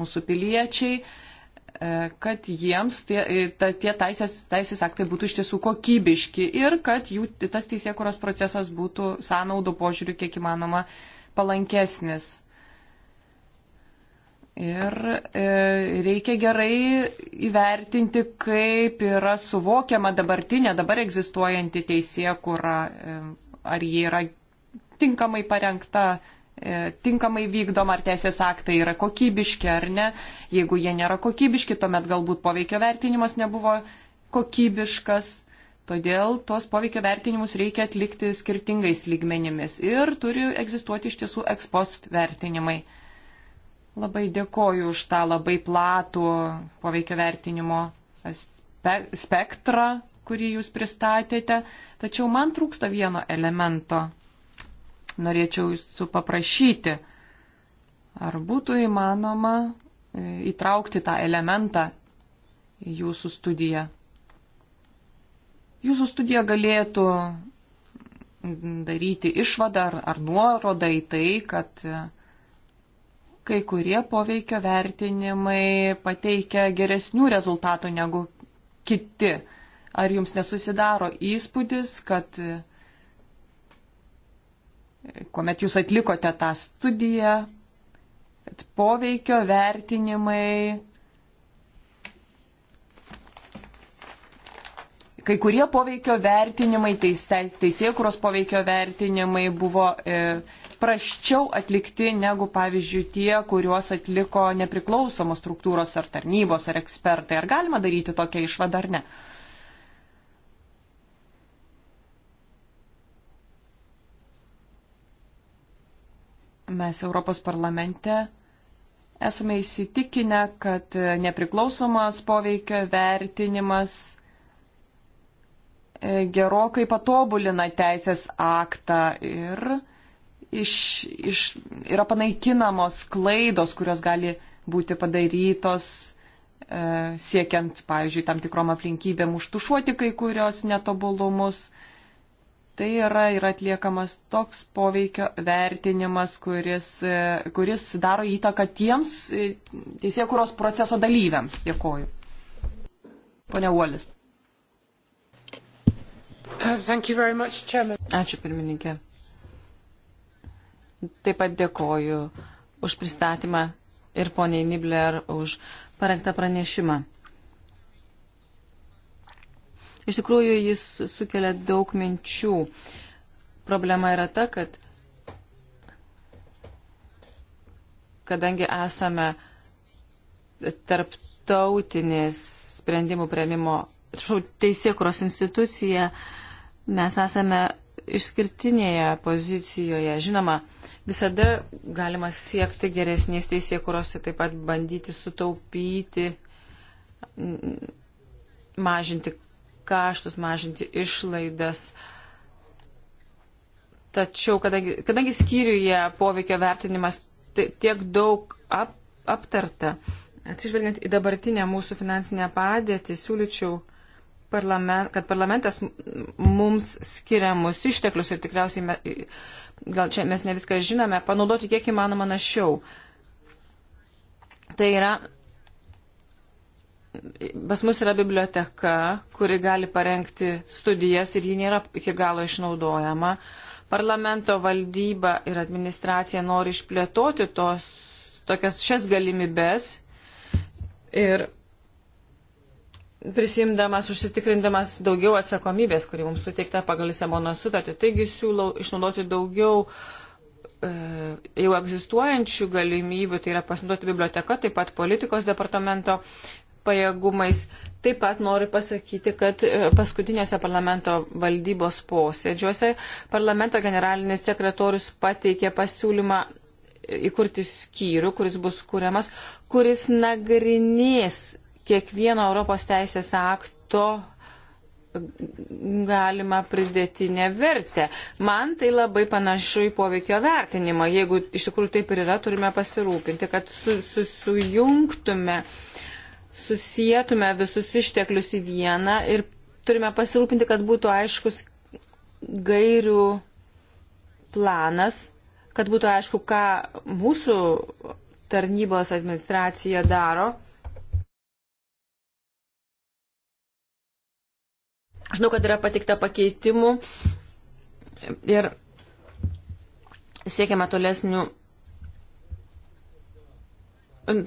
mūsų piliečiai, e, kad jiems tie, ta, tie teisės, teisės aktai būtų iš tiesų kokybiški ir kad jų, tas teisėkuros procesas būtų sąnaudų požiūrių kiek įmanoma palankesnis. Ir e, reikia gerai įvertinti, kaip yra suvokiama dabartinė, dabar egzistuojanti teisė, kur e, ar jie yra tinkamai parengta, e, tinkamai vykdoma, ar teisės aktai yra kokybiški ar ne. Jeigu jie nėra kokybiški, tuomet galbūt poveikio vertinimas nebuvo kokybiškas. Todėl tos poveikio vertinimus reikia atlikti skirtingais lygmenimis ir turi egzistuoti iš tiesų ekspost vertinimai. Labai dėkoju už tą labai platų poveikio vertinimo spektrą, kurį jūs pristatėte, tačiau man trūksta vieno elemento. Norėčiau jūsų paprašyti, ar būtų įmanoma e, įtraukti tą elementą į jūsų studiją. Jūsų studija galėtų daryti išvadą ar, ar nuorodą į tai, kad e, kai kurie poveikio vertinimai pateikia geresnių rezultatų negu kiti. Ar jums nesusidaro įspūdis, kad kuomet jūs atlikote tą studiją, kad poveikio vertinimai, kai kurie poveikio vertinimai, teis, teis, teisėkuros poveikio vertinimai buvo e, praščiau atlikti negu, pavyzdžiui, tie, kuriuos atliko nepriklausomos struktūros ar tarnybos ar ekspertai. Ar galima daryti tokią išvadą ar ne? Mes Europos parlamente esame įsitikinę, kad nepriklausomas poveikio vertinimas e, gerokai patobulina teisės aktą ir iš, iš, yra panaikinamos klaidos, kurios gali būti padarytos e, siekiant, pavyzdžiui, tam tikrom aplinkybėm užtušuoti kai kurios netobulumus. Tai yra, yra atliekamas toks poveikio vertinimas, kuris, e, kuris daro įtaką tiems e, teisėkuros proceso dalyviams. Dėkoju. Pone Uolis. Ačiū pirmininkė. Taip pat dėkoju už pristatymą ir poniai Nibler už parengtą pranešimą. Iš tikrųjų, jis sukelia daug minčių. Problema yra ta, kad kadangi esame tarptautinės sprendimų prieimimo, atsiprašau, teisėkuros institucija, mes esame išskirtinėje pozicijoje. Žinoma, Visada galima siekti geresnės teisėkuros ir taip pat bandyti sutaupyti, mažinti kaštus, mažinti išlaidas. Tačiau, kadangi, kadangi skyriuje poveikio vertinimas tiek daug ap, aptarta, atsižvelgiant į dabartinę mūsų finansinę padėtį, siūlyčiau, parlament, kad parlamentas mums skiriamus išteklius ir tikriausiai gal čia mes ne viską žinome, panaudoti kiek įmanoma našiau. Tai yra, pas mus yra biblioteka, kuri gali parengti studijas ir ji nėra iki galo išnaudojama. Parlamento valdyba ir administracija nori išplėtoti tos, tokias šias galimybes ir prisimdamas, užsitikrindamas daugiau atsakomybės, kuri mums suteikta pagal Lisabono sutartį. Taigi siūlau išnaudoti daugiau e, jau egzistuojančių galimybių, tai yra pasinaudoti biblioteka, taip pat politikos departamento pajėgumais. Taip pat noriu pasakyti, kad e, paskutiniuose parlamento valdybos posėdžiuose parlamento generalinis sekretorius pateikė pasiūlymą įkurti skyrių, kuris bus kuriamas, kuris nagrinės kiekvieno Europos teisės akto galima pridėtinę vertę. Man tai labai panašu į poveikio vertinimą. Jeigu iš tikrųjų taip ir yra, turime pasirūpinti, kad su, su, sujungtume, susijėtume visus išteklius į vieną ir turime pasirūpinti, kad būtų aiškus gairių planas, kad būtų aišku, ką mūsų tarnybos administracija daro Žinau, kad yra patikta pakeitimų ir siekiama tolesnių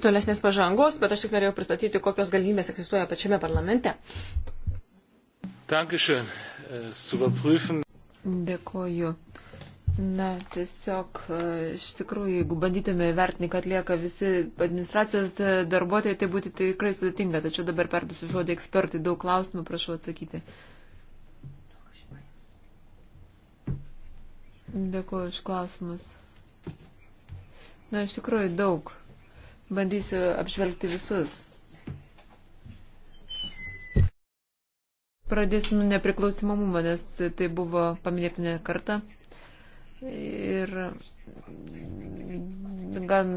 tolesnės pažangos, bet aš tik norėjau pristatyti, kokios galimybės egzistuoja pačiame parlamente. Äh, Dėkoju. Na, tiesiog, äh, iš tikrųjų, jeigu bandytume įvertinti, kad lieka visi administracijos äh, darbuotojai, tai būtų tikrai sudėtinga. Tačiau dabar perdusiu žodį ekspertui. Daug klausimų prašau atsakyti. Uh, Dėkuoju iš klausimus. Na, iš tikrųjų daug. Bandysiu apžvelgti visus. Pradėsiu nuo nepriklausimamumo, nes tai buvo paminėta ne kartą. Ir gan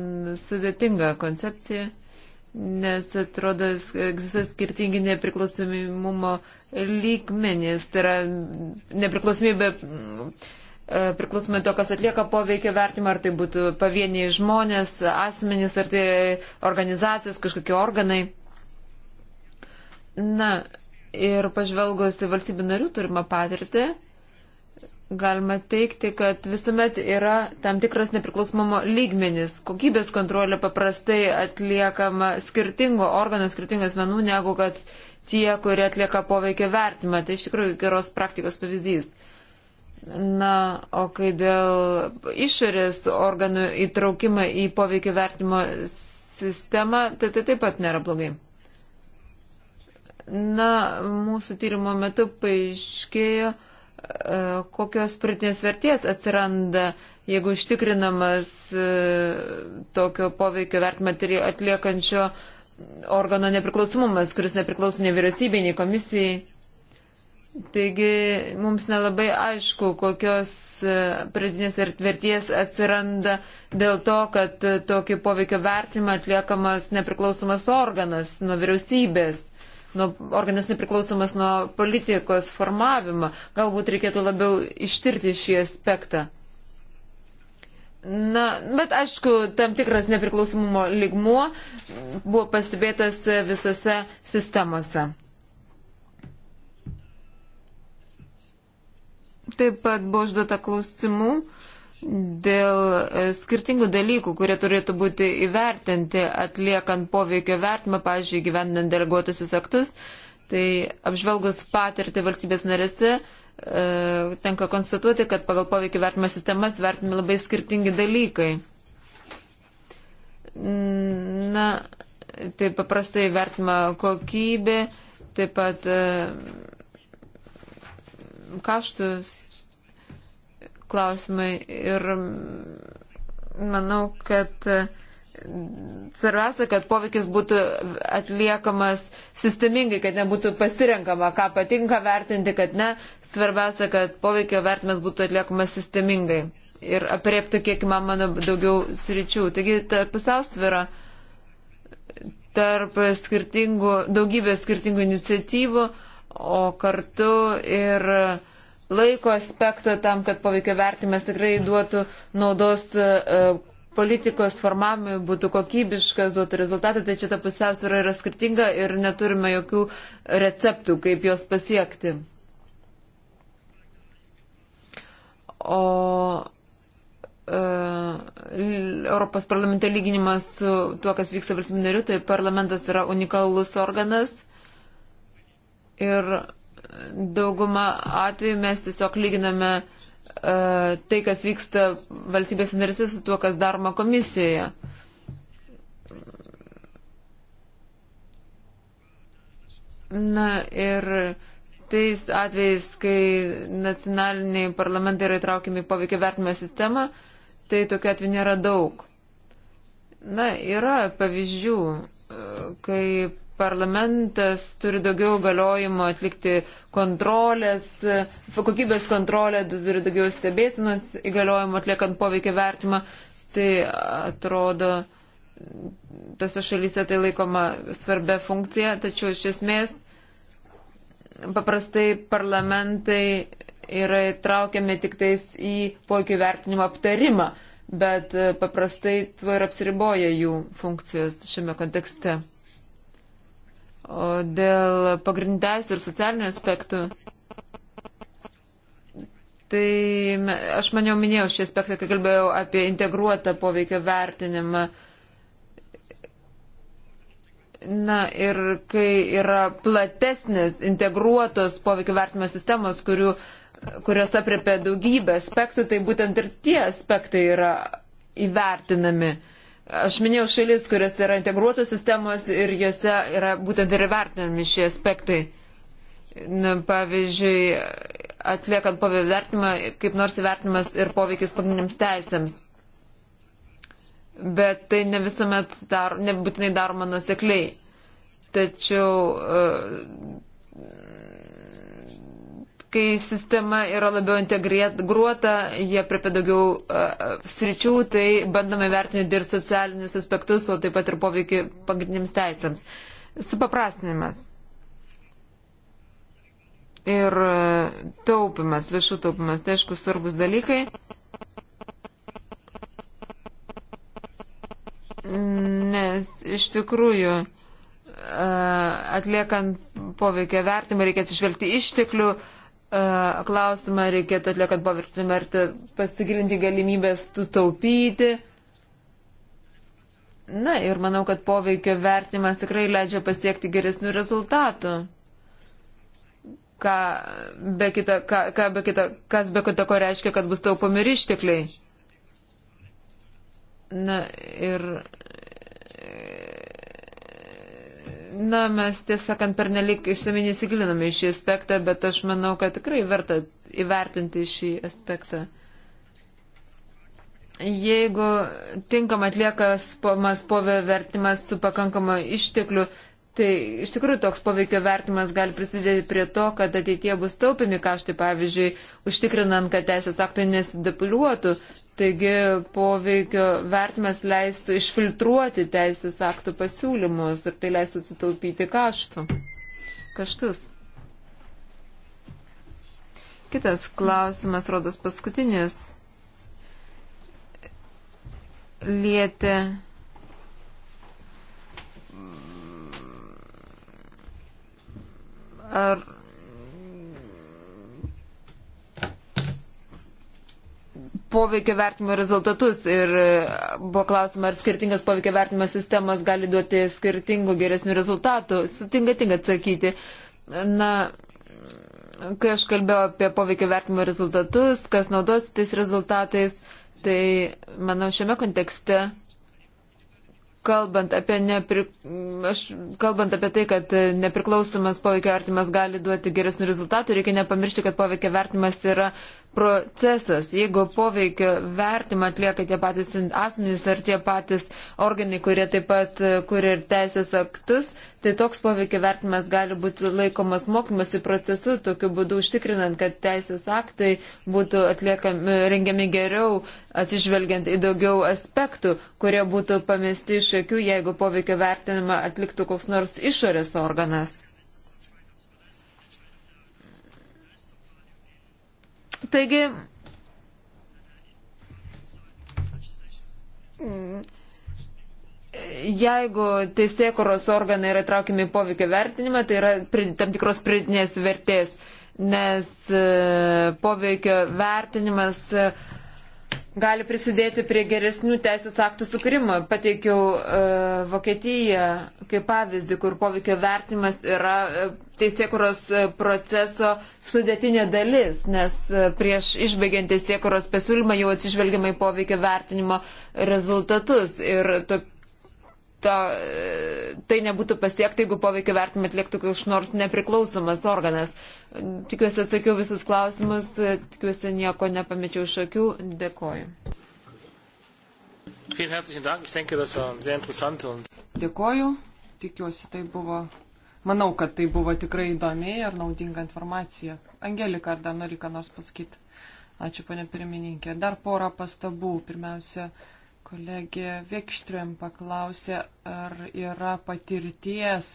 sudėtinga koncepcija, nes atrodo, egzistuoja skirtingi nepriklausomumo lygmenys. Tai yra nepriklausomybė E, priklausomai to, kas atlieka poveikio vertimą, ar tai būtų pavieniai žmonės, asmenys, ar tai organizacijos, kažkokie organai. Na, ir pažvelgus į valstybių narių turimą patirtį, galima teikti, kad visuomet yra tam tikras nepriklausomumo lygmenis. Kokybės kontrolė paprastai atliekama skirtingo organo, skirtingų asmenų, negu kad tie, kurie atlieka poveikio vertimą. Tai iš tikrųjų geros praktikos pavyzdys. Na, o kai dėl išorės organų įtraukimą į poveikio vertimo sistemą, tai tai taip pat nėra blogai. Na, mūsų tyrimo metu paaiškėjo, e, kokios pritinės vertės atsiranda, jeigu užtikrinamas e, tokio poveikio vertimą atliekančio organo nepriklausomumas, kuris nepriklauso nei vyriausybei, nei komisijai. Taigi mums nelabai aišku, kokios e, pradinės vertės atsiranda dėl to, kad e, tokį poveikio vertimą atliekamas nepriklausomas organas nuo vyriausybės, nuo organas nepriklausomas nuo politikos formavimo. Galbūt reikėtų labiau ištirti šį aspektą. Na, bet aišku, tam tikras nepriklausomumo ligmuo buvo pastebėtas visose sistemose. Taip pat buvo užduota klausimų dėl e, skirtingų dalykų, kurie turėtų būti įvertinti atliekant poveikio vertimą, pavyzdžiui, gyvendant deleguotusius aktus. Tai apžvelgus patirtį valstybės narėse, e, tenka konstatuoti, kad pagal poveikį vertimo sistemas vertinami labai skirtingi dalykai. Na, tai paprastai vertima kokybė, taip pat e, kaštus klausimai ir manau, kad svarbiausia, kad poveikis būtų atliekamas sistemingai, kad nebūtų pasirenkama, ką patinka vertinti, kad ne. Svarbiausia, kad poveikio vertimas būtų atliekamas sistemingai ir apriektų kiek įmanoma daugiau sričių. Taigi ta pusiausvėra tarp skirtingų, daugybės skirtingų iniciatyvų, o kartu ir uh, laiko aspekto tam, kad poveikio vertimas tikrai duotų naudos e, e, politikos formavimui, būtų kokybiškas, duotų rezultatą, tai čia ta pusiausvėra yra skirtinga ir neturime jokių receptų, kaip jos pasiekti. O e, Europos parlamente lyginimas su tuo, kas vyksta valstybinariu, tai parlamentas yra unikalus organas ir dauguma atveju mes tiesiog lyginame e, tai, kas vyksta valstybės narėse su tuo, kas daroma komisijoje. Na ir tais atvejais, kai nacionaliniai parlamentai yra įtraukiami poveikia vertinimo sistemą, tai tokių atvejų nėra daug. Na, yra pavyzdžių, e, kaip parlamentas turi daugiau galiojimo atlikti kontrolės, kokybės kontrolę, turi daugiau stebėsinos įgaliojimo atliekant poveikį vertimą. Tai atrodo, tose šalyse tai laikoma svarbia funkcija, tačiau iš esmės paprastai parlamentai yra įtraukiami tik tais į poveikį vertinimo aptarimą, bet paprastai tuo ir apsiriboja jų funkcijos šiame kontekste. O dėl pagrindės ir socialinių aspektų. Tai aš maniau minėjau šį aspektą, kai kalbėjau apie integruotą poveikio vertinimą. Na ir kai yra platesnės integruotos poveikio vertinimo sistemos, kurių, kurios apriepia daugybę aspektų, tai būtent ir tie aspektai yra įvertinami. Uh, Aš minėjau šalis, kurios yra integruotos sistemos ir juose yra būtent ir vertinami šie aspektai. Na, pavyzdžiui, atliekant poveikį vertinimą, kaip nors įvertinimas ir poveikis pagrindiniams teisėms. Bet tai ne visuomet dar, nebūtinai daroma nusekliai. Tačiau uh, kai sistema yra labiau integruota, jie priepia daugiau uh, sričių, tai bandome vertinti ir socialinius aspektus, o taip pat ir poveikį pagrindiniams teisėms. Supaprastinimas. Ir taupimas, lėšų taupimas, tai aišku, svarbus dalykai. Nes iš tikrųjų atliekant poveikio vertimą reikia atsižvelgti išteklių uh, klausimą reikėtų atliekant paviršinimą ir pasigilinti galimybės taupyti. Na ir manau, kad poveikio vertimas tikrai leidžia pasiekti geresnių rezultatų. Ką be kita, ką, ką be kita, kas be kita ko reiškia, kad bus taupomi ištekliai. Na ir na, mes tiesąkant pernelik išsamei nesigiliname į šį aspektą, bet aš manau, kad tikrai verta įvertinti šį aspektą. Jeigu tinkam atliekamas poveikio vertimas su pakankama išteklių, tai iš tikrųjų toks poveikio vertimas gali prisidėti prie to, kad ateitie bus taupimi kaštai, pavyzdžiui, užtikrinant, kad teisės aktai nesidepuliuotų, Taigi poveikio vertimas leistų išfiltruoti teisės aktų pasiūlymus ir tai leistų sutaupyti kaštų. Kaštus. Kitas klausimas, rodos paskutinis, lietė ar poveikio vertimo rezultatus ir e, buvo klausima, ar skirtingas poveikio vertimo sistemas gali duoti skirtingų geresnių rezultatų. Sutinka tik atsakyti. Na, kai aš kalbėjau apie poveikio vertimo rezultatus, kas naudos tais rezultatais, tai manau šiame kontekste. Kalbant apie, nepri... aš, kalbant apie tai, kad nepriklausomas poveikio vertimas gali duoti geresnių rezultatų, reikia nepamiršti, kad poveikio vertimas yra uh, procesas. Jeigu poveikio vertimą atlieka tie patys asmenys ar tie patys organai, kurie taip pat e, kuria ir teisės aktus, tai toks poveikio vertimas gali būti laikomas mokymosi procesu, tokiu būdu užtikrinant, kad teisės aktai būtų atliekami, rengiami geriau, atsižvelgiant į daugiau aspektų, kurie būtų pamesti iš akių, jeigu poveikio vertinimą atliktų koks nors išorės organas. Taigi, jeigu teisėkuros organai yra traukiami poveikio vertinimą, tai yra tam tikros pridinės vertės, nes e, poveikio vertinimas gali prisidėti prie geresnių teisės aktų sukūrimo. Pateikiau e, Vokietiją kaip pavyzdį, kur poveikio vertimas yra e, teisėkuros e, proceso sudėtinė dalis, nes e, prieš išbaigiant teisėkuros pasiūlymą jau atsižvelgiamai poveikio vertinimo rezultatus. Ir to, to, e, tai nebūtų pasiekta, jeigu poveikio vertinimą atliktų kažkoks nors nepriklausomas organas. Tikiuosi atsakiau visus klausimus, tikiuosi nieko nepamečiau iš akių. Dėkoju. Dėkoju. Tikiuosi tai buvo. Manau, kad tai buvo tikrai įdomi ir naudinga informacija. Angelika, ar dar nori ką nors pasakyti? Ačiū, ponė pirmininkė. Dar porą pastabų. Pirmiausia, kolegė Vikštrim paklausė, ar yra patirties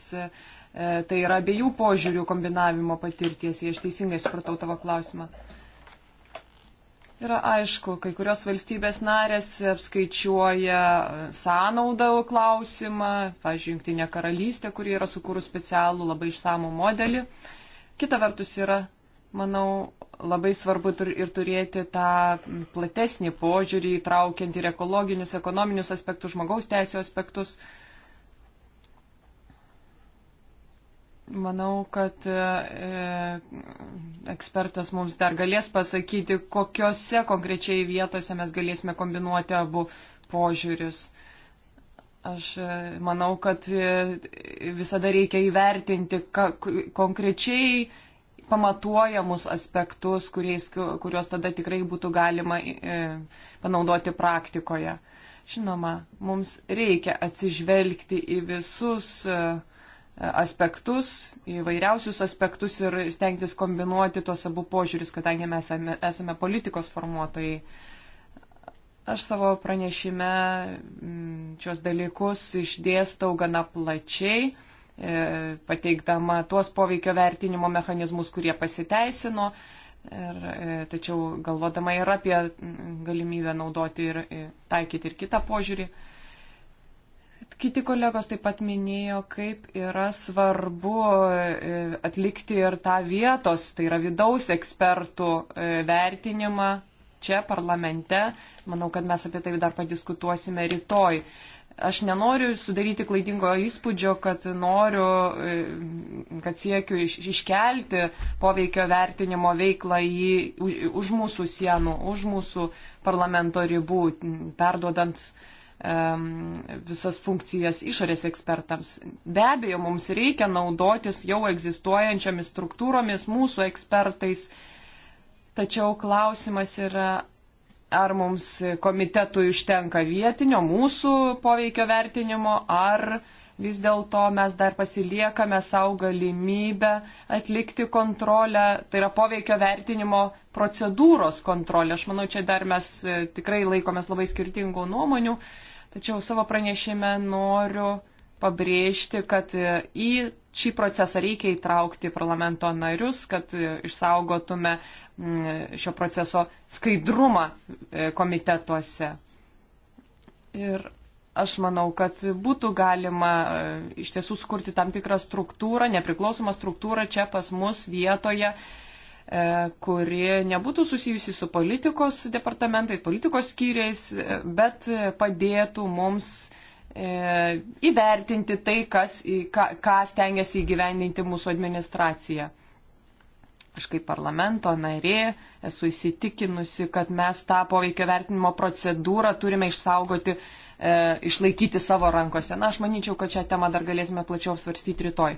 E, tai yra abiejų požiūrių kombinavimo patirties, jei aš teisingai supratau tavo klausimą. Yra aišku, kai kurios valstybės narės apskaičiuoja sąnaudą klausimą, pavyzdžiui, Junktinė karalystė, kuri yra sukūrus specialų labai išsamų modelį. Kita vertus yra, manau, labai svarbu ir turėti tą platesnį požiūrį, įtraukiant ir ekologinius, ekonominius aspektus, žmogaus teisės aspektus. Manau, kad e, ekspertas mums dar galės pasakyti, kokiuose konkrečiai vietose mes galėsime kombinuoti abu požiūrius. Aš e, manau, kad e, visada reikia įvertinti ka, konkrečiai pamatuojamus aspektus, kuriais, kuriuos tada tikrai būtų galima panaudoti praktikoje. Žinoma, mums reikia atsižvelgti į visus uh, aspektus, įvairiausius aspektus ir stengtis kombinuoti tuos abu požiūrius, kadangi mes esame politikos formuotojai. Aš savo pranešime mm, šios dalykus išdėstau gana plačiai, e, pateikdama tuos poveikio vertinimo mechanizmus, kurie pasiteisino, ir, e, tačiau galvodama ir apie mm, galimybę naudoti ir e, taikyti ir kitą požiūrį. Kiti kolegos taip pat minėjo, kaip yra svarbu e, atlikti ir tą vietos, tai yra vidaus ekspertų e, vertinimą čia parlamente. Manau, kad mes apie tai dar padiskutuosime rytoj. Aš nenoriu sudaryti klaidingo įspūdžio, kad noriu, e, kad siekiu iš, iškelti poveikio vertinimo veiklą į, už, už mūsų sienų, už mūsų parlamento ribų, perduodant uh, visas funkcijas išorės ekspertams. Be abejo, mums reikia naudotis jau egzistuojančiamis struktūromis, mūsų ekspertais. Tačiau klausimas yra, ar mums komitetui užtenka vietinio mūsų poveikio vertinimo, ar vis dėlto mes dar pasiliekame savo galimybę atlikti kontrolę, tai yra poveikio vertinimo procedūros kontrolę. Aš manau, čia dar mes e, tikrai laikomės labai skirtingų nuomonių. Uh, Tačiau savo pranešime noriu pabrėžti, kad į šį procesą reikia įtraukti parlamento narius, kad išsaugotume mm, šio proceso skaidrumą e, komitetuose. Ir aš manau, kad būtų galima e, iš tiesų skurti tam tikrą struktūrą, nepriklausomą struktūrą čia pas mus vietoje, E, kuri nebūtų susijusi su politikos departamentais, politikos skyriais, e, bet padėtų mums e, įvertinti tai, kas, ką, ką stengiasi įgyvendinti mūsų administracija. Aš kaip parlamento narė esu įsitikinusi, kad mes tą poveikio vertinimo procedūrą turime išsaugoti, e, išlaikyti savo rankose. Na, aš manyčiau, kad šią temą dar galėsime plačiau apsvarstyti rytoj.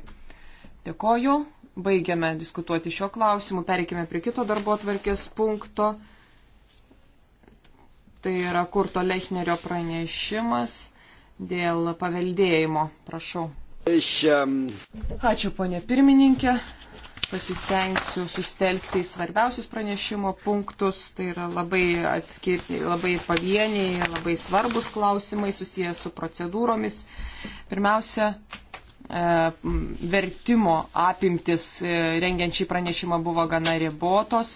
Dėkoju baigiame diskutuoti šio klausimu, pereikime prie kito darbo atvarkės punkto. Tai yra Kurto Lechnerio pranešimas dėl paveldėjimo. Prašau. Ačiū, ponė pirmininkė. Pasistengsiu sustelkti į svarbiausius pranešimo punktus. Tai yra labai atskirti, labai pavieniai, labai svarbus klausimai susijęs su procedūromis. Pirmiausia, E, vertimo apimtis e, rengiant šį pranešimą buvo gana ribotos.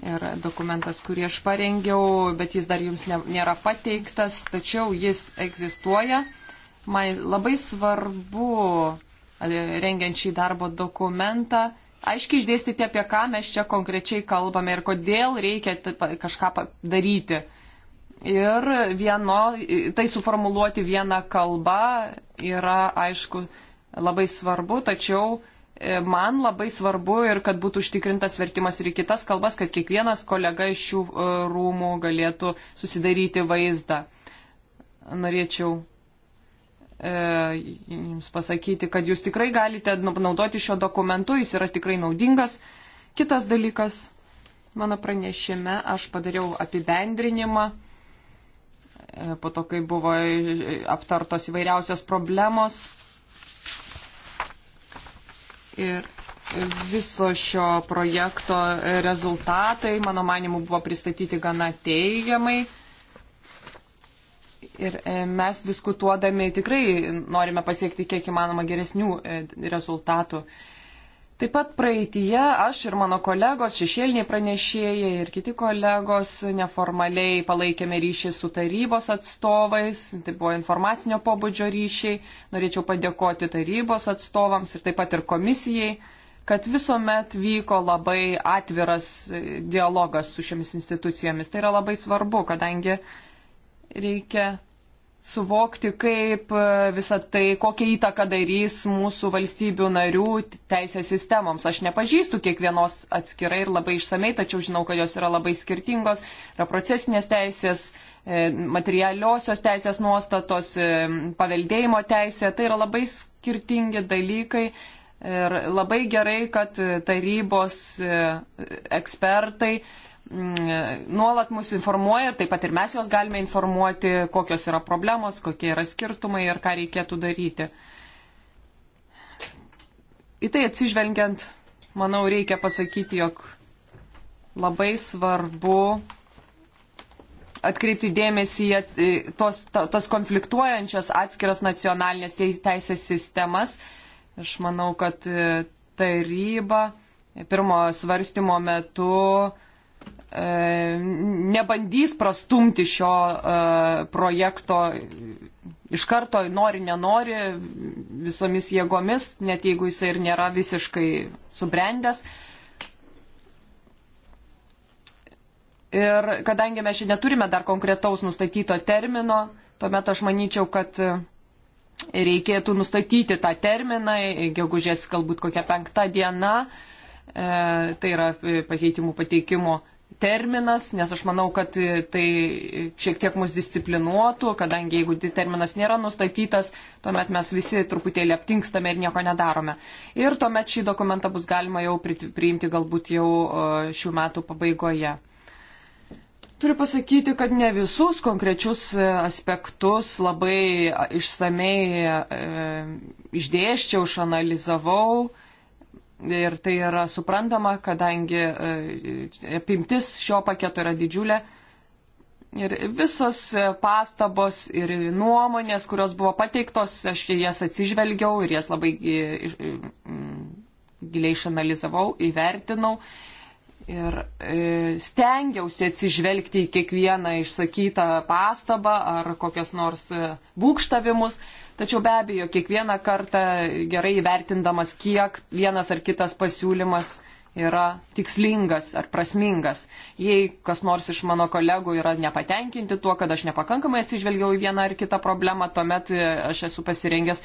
Ir dokumentas, kurį aš parengiau, bet jis dar jums nėra pateiktas, tačiau jis egzistuoja. Man labai svarbu, e, rengiant šį darbo dokumentą, aiškiai išdėstyti, apie ką mes čia konkrečiai kalbame ir kodėl reikia kažką daryti. Ir vieno, tai suformuluoti vieną kalbą yra, aišku, labai svarbu, tačiau e, man labai svarbu ir kad būtų užtikrintas vertimas ir į kitas kalbas, kad kiekvienas kolega iš šių e, rūmų galėtų susidaryti vaizdą. Norėčiau e, jums pasakyti, kad jūs tikrai galite naudoti šio dokumentu, jis yra tikrai naudingas. Kitas dalykas, mano pranešime aš padariau apibendrinimą, po to, kai buvo aptartos įvairiausios problemos Ir viso šio projekto rezultatai, mano manimu, buvo pristatyti gana teigiamai. Ir e, mes diskutuodami tikrai norime pasiekti kiek įmanoma geresnių e, rezultatų. Taip pat praeitįje aš ir mano kolegos, šešėliniai pranešėjai ir kiti kolegos neformaliai palaikėme ryšį su tarybos atstovais, tai buvo informacinio pobūdžio ryšiai. Norėčiau padėkoti tarybos atstovams ir taip pat ir komisijai, kad visuomet vyko labai atviras dialogas su šiomis institucijomis. Tai yra labai svarbu, kadangi reikia suvokti, kaip e, visą tai, kokią įtaką darys mūsų valstybių narių teisės sistemoms. Aš nepažįstu kiekvienos atskirai ir labai išsamei, tačiau žinau, kad jos yra labai skirtingos. Yra procesinės teisės, e, materialiosios teisės nuostatos, e, paveldėjimo teisė. Tai yra labai skirtingi dalykai. Ir labai gerai, kad tarybos ekspertai nuolat mus informuoja ir taip pat ir mes juos galime informuoti, kokios yra problemos, kokie yra skirtumai ir ką reikėtų daryti. Į tai atsižvelgiant, manau, reikia pasakyti, jog labai svarbu atkreipti dėmesį į tos, tas konfliktuojančias atskiras nacionalinės teisės sistemas. Aš manau, kad e, taryba pirmo svarstymo metu E, nebandys prastumti šio e, projekto iš karto nori, nenori visomis jėgomis, net jeigu jisai ir nėra visiškai subrendęs. Ir kadangi mes šiandien neturime dar konkretaus nustatyto termino, tuomet aš manyčiau, kad reikėtų nustatyti tą terminą, gegužės galbūt kokią penktą dieną, e, tai yra e, pakeitimų pateikimo terminas, nes aš manau, kad e, tai šiek tiek mus disciplinuotų, kadangi jeigu terminas nėra nustatytas, tuomet mes visi truputėlį aptinkstame ir nieko nedarome. Ir tuomet šį dokumentą bus galima jau priimti galbūt jau e, šių metų pabaigoje. Turiu pasakyti, kad ne visus konkrečius e, aspektus labai išsamei e, išdėščiau, išanalizavau. E, Ir tai yra suprantama, kadangi e, apimtis šio paketo yra didžiulė. Ir visos e, pastabos ir nuomonės, kurios buvo pateiktos, aš jas atsižvelgiau ir jas labai e, mm, giliai išanalizavau, įvertinau. Ir stengiausi atsižvelgti į kiekvieną išsakytą pastabą ar kokias nors būkštavimus. E, Tačiau be abejo, kiekvieną kartą gerai įvertindamas, kiek vienas ar kitas pasiūlymas yra tikslingas ar prasmingas. Jei kas nors iš mano kolegų yra nepatenkinti tuo, kad aš nepakankamai atsižvelgiau į vieną ar kitą problemą, tuomet e, aš esu pasirengęs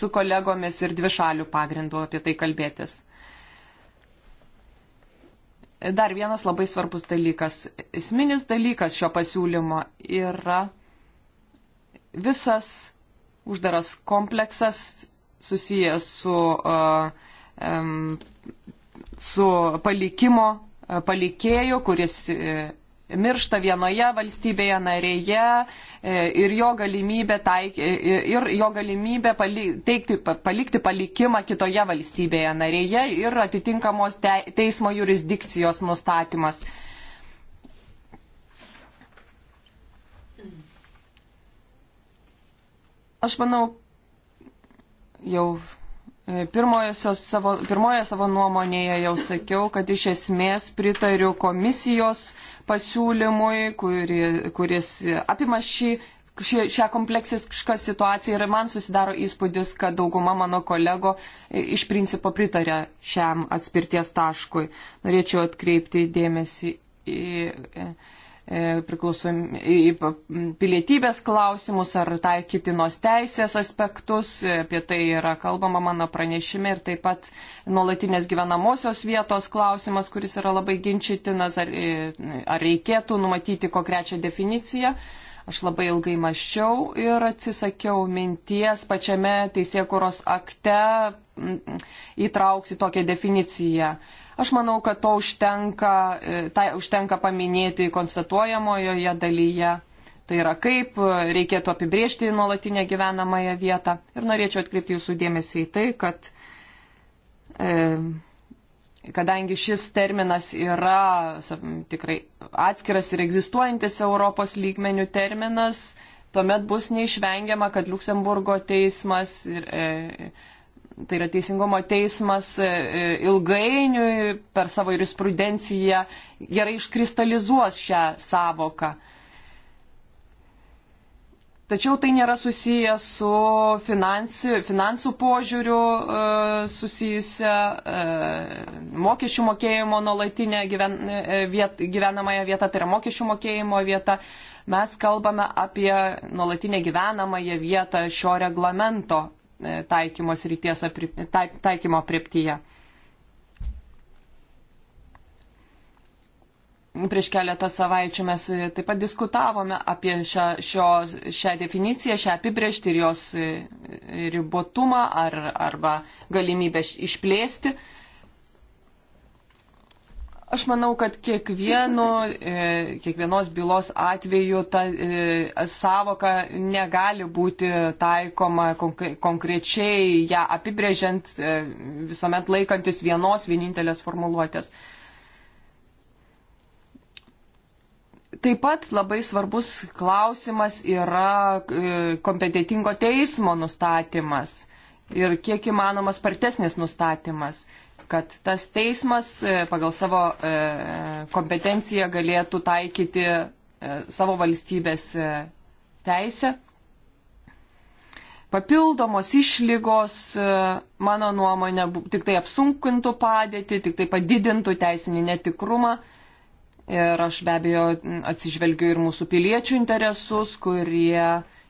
su kolegomis ir dvišalių pagrindų apie tai kalbėtis. Dar vienas labai svarbus dalykas. Esminis dalykas šio pasiūlymo yra visas uždaras kompleksas susijęs su, su palikimo palikėju, kuris e, miršta vienoje valstybėje narėje e, ir jo galimybė, taik, e, ir jo galimybė pali, teikti, palikti palikimą kitoje valstybėje narėje ir atitinkamos te, teismo jurisdikcijos nustatymas. Uh, Aš manau, jau e, savo, pirmoje savo nuomonėje jau sakiau, kad iš esmės pritariu komisijos pasiūlymui, kuri, kuris apima šį ši, šią kompleksišką situaciją ir man susidaro įspūdis, kad dauguma mano kolego e, iš principo pritarė šiam atspirties taškui. Norėčiau atkreipti dėmesį į e, E, priklausom į pilietybės klausimus ar taikytinos teisės aspektus. Apie tai yra kalbama mano pranešime ir taip pat nuolatinės gyvenamosios vietos klausimas, kuris yra labai ginčytinas, ar, e, ar reikėtų numatyti konkrečią definiciją. Aš labai ilgai maščiau ir atsisakiau minties pačiame teisėkuros akte įtraukti tokią definiciją. Aš manau, kad to užtenka, e, tai užtenka paminėti konstatuojamojoje dalyje. Tai yra, kaip e, reikėtų apibriežti nuolatinę gyvenamąją vietą. Ir norėčiau atkreipti jūsų dėmesį į tai, kad e, kadangi šis terminas yra tikrai atskiras ir egzistuojantis Europos lygmenių terminas, tuomet bus neišvengiama, kad Luksemburgo teismas ir, e, tai yra teisingumo teismas e, e, ilgainiui per savo jurisprudenciją gerai iškristalizuos šią savoką. Tačiau tai nėra susiję su finansi, finansų požiūriu e, susijusia mokesčių mokėjimo nuolatinė gyven, viet, gyvenamąją vietą, tai yra mokesčių mokėjimo vieta. Mes kalbame apie nuolatinę gyvenamąją vietą šio reglamento E, taikymos ryties apri, tai, taikymo prieptyje. Prieš keletą savaičių mes e, taip pat diskutavome apie šią, šio, šią definiciją, šią apibrėžtį ir jos e, ribotumą ar, arba galimybę išplėsti. Uh, Aš manau, kad kiekvieno, e, kiekvienos bylos atveju ta e, savoka negali būti taikoma konkrečiai, ją apibrėžiant e, visuomet laikantis vienos vienintelės formuluotės. Taip pat labai svarbus klausimas yra kompetitingo teismo nustatymas ir kiek įmanomas spartesnis nustatymas kad tas teismas e, pagal savo e, kompetenciją galėtų taikyti e, savo valstybės teisę. Papildomos išlygos, mano nuomonė, tik tai apsunkintų padėtį, tik tai padidintų teisinį netikrumą. Ir aš be abejo atsižvelgiu ir mūsų piliečių interesus, kurie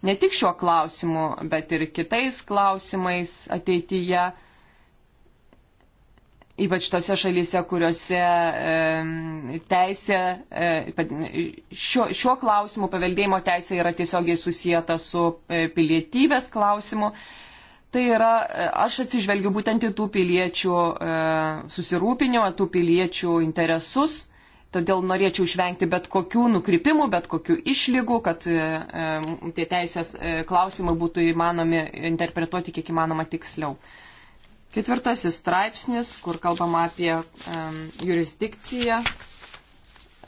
ne tik šiuo klausimu, bet ir kitais klausimais ateityje ypač tose šalyse, kuriuose teisė, e, šiuo, šiuo klausimu paveldėjimo teisė yra tiesiogiai susijęta su e, pilietybės klausimu. Tai yra, e, aš atsižvelgiu būtent į tų piliečių susirūpinimą, tų piliečių interesus, todėl norėčiau išvengti bet kokių nukrypimų, bet kokių išlygų, kad tie teisės klausimai būtų įmanomi interpretuoti kiek įmanoma tiksliau. Ketvirtasis straipsnis, kur kalbama apie um, jurisdikciją.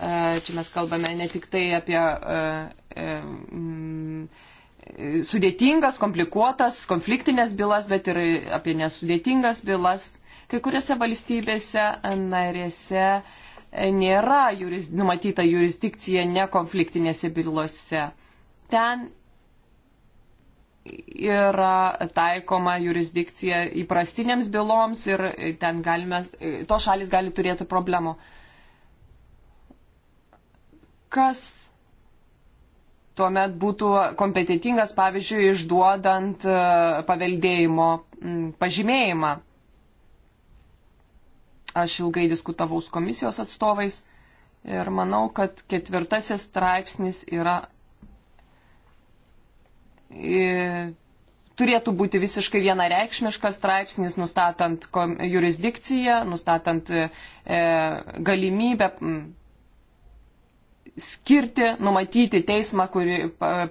Uh, čia mes kalbame ne tik tai apie uh, um, sudėtingas, komplikuotas, konfliktinės bylas, bet ir apie nesudėtingas bylas. Kai kuriuose valstybėse narėse nėra juris, numatyta jurisdikcija nekonfliktinėse bylose. Ten yra taikoma jurisdikcija įprastinėms byloms ir ten galime, to šalis gali turėti problemų. Kas tuomet būtų kompetitingas, pavyzdžiui, išduodant e, paveldėjimo pažymėjimą? Aš ilgai diskutavau su komisijos atstovais ir manau, kad ketvirtasis straipsnis yra turėtų būti visiškai vienareikšmiškas straipsnis, nustatant jurisdikciją, nustatant e, e galimybę skirti, numatyti teismą, kuri,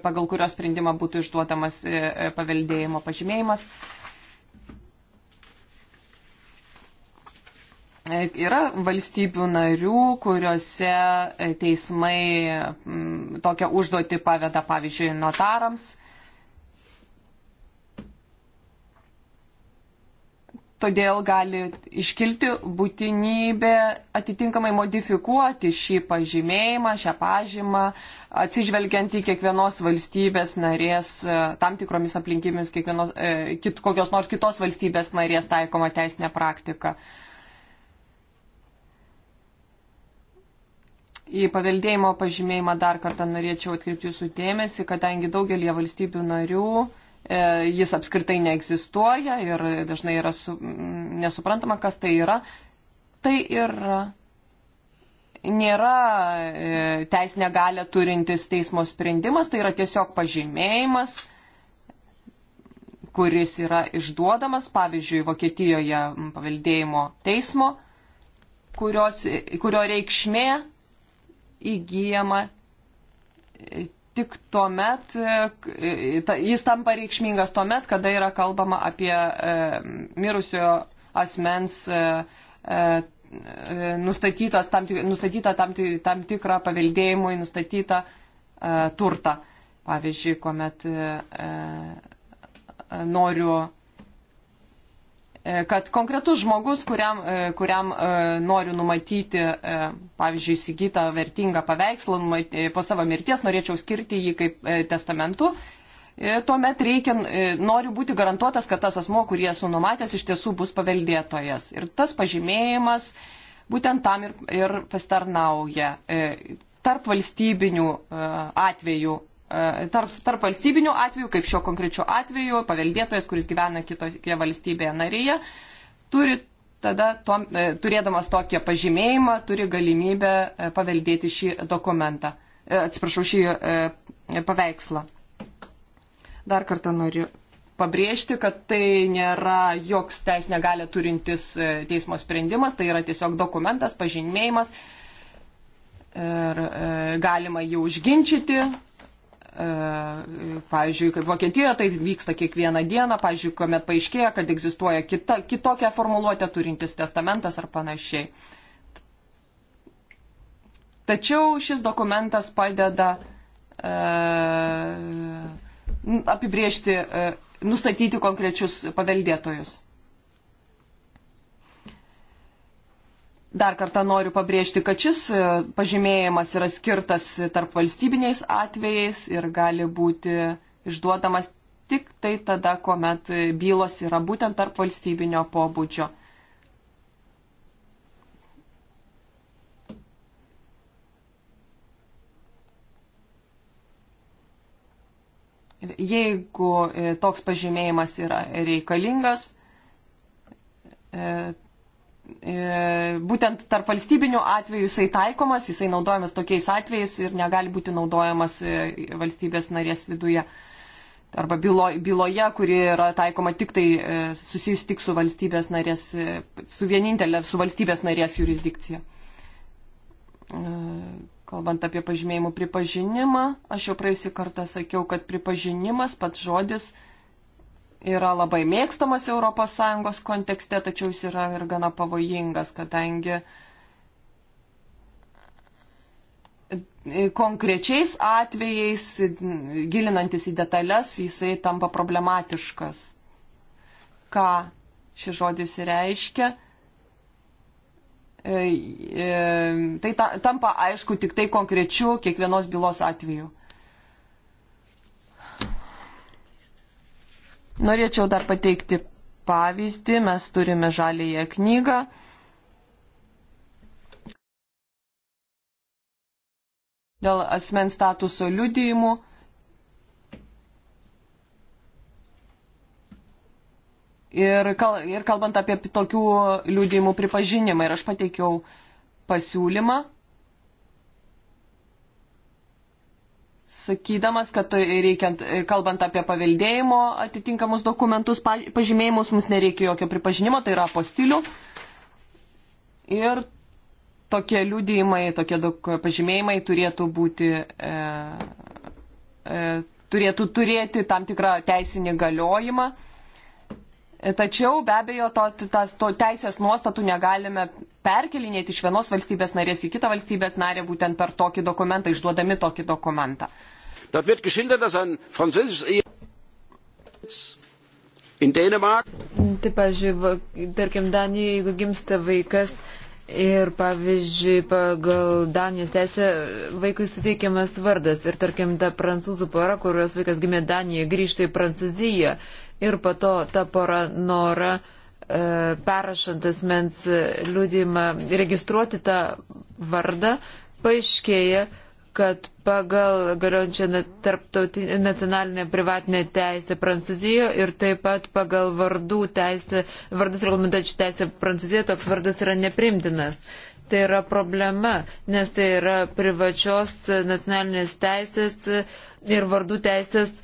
pagal kurio sprendimą būtų išduodamas e, e paveldėjimo pažymėjimas. E, yra valstybių narių, kuriuose teismai m, tokią užduotį paveda, pavyzdžiui, notarams todėl gali iškilti būtinybė atitinkamai modifikuoti šį pažymėjimą, šią pažymą, atsižvelgiant į kiekvienos valstybės narės, e, tam tikromis aplinkybėmis kiekvienos, e, kit, kokios nors kitos valstybės narės taikoma teisinė praktika. Į paveldėjimo pažymėjimą dar kartą norėčiau atkreipti jūsų dėmesį, kadangi daugelie valstybių narių E, jis apskritai neegzistuoja ir dažnai yra su, mm, nesuprantama, kas tai yra. Tai yra nėra e, teisinę galę turintis teismo sprendimas, tai yra tiesiog pažymėjimas, kuris yra išduodamas, pavyzdžiui, Vokietijoje mm, paveldėjimo teismo, kurios, kurio reikšmė įgyjama tik tuo met, e, jis tampa reikšmingas tuo met, kada yra kalbama apie e, mirusiojo asmens e, nustatytas tam, nustatytą tam, tam tikrą paveldėjimui nustatytą turtą. Pavyzdžiui, kuomet noriu E, kad konkretus žmogus, kuriam, e, kuriam e, noriu numatyti, pavyzdžiui, įsigytą vertingą paveikslą, po savo mirties norėčiau skirti jį kaip testamentu, tuomet reikia, noriu būti garantuotas, kad tas asmo, kurį esu numatęs, iš tiesų bus paveldėtojas. Ir tas pažymėjimas būtent tam ir, ir pastarnauja tarp valstybinių atvejų tarp, tarp valstybinių atvejų, kaip šio konkrečio atveju, paveldėtojas, kuris gyvena kitoje valstybėje narėje, turi tada, to, e, turėdamas tokią pažymėjimą, turi galimybę e, paveldėti šį dokumentą, e, atsiprašau, šį paveikslą. Dar kartą noriu pabrėžti, kad tai nėra joks teisinė galia turintis teismo sprendimas, tai yra tiesiog dokumentas, pažymėjimas ir galima jį užginčyti, E, pavyzdžiui, kaip Vokietijoje tai vyksta kiekvieną dieną, pavyzdžiui, kuomet paaiškėja, kad egzistuoja kita, kitokią formuluotę turintis testamentas ar panašiai. Tačiau šis dokumentas padeda e, apibriežti, e, nustatyti konkrečius paveldėtojus. Dar kartą noriu pabrėžti, kad šis e, pažymėjimas yra skirtas tarp valstybiniais atvejais ir gali būti išduodamas tik tai tada, kuomet e, bylos yra būtent tarp valstybinio pobūdžio. Jeigu e, toks pažymėjimas yra reikalingas, E, būtent tarp valstybinių atvejų jisai taikomas, jisai naudojamas tokiais atvejais ir negali būti naudojamas e, valstybės narės viduje. Arba bylo, byloje, kuri yra taikoma tik tai e, susijusi tik su valstybės narės, su vienintelė, su valstybės narės jurisdikcija. Kalbant apie pažymėjimų pripažinimą, aš jau praėjusį kartą sakiau, kad pripažinimas, pats žodis, yra labai mėgstamas ES kontekste, tačiau jis yra ir gana pavojingas, kadangi konkrečiais atvejais, gilinantis į detalės, jisai tampa problematiškas. Ką šis žodis reiškia? E, e, tai tampa aišku tik tai konkrečiu kiekvienos bylos atveju. Norėčiau dar pateikti pavyzdį. Mes turime žalėje knygą. Dėl asmens statuso liudijimų. Ir, kal, ir kalbant apie tokių liūdėjimų pripažinimą, ir aš pateikiau pasiūlymą sakydamas, kad tai reikiant, kalbant apie paveldėjimo atitinkamus dokumentus, pažymėjimus, mums nereikia jokio pripažinimo, tai yra apostilių. Ir tokie liūdėjimai, tokie pažymėjimai turėtų būti. E, e, turėtų turėti tam tikrą teisinį galiojimą. Tačiau be abejo, to, tas, to teisės nuostatų negalime perkelinėti iš vienos valstybės narės į kitą valstybės narę būtent per tokį dokumentą, išduodami tokį dokumentą. Dort wird geschildert, dass ein französisches Ehepaar in Dänemark. Taip, pavyzdžiui, tarkim, Danijoje, jeigu gimsta vaikas ir, pavyzdžiui, pagal Danijos teisę vaikui suteikiamas vardas ir, tarkim, ta prancūzų pora, kurios vaikas gimė Danijoje, grįžta į Prancūziją ir po to ta pora norą e, perrašant asmens liūdimą registruoti tą vardą, paaiškėja, kad pagal galiojančią nacionalinę privatinę teisę Prancūzijoje ir taip pat pagal vardų teisę, vardus reglamentuojančią teisę Prancūzijoje toks vardas yra neprimtinas. Tai yra problema, nes tai yra privačios nacionalinės teisės ir vardų teisės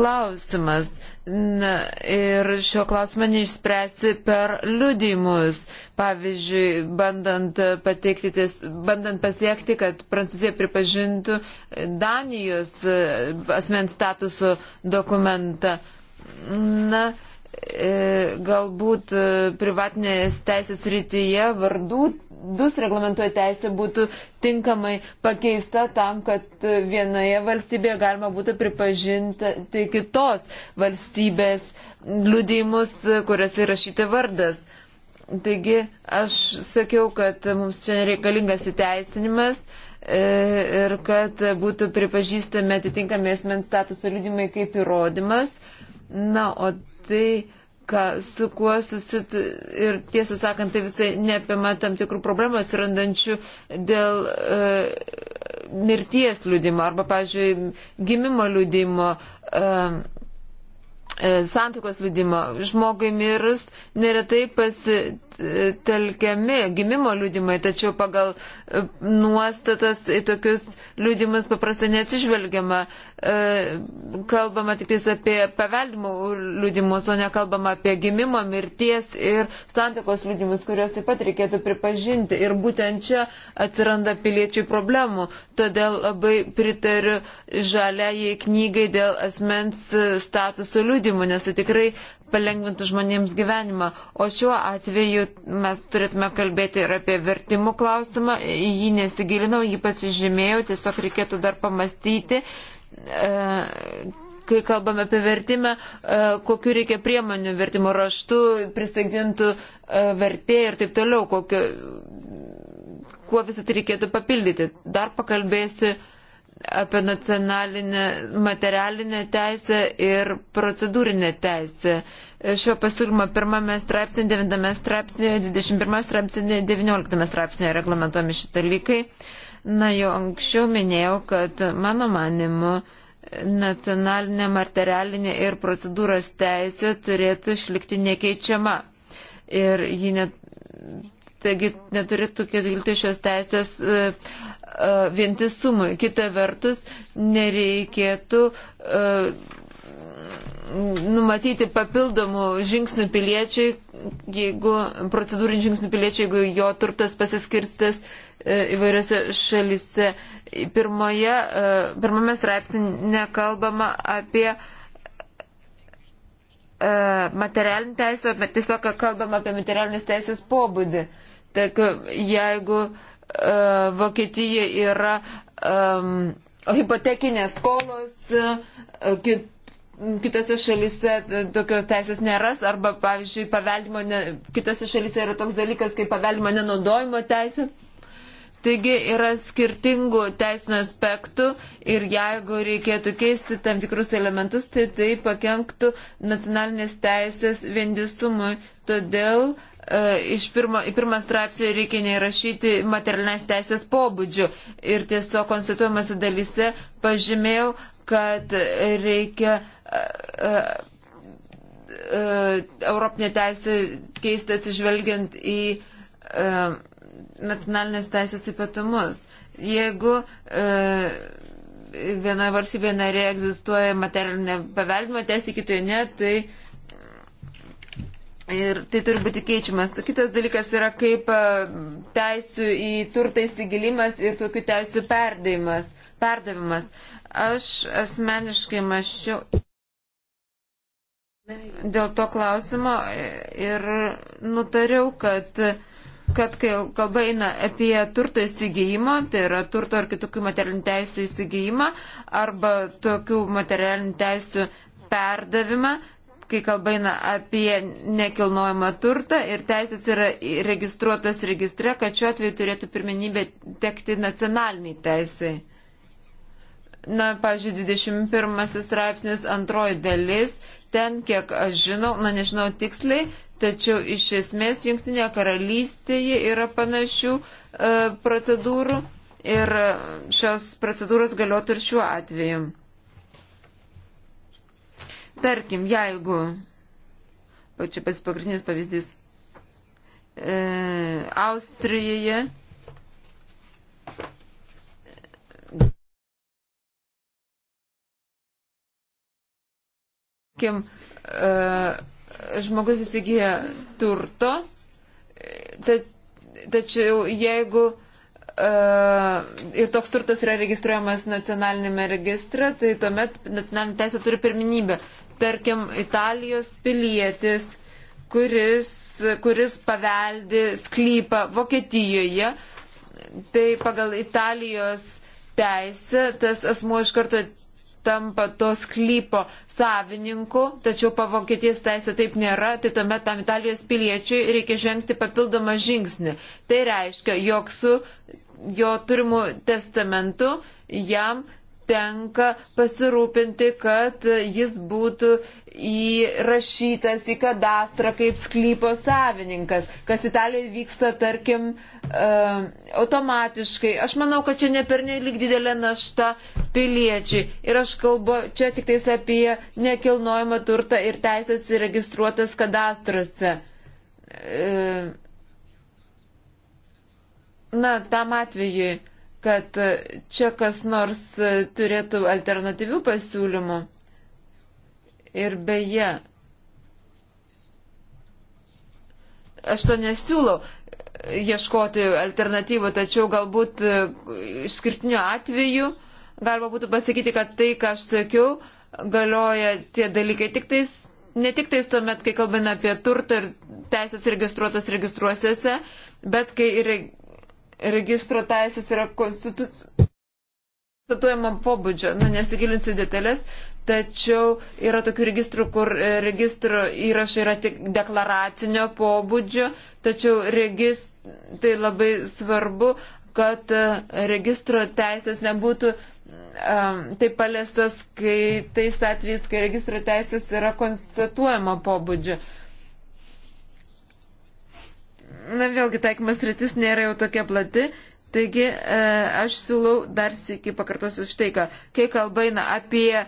klausimas. Na, ir šio klausimo neišspręsi per liudimus. Pavyzdžiui, bandant, ties, bandant pasiekti, kad Prancūzija pripažintų Danijos e, asmens statusų dokumentą. Na, e, galbūt e, privatinės teisės rytyje vardų 2 reglamentuoja teisė būtų tinkamai pakeista tam, kad vienoje valstybėje galima būtų pripažinti tai kitos valstybės liudimus, kuriuose įrašyti vardas. Taigi aš sakiau, kad mums čia reikalingas įteisinimas e, ir kad būtų pripažįstami atitinkami esmens statuso liudimai kaip įrodymas. Na, o tai ką, su kuo susit... ir tiesą sakant, tai visai neapima tam tikrų problemų atsirandančių dėl e, mirties liūdimo arba, pavyzdžiui, gimimo liūdimo. E, e Santokos liūdimo. Žmogui mirus neretai pasi pasitelkiami gimimo liudimai, tačiau pagal e, nuostatas į tokius liudimus paprastai neatsižvelgiama. E, kalbama tik apie paveldimo liudimus, o nekalbama apie gimimo, mirties ir santokos liudimus, kuriuos taip pat reikėtų pripažinti. Ir būtent čia atsiranda piliečių problemų. Todėl labai pritariu žaliai knygai dėl asmens e, statuso liudimų, nes tai tikrai palengvintų žmonėms gyvenimą. O šiuo atveju mes turėtume kalbėti ir apie vertimų klausimą. Į jį nesigilinau, jį pasižymėjau, tiesiog reikėtų dar pamastyti. E, kai kalbame apie vertimą, e, kokiu reikia priemonių vertimo raštu, pristagintų e, vertė ir taip toliau, kokio, kuo visą tai reikėtų papildyti. Dar pakalbėsiu apie nacionalinę materialinę teisę ir procedūrinę teisę. Šio pasiūlymo pirmame straipsnė, devintame straipsnė, 21 straipsnė, 19 straipsnė reglamentuomi šitą dalykai. Na, jau anksčiau minėjau, kad mano manimu nacionalinė materialinė ir procedūros teisė turėtų išlikti nekeičiama. Ir ji net, taigi neturėtų kilti šios teisės. E, E, vientisumui. Kita vertus, nereikėtų e, numatyti papildomų žingsnių piliečiai, jeigu procedūrinių žingsnių piliečiai, jeigu jo turtas pasiskirstas e, įvairiose šalise. Pirmoje, pirmame straipsnė kalbama apie materialinį teisę, bet tiesiog kalbama apie materialinės teisės pobūdį. Tak, jeigu uh, E, Vokietija yra um, hipotekinės skolos, e, kit, kitose šalise tokios teisės neras, arba, pavyzdžiui, paveldimo, ne, kitose šalise yra toks dalykas kaip paveldimo nenaudojimo teisė. Taigi yra skirtingų teisinių aspektų ir jeigu reikėtų keisti tam tikrus elementus, tai tai pakenktų nacionalinės teisės vendisumui. Todėl uh, E, iš pirmo, į pirmą straipsnį reikia neįrašyti materialinės teisės pobūdžių. Ir tiesiog konstituojamasi dalyse pažymėjau, kad reikia e, e, Europinė teisė keisti atsižvelgiant į nacionalinės teisės ypatumus. Jeigu vienoje valstybėje narėje egzistuoja materialinė paveldimo teisė, kitoje ne, tai uh, Ir tai turi būti keičiamas. Kitas dalykas yra kaip e, teisų į turtą įsigilimas ir tokių teisų perdavimas. Aš asmeniškai mašiau dėl to klausimo ir nutariau, kad, kad kai kalba eina apie turto įsigijimą, tai yra turto ar kitokių materialinių teisų įsigijimą arba tokių materialinių teisų perdavimą, kai kalba eina apie nekilnojamą turtą ir teisės yra registruotas registre, kad šiuo atveju turėtų pirmenybė tekti nacionaliniai teisai. Na, pavyzdžiui, 21 straipsnis antroji dalis, ten, kiek aš žinau, na nežinau tiksliai, tačiau iš esmės Junktinėje karalystėje yra panašių e, procedūrų ir e, šios procedūros galiotų ir šiuo atveju. Tarkim, jeigu, čia pats pagrindinis pavyzdys, e, Austrijoje Tarkim, e, žmogus įsigyja turto, tačiau tačiau jeigu uh, ir toks turtas yra registruojamas nacionalinėme registre, tai tuomet nacionalinė teisė turi pirminybę tarkim, Italijos pilietis, kuris, kuris paveldi sklypą Vokietijoje, tai pagal Italijos teisę tas asmuo iš karto tampa to sklypo savininku, tačiau pa Vokietijos teisė taip nėra, tai tuomet tam Italijos piliečiui reikia žengti papildomą žingsnį. Tai reiškia, jog su jo turimu testamentu jam tenka pasirūpinti, kad jis būtų įrašytas į kadastrą kaip sklypo savininkas, kas Italijoje vyksta, tarkim, automatiškai. Aš manau, kad čia nepernelik didelė našta piliečiai. Ir aš kalbu čia tik tais apie nekilnojimą turtą ir teisės įregistruotas kadastruose. Na, tam atvejui kad čia kas nors turėtų alternatyvių pasiūlymų. Ir beje, aš to nesiūlau ieškoti alternatyvų, tačiau galbūt išskirtiniu atveju galima būtų pasakyti, kad tai, ką aš sakiau, galioja tie dalykai tik tais, ne tik tais tuomet, kai kalbame apie turtą ir teisės registruotas registruosiuose, bet kai ir registro teisės yra konstitucijama pobūdžio. Na, nu, nesigilinsiu detalės, tačiau yra tokių registrų, kur e, registro įrašai yra tik deklaracinio pobūdžio, tačiau regist... tai labai svarbu, kad e, registro teisės nebūtų um, taip paliestas, kai tais atvejais, kai registro teisės yra konstatuojama pobūdžio. Uh, na, vėlgi taikymas rytis nėra jau tokia plati. Taigi e, aš siūlau dar sėki pakartosiu štai ką. Kai kalba eina apie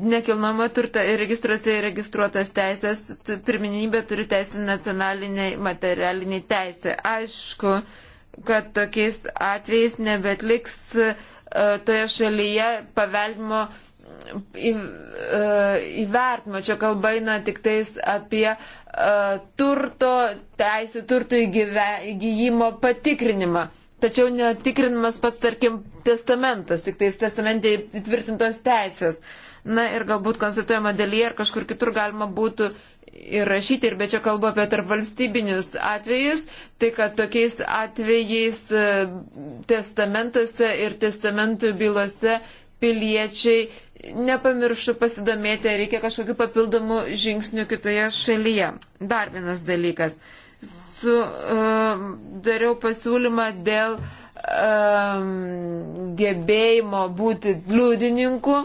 nekilnojamo turtą ir registruose įregistruotas teisės, pirminybė turi teisę nacionaliniai materialiniai teisė. Aišku, kad tokiais atvejais nebetliks e, toje šalyje paveldimo E, įvertimo. Čia kalba eina tik tais apie e, turto, teisų turto įgyjimo patikrinimą. Tačiau netikrinamas pats, tarkim, testamentas, tik tais testamente įtvirtintos teisės. Na ir galbūt konstatuojama dalyje ar kažkur kitur galima būtų įrašyti, ir, ir be čia kalbu apie tarpvalstybinius atvejus, tai kad tokiais atvejais e, testamentuose ir testamentų bylose piliečiai nepamirštų pasidomėti, ar reikia kažkokių papildomų žingsnių kitoje šalyje. Dar vienas dalykas. Su, uh, dariau pasiūlymą dėl um, gebėjimo būti liudininku.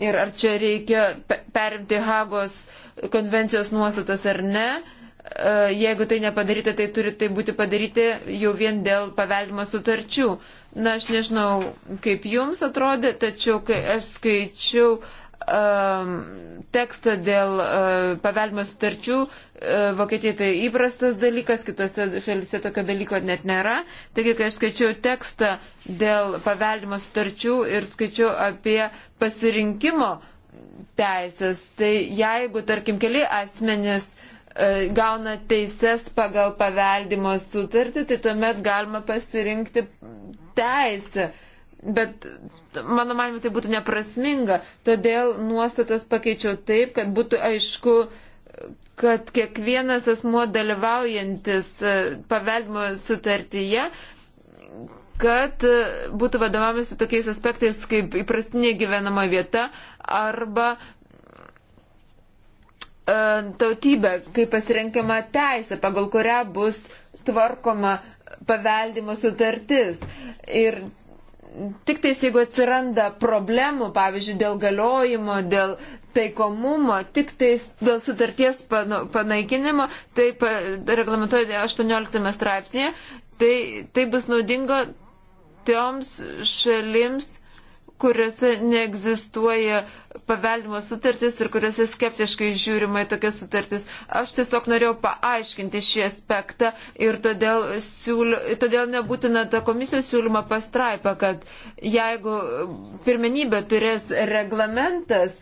Ir ar čia reikia perimti Hagos konvencijos nuostatas ar ne. Uh, jeigu tai nepadaryta, tai turi tai būti padaryti jau vien dėl paveldimo sutarčių. Uh, Na, aš nežinau, kaip jums atrodė, tačiau kai aš skaičiau um, tekstą dėl uh, paveldimo sutarčių, uh, Vokietijoje tai įprastas dalykas, kitose šalise tokio dalyko net nėra. Taigi, kai aš skaičiau tekstą dėl paveldimo sutarčių ir skaičiau apie pasirinkimo teisės, tai jeigu, tarkim, keli asmenys E, gauna teises pagal paveldimo sutartį, tai tuomet galima pasirinkti teisę. Bet mano manimu tai būtų neprasminga, todėl nuostatas pakeičiau taip, kad būtų aišku, kad kiekvienas asmuo dalyvaujantis e, paveldimo sutartyje, kad e, būtų vadovavimas tokiais aspektais kaip įprastinė gyvenama vieta arba E, tautybę, kaip pasirenkama teisė, pagal kurią bus tvarkoma paveldimo sutartis. Ir tik tais, jeigu atsiranda problemų, pavyzdžiui, dėl galiojimo, dėl taikomumo, tik tais dėl sutarties panaikinimo, tai reglamentuoja 18 straipsnėje, tai, tai bus naudinga toms šalims, kuriuose neegzistuoja paveldimo sutartis ir kuriuose skeptiškai žiūrima į tokias sutartis. Aš tiesiog norėjau paaiškinti šį aspektą ir todėl, siūl, todėl nebūtina ta komisijos siūlyma pastraipa, kad jeigu pirmenybė turės reglamentas,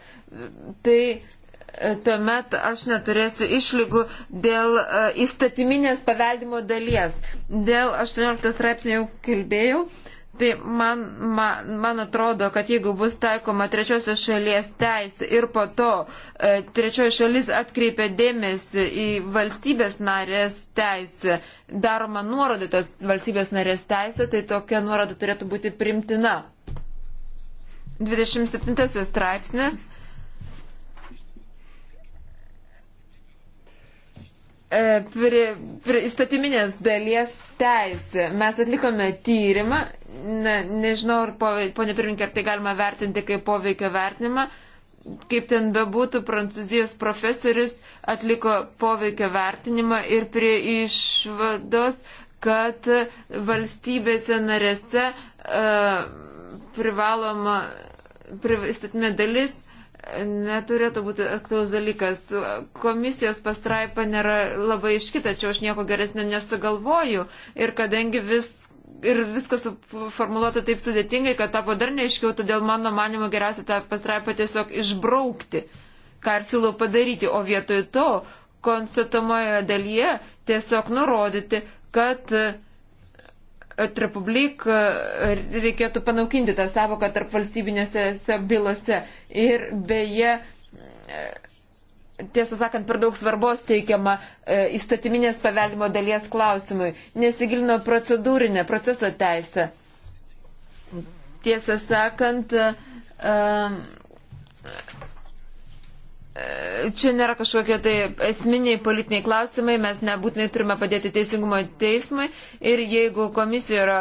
tai e, tuomet aš neturėsiu išlygų dėl e, įstatyminės paveldimo dalies. Dėl 18 straipsnių jau kalbėjau. Tai man, man, man atrodo, kad jeigu bus taikoma trečiosios šalies teisė ir po to e, trečioji šalis atkreipia dėmesį į valstybės narės teisę, daroma nuoroda tos valstybės narės teisė, tai tokia nuoroda turėtų būti primtina. 27 straipsnis. E, pri, pri, įstatyminės dalies teisė. Mes atlikome tyrimą, ne, nežinau, ar ponė pirminkė, ar tai galima vertinti kaip poveikio vertinimą. Kaip ten bebūtų, prancūzijos profesorius atliko poveikio vertinimą ir prie išvados, kad valstybėse narėse uh, privaloma pristatymė dalis neturėtų būti aktualus dalykas. Komisijos pastraipa nėra labai iški, tačiau aš nieko geresnio nesugalvoju. Ir kadangi vis, ir viskas formuluota taip sudėtingai, kad tapo dar neiškiau, todėl mano manimo geriausia tą pastraipą tiesiog išbraukti, ką ir siūlau padaryti. O vietoj to konstatuojamoje dalyje tiesiog nurodyti, kad uh, Republik e, reikėtų panaukinti tą savoką tarp valstybinėse bylose. Ir beje, e, tiesą sakant, per daug svarbos teikiama e, įstatyminės paveldimo dalies klausimui, nesigilino procedūrinę proceso teisę. Tiesą sakant, e, čia nėra kažkokie tai esminiai politiniai klausimai, mes nebūtinai turime padėti teisingumo teismui ir jeigu komisija yra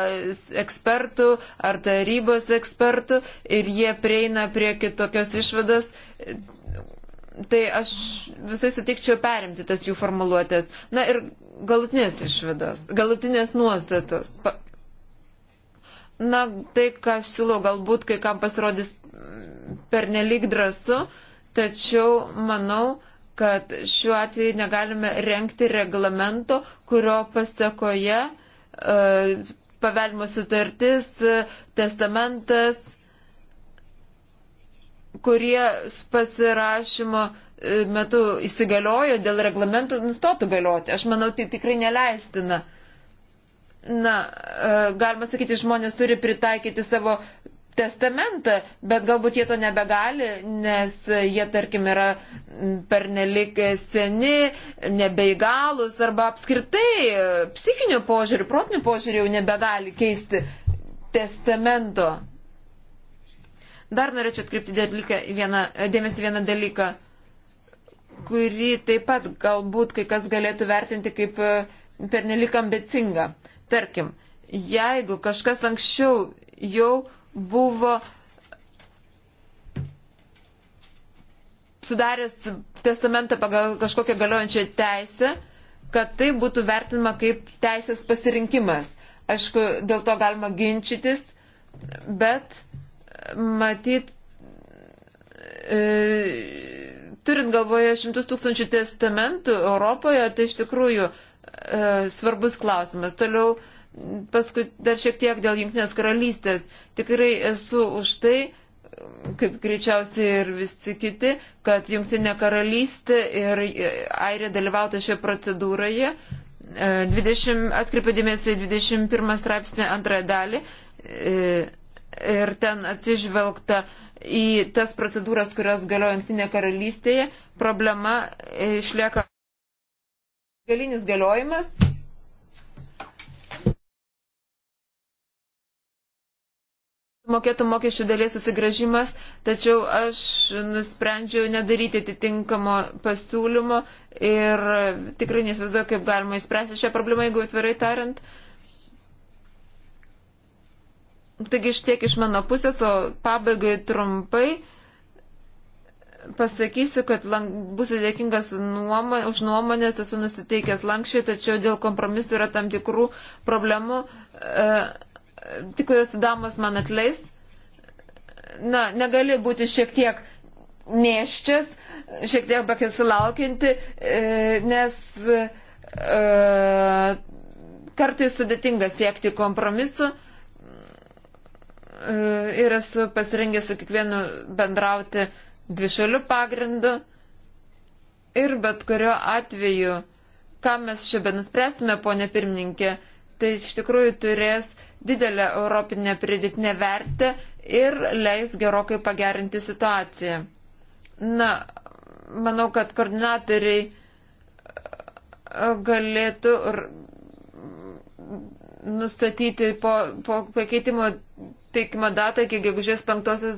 ekspertų ar tarybos ekspertų ir jie prieina prie kitokios išvados, tai aš visai sutikčiau perimti tas jų formuluotės. Na ir galutinės išvados, galutinės nuostatos. Pa Na, tai, ką siūlau, galbūt kai kam pasirodys mm, pernelik drąsu, uh, tačiau manau, kad šiuo atveju negalime renkti reglamento, kurio pasakoje e, paveldimo sutartis, e, testamentas, kurie pasirašymo e, metu įsigaliojo dėl reglamento nustotų galioti. Aš manau, tai tikrai neleistina. Na, e, galima sakyti, žmonės turi pritaikyti savo testamentą, bet galbūt jie to nebegali, nes jie, tarkim, yra pernelik seni, nebeigalus arba apskritai psichinių požiūrių, protinių požiūrių jau nebegali keisti testamento. Dar norėčiau atkreipti vieną, dėmesį vieną dalyką, kurį taip pat galbūt kai kas galėtų vertinti kaip pernelik ambicinga. Tarkim, jeigu kažkas anksčiau jau buvo sudaręs testamentą pagal kažkokią galiojančią teisę, kad tai būtų vertinama kaip teisės pasirinkimas. Aišku, dėl to galima ginčytis, bet matyt, e, turint galvoje šimtus tūkstančių testamentų Europoje, tai iš tikrųjų e, svarbus klausimas. Toliau e, paskui dar šiek tiek dėl Junktinės karalystės. Tikrai esu už tai, kaip greičiausiai ir visi kiti, kad Junktinė karalystė ir Airija dalyvautų šioje procedūroje. 20, e, atkreipia dėmesį 21 straipsnį antrąją dalį e, ir ten atsižvelgta į tas procedūras, kurios galioja Junktinė karalystėje. Problema išlieka galinis galiojimas mokėtų mokesčių dalies susigražimas, tačiau aš nusprendžiau nedaryti atitinkamo pasiūlymo ir tikrai nesivaizduoju, kaip galima įspręsti šią problemą, jeigu atvirai tariant. Taigi iš tiek iš mano pusės, o pabaigai trumpai pasakysiu, kad lang, būsiu dėkingas nuomo, už nuomonės, esu nusiteikęs lankščiai, tačiau dėl kompromisų yra tam tikrų problemų. E, tikros damos man atleis. Na, negali būti šiek tiek nieščias, šiek tiek pakisilaukinti, e, nes e, kartais sudėtinga siekti kompromisu e, ir esu pasirengęs su kiekvienu bendrauti dvišaliu pagrindu. Ir bet kurio atveju, ką mes čia benuspręstume, ponė pirmininkė, tai iš tikrųjų turės didelę europinę pridėtinę vertę ir leis gerokai pagerinti situaciją. Na, manau, kad koordinatoriai e, galėtų nustatyti po, po pakeitimo teikimo datą iki gegužės penktosios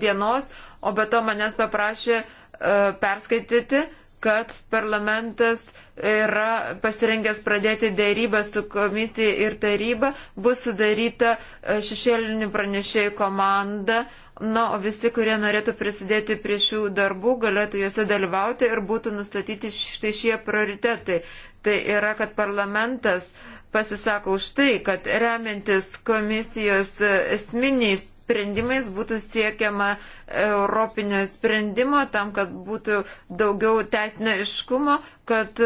dienos, o be to manęs paprašė uh, perskaityti, kad parlamentas uh, yra pasirengęs pradėti dėrybą su komisija ir taryba, bus sudaryta e, šešėlinių pranešėjų komanda. Na, o visi, kurie norėtų prisidėti prie šių darbų, galėtų juose dalyvauti ir būtų nustatyti štai šie prioritetai. Tai yra, kad parlamentas pasisako už tai, kad remiantis komisijos e, esminiais sprendimais būtų siekiama europinio sprendimo tam, kad būtų daugiau teisinio iškumo, kad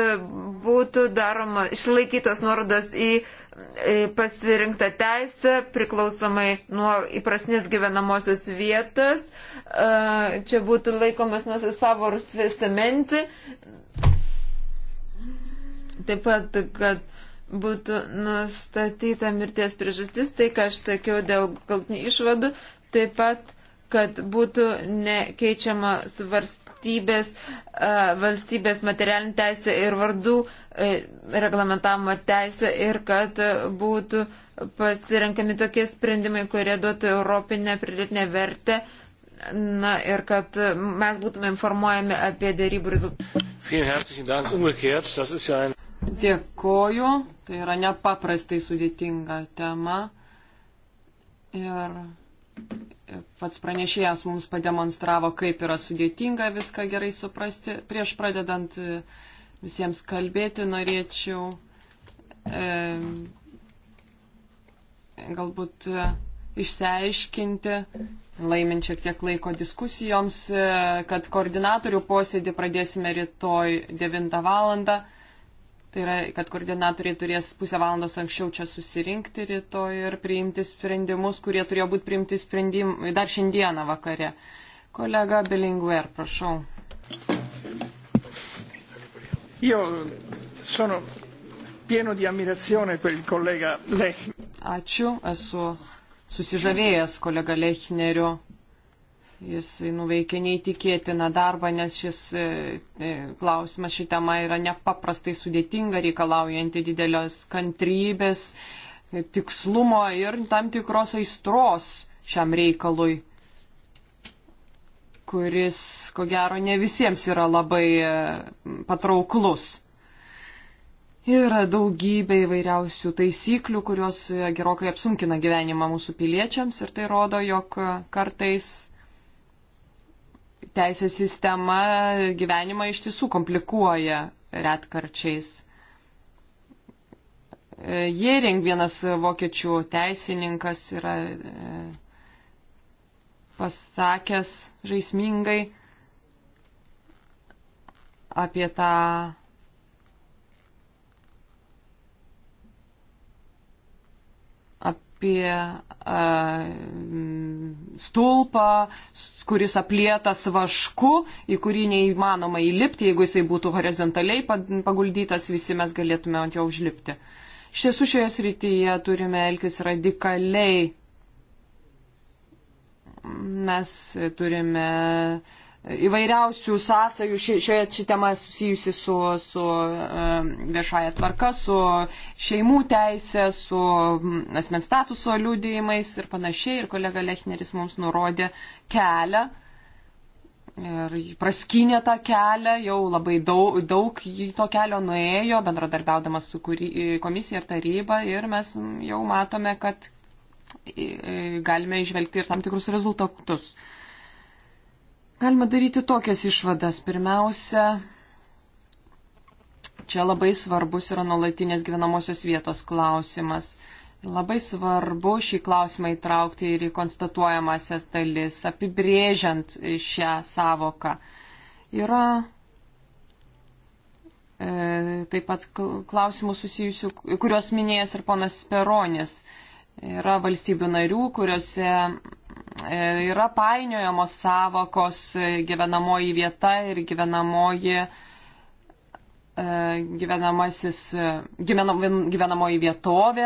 būtų daroma išlaikytos nuorodos į pasirinktą teisę priklausomai nuo įprasnės gyvenamosios vietos. Čia būtų laikomas nuosis favorus vestamenti. Taip pat, kad būtų nustatyta mirties priežastis, tai ką aš sakiau dėl galtinių išvadų, taip pat, kad būtų nekeičiama svarstybės, valstybės materialinė teisė ir vardų e, reglamentavimo teisė ir kad būtų pasirenkami tokie sprendimai, kurie duotų europinę pridėtinę vertę. Na ir kad mes būtume informuojami apie dėrybų rezultatus. Dėkoju, tai yra nepaprastai sudėtinga tema. Ir pats pranešėjas mums pademonstravo, kaip yra sudėtinga viską gerai suprasti. Prieš pradedant e, visiems kalbėti norėčiau e, galbūt e, išsiaiškinti, laimint šiek tiek laiko diskusijoms, e, kad koordinatorių posėdį pradėsime rytoj 9 valandą. Tai yra, kad koordinatoriai turės pusę valandos anksčiau čia susirinkti rytoj ir priimti sprendimus, kurie turėjo būti priimti sprendimai dar šiandieną vakare. Kolega Belinguer, prašau. Io sono pieno di ammirazione per il collega Lechner. Ačiū, esu susižavėjęs kolega Lechneriu Jisai nuveikė neįtikėtiną darbą, nes šis e, e, klausimas, ši tema yra nepaprastai sudėtinga, reikalaujanti didelios kantrybės, tikslumo ir tam tikros aistros šiam reikalui, kuris, ko gero, ne visiems yra labai e, patrauklus. Yra daugybė įvairiausių taisyklių, kurios gerokai apsunkina gyvenimą mūsų piliečiams ir tai rodo, jog kartais teisės sistema gyvenimą iš tiesų komplikuoja retkarčiais. E, Jėring vienas vokiečių teisininkas yra e, pasakęs žaismingai apie tą apie stulpą, kuris aplietas vašku, į kurį neįmanoma įlipti, jeigu jisai būtų horizontaliai paguldytas, visi mes galėtume ant jo užlipti. Iš tiesų šioje srityje turime elgtis radikaliai. Mes turime uh, įvairiausių sąsajų šioje ši tema susijusi su, su viešaja tvarka, su šeimų teisė, su asmens statuso liūdėjimais ir panašiai. Ir kolega Lechneris mums nurodė kelią. Ir praskinė tą kelią, jau labai daug, daug to kelio nuėjo, bendradarbiaudamas su komisija ir taryba. Ir mes jau matome, kad galime išvelgti ir tam tikrus rezultatus. Galima daryti tokias išvadas. Pirmiausia, čia labai svarbus yra nuolatinės gyvenamosios vietos klausimas. Labai svarbu šį klausimą įtraukti ir į konstatuojamasias dalis, apibrėžiant šią savoką. Yra e, taip pat klausimų susijusių, kuriuos minėjęs ir ponas Speronis. Yra valstybių narių, kuriuose E, yra painiojamos savokos e, gyvenamoji vieta ir gyvenamoji e, gyvenamasis, gyvenam, gyvenamoji vietovė.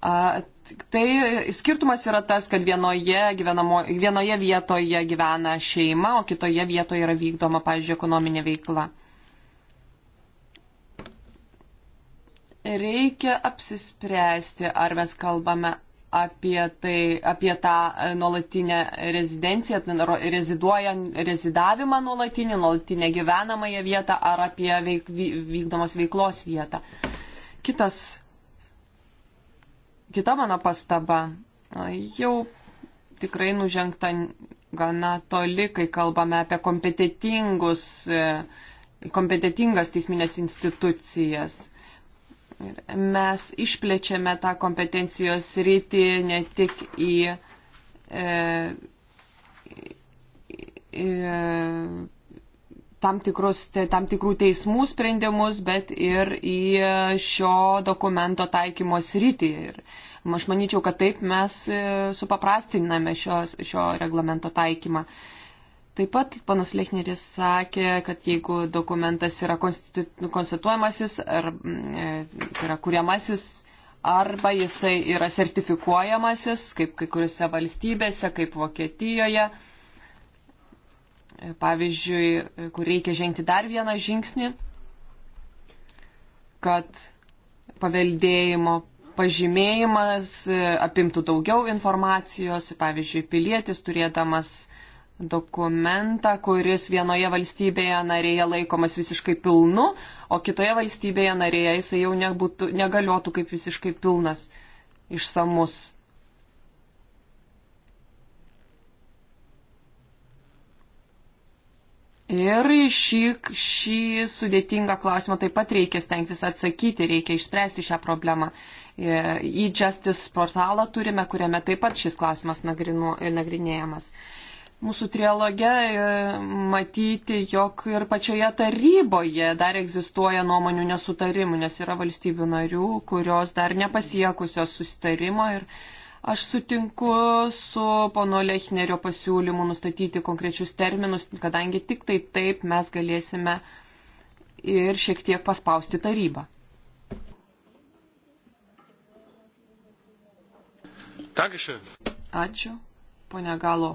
A, tai skirtumas yra tas, kad vienoje, gyvenamo, vienoje vietoje gyvena šeima, o kitoje vietoje yra vykdoma, pavyzdžiui, ekonominė veikla. Reikia apsispręsti, ar mes kalbame apie, tai, apie tą e, nuolatinę rezidenciją, rezidavimą nuolatinį, nuolatinę gyvenamąją vietą ar apie veik, vykdomos veiklos vietą. Kitas, kita mano pastaba jau tikrai nužengta gana toli, kai kalbame apie kompetitingus e, kompetitingas teisminės institucijas. Mes išplečiame tą kompetencijos rytį ne tik į e, e, tam, tikrus, tam tikrų teismų sprendimus, bet ir į šio dokumento taikymo sritį. Ir aš manyčiau, kad taip mes e, supaprastiname šio, šio reglamento taikymą. E, Taip pat panas Lechneris sakė, kad jeigu dokumentas yra konstatuojamasis ar tai yra kuriamasis, arba jisai yra sertifikuojamasis, kaip kai kuriuose valstybėse, kaip Vokietijoje, e, pavyzdžiui, e, kur reikia žengti dar vieną žingsnį, kad paveldėjimo pažymėjimas apimtų daugiau informacijos, pavyzdžiui, pilietis turėdamas dokumentą, kuris vienoje valstybėje narėje laikomas visiškai pilnu, o kitoje valstybėje narėje jisai jau nebūtų, negaliotų kaip visiškai pilnas, išsamus. Ir šį, šį sudėtingą klausimą taip pat reikia stengtis atsakyti, reikia išspręsti šią problemą. E, į e Justice portalą turime, kuriame taip pat šis klausimas nagrinu, nagrinėjamas. E mūsų trialoge e, matyti, jog ir pačioje taryboje dar egzistuoja nuomonių nesutarimų, nes yra valstybių narių, kurios dar nepasiekusios susitarimo ir aš sutinku su pono Lechnerio pasiūlymu nustatyti konkrečius terminus, kadangi tik tai taip mes galėsime ir šiek tiek paspausti tarybą. Dankeschön. Ačiū, ponia Galo.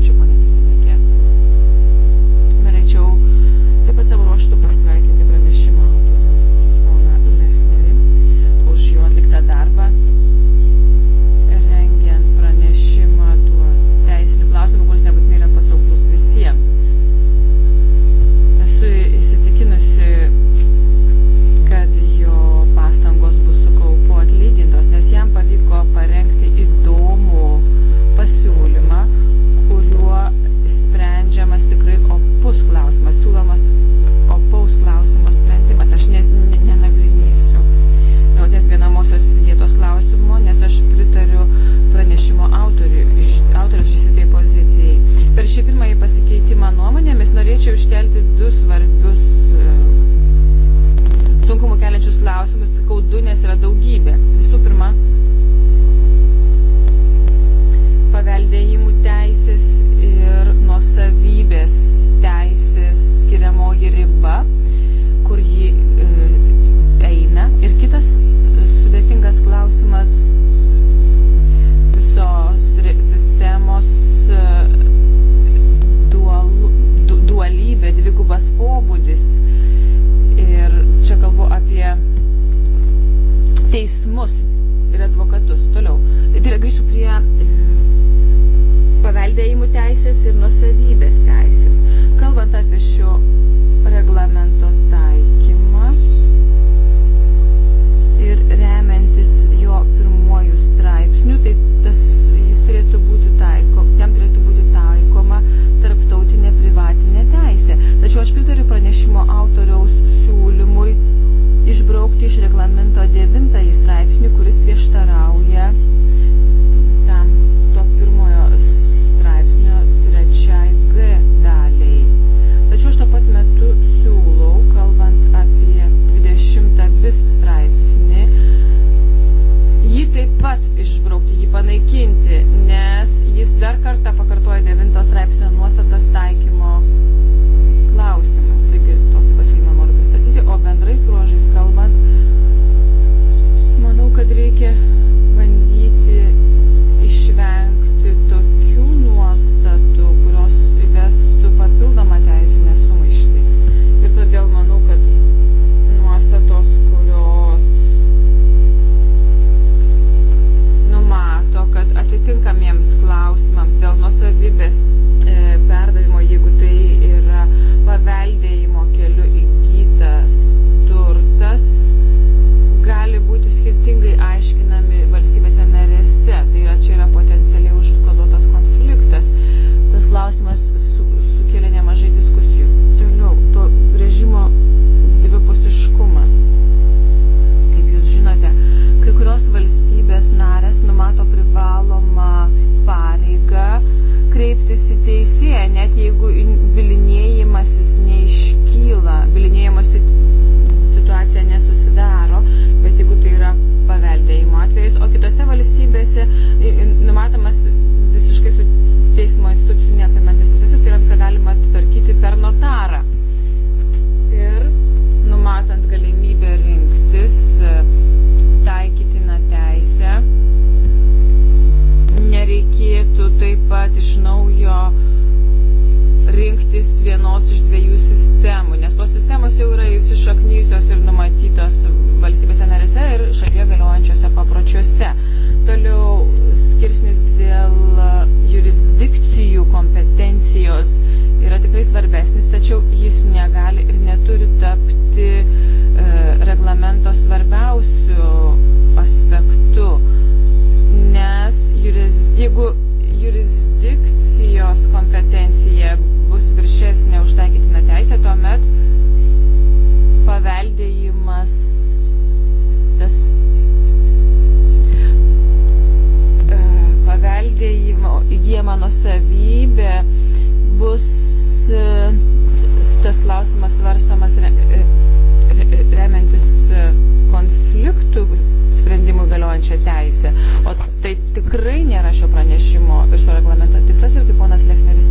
teisė. O tai tikrai nėra šio pranešimo ir šio reglamento tikslas ir kaip ponas Lechneris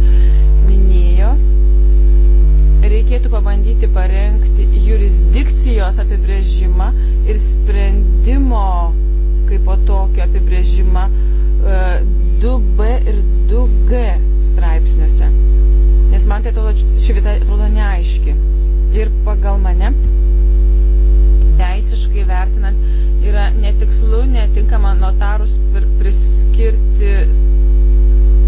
minėjo, reikėtų pabandyti parengti jurisdikcijos apibrėžimą ir sprendimo kaip po tokio apibrėžimą 2b e, ir 2g straipsniuose. Nes man tai atrodo, ši vieta atrodo neaiški. Ir pagal mane teisiškai vertinant, yra netikslu, netinkama notarus priskirti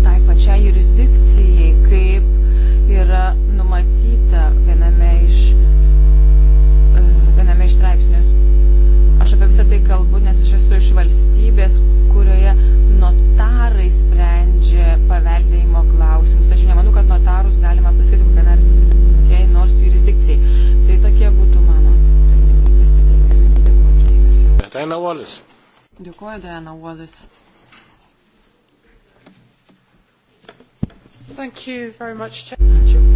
tai pačiai jurisdikcijai, kaip yra numatyta viename iš, e, viename iš straipsnių. Aš apie visą tai kalbu, nes aš esu iš valstybės, kurioje notarai sprendžia paveldėjimo klausimus. Tačiau nemanau, kad notarus galima priskirti kokiai nors jurisdikcijai. Tai tokie būtų Diana Wallis. Dėkuoju, Diana Wallis. Thank you very much. Ačiū.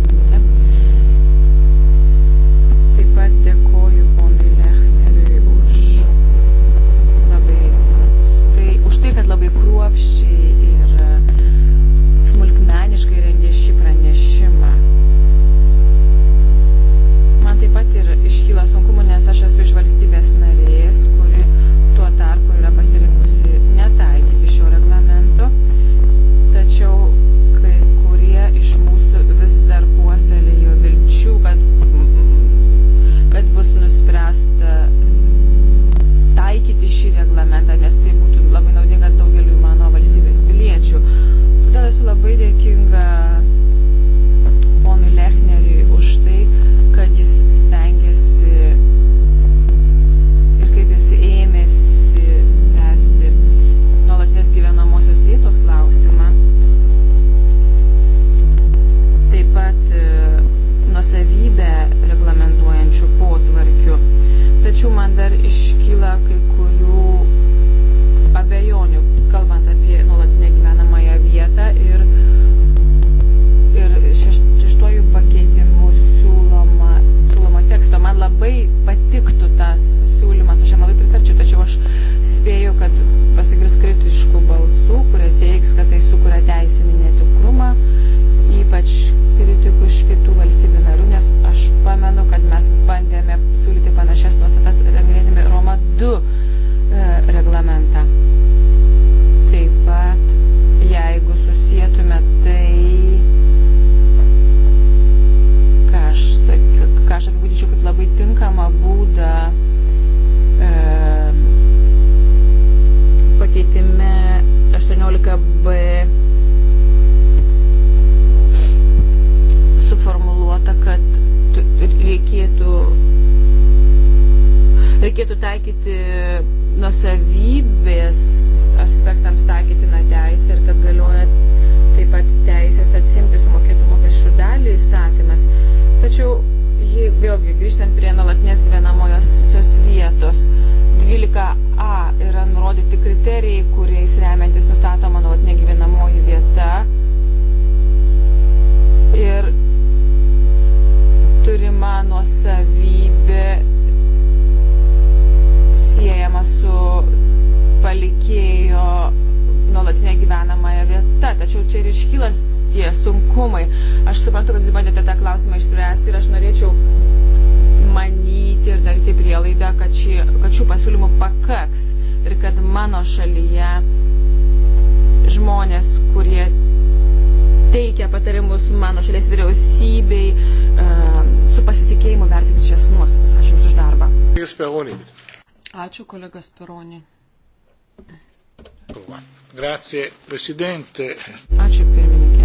Ačiū, kolegas Pironi. Grazie, Presidente. Ačiū, pirmininkė.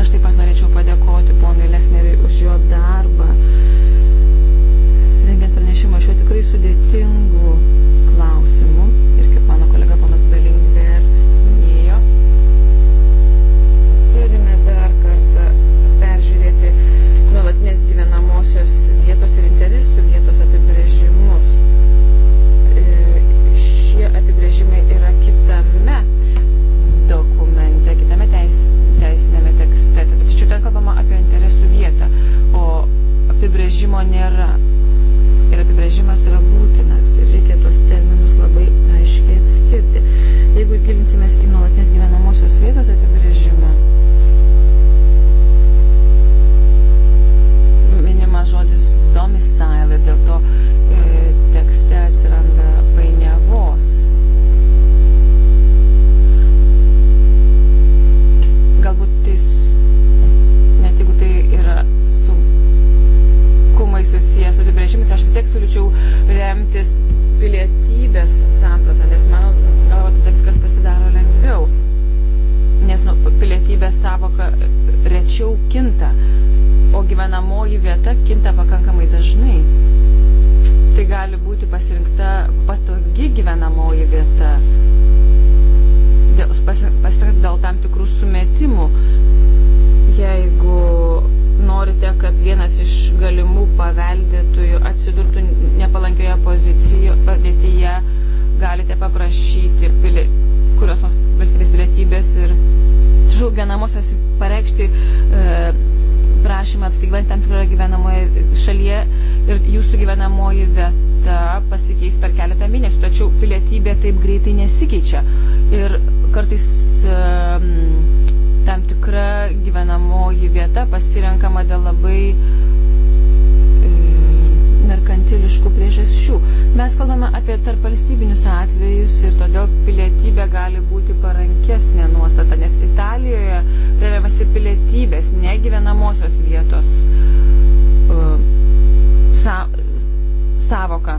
Aš taip pat norėčiau padėkoti ponai Lechneriui už jo darbą. Rengiant pranešimą šiuo tikrai sudėtingu gyvenamoji vieta kinta pakankamai dažnai. Tai gali būti pasirinkta patogi gyvenamoji vieta, pasirinkta dėl tam tikrų sumetimų. Jeigu norite, kad vienas iš galimų paveldėtųjų atsidurtų nepalankioje pozicijoje, padėtyje, galite paprašyti pilė, kurios nors valstybės pilietybės ir žaugianamosios pareikšti e, prašymą apsigyventi tam tikroje gyvenamoje šalyje ir jūsų gyvenamoji vieta pasikeis per keletą mėnesių, tačiau pilietybė taip greitai nesikeičia. Ir kartais um, tam tikra gyvenamoji vieta pasirenkama dėl labai uh, merkantiliškų priežasčių. Mes kalbame apie tarpvalstybinius atvejus ir todėl pilietybė gali būti parankesnė nuostata, nes Italijoje remiamasi pilietybės, negyvenamosios vietos uh, sa savoka.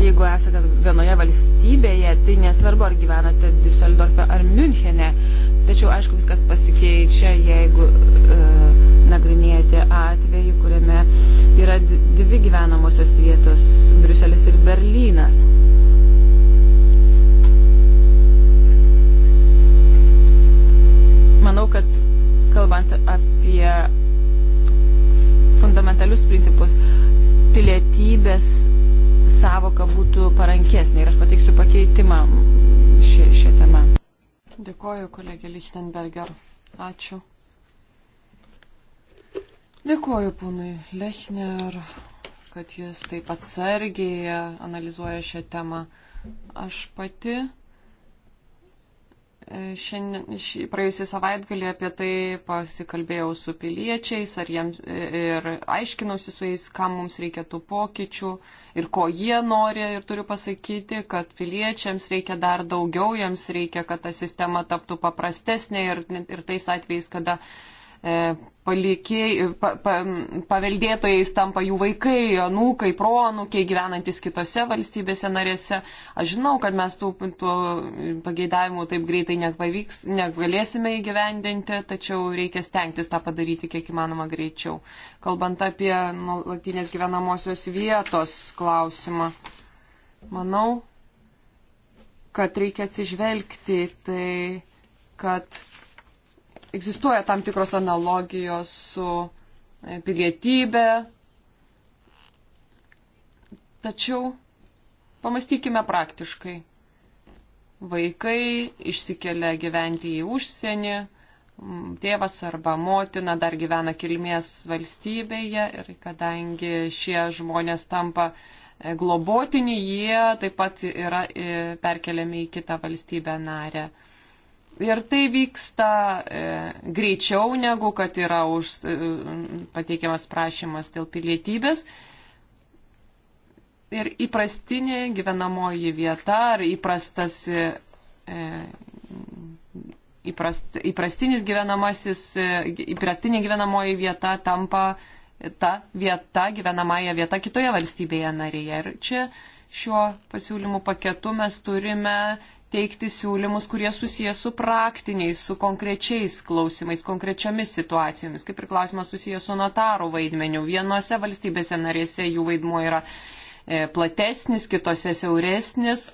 Jeigu esate vienoje valstybėje, tai nesvarbu, ar gyvenate Düsseldorfe ar Münchene, tačiau aišku viskas pasikeičia, jeigu uh, nagrinėjate atvejį, kuriame yra dvi gyvenamosios vietos - Briuselis ir Berlynas. Manau, kad kalbant apie fundamentalius principus, pilietybės savoka būtų parankesnė ir aš pateiksiu pakeitimą šią temą. Dėkoju, kolegė Lichtenberger. Ačiū. Dėkuoju ponui Lechner, kad jis taip atsargiai analizuoja šią temą. Aš pati e, šiandien, šį, praėjusį savaitgalį apie tai pasikalbėjau su piliečiais jiems, e, ir aiškinausi su jais, kam mums reikia tų pokyčių ir ko jie nori. Ir turiu pasakyti, kad piliečiams reikia dar daugiau, jiems reikia, kad ta sistema taptų paprastesnė ir, ir tais atvejais, kada E, palikiai, pa, pa, paveldėtojais tampa jų vaikai, anūkai, proanūkiai gyvenantis kitose valstybėse narėse. Aš žinau, kad mes tų, tų pageidavimų taip greitai nepavyks, negalėsime įgyvendinti, tačiau reikia stengtis tą padaryti kiek įmanoma greičiau. Kalbant apie nuolatinės gyvenamosios vietos klausimą, manau, kad reikia atsižvelgti tai, kad egzistuoja tam tikros analogijos su e, pilietybė. Tačiau pamastykime praktiškai. Vaikai išsikelia gyventi į užsienį, tėvas arba motina dar gyvena kilmės valstybėje ir kadangi šie žmonės tampa e, globotini, jie taip pat yra e, perkeliami į kitą valstybę narę. Ir tai vyksta e, greičiau negu kad yra už, e, pateikiamas prašymas dėl pilietybės. Ir įprastinė gyvenamoji vieta ar įprastas, e, e įprast, įprastinis gyvenamasis, e, įprastinė gyvenamoji vieta tampa ta vieta, gyvenamąją vietą kitoje valstybėje narėje. Ir čia šiuo pasiūlymų paketu mes turime teikti siūlymus, kurie susijęs su praktiniais, su konkrečiais klausimais, konkrečiomis situacijomis, kaip ir klausimas susijęs su notarų vaidmeniu. Vienose valstybėse narėse jų vaidmuo yra e, platesnis, kitose siauresnis.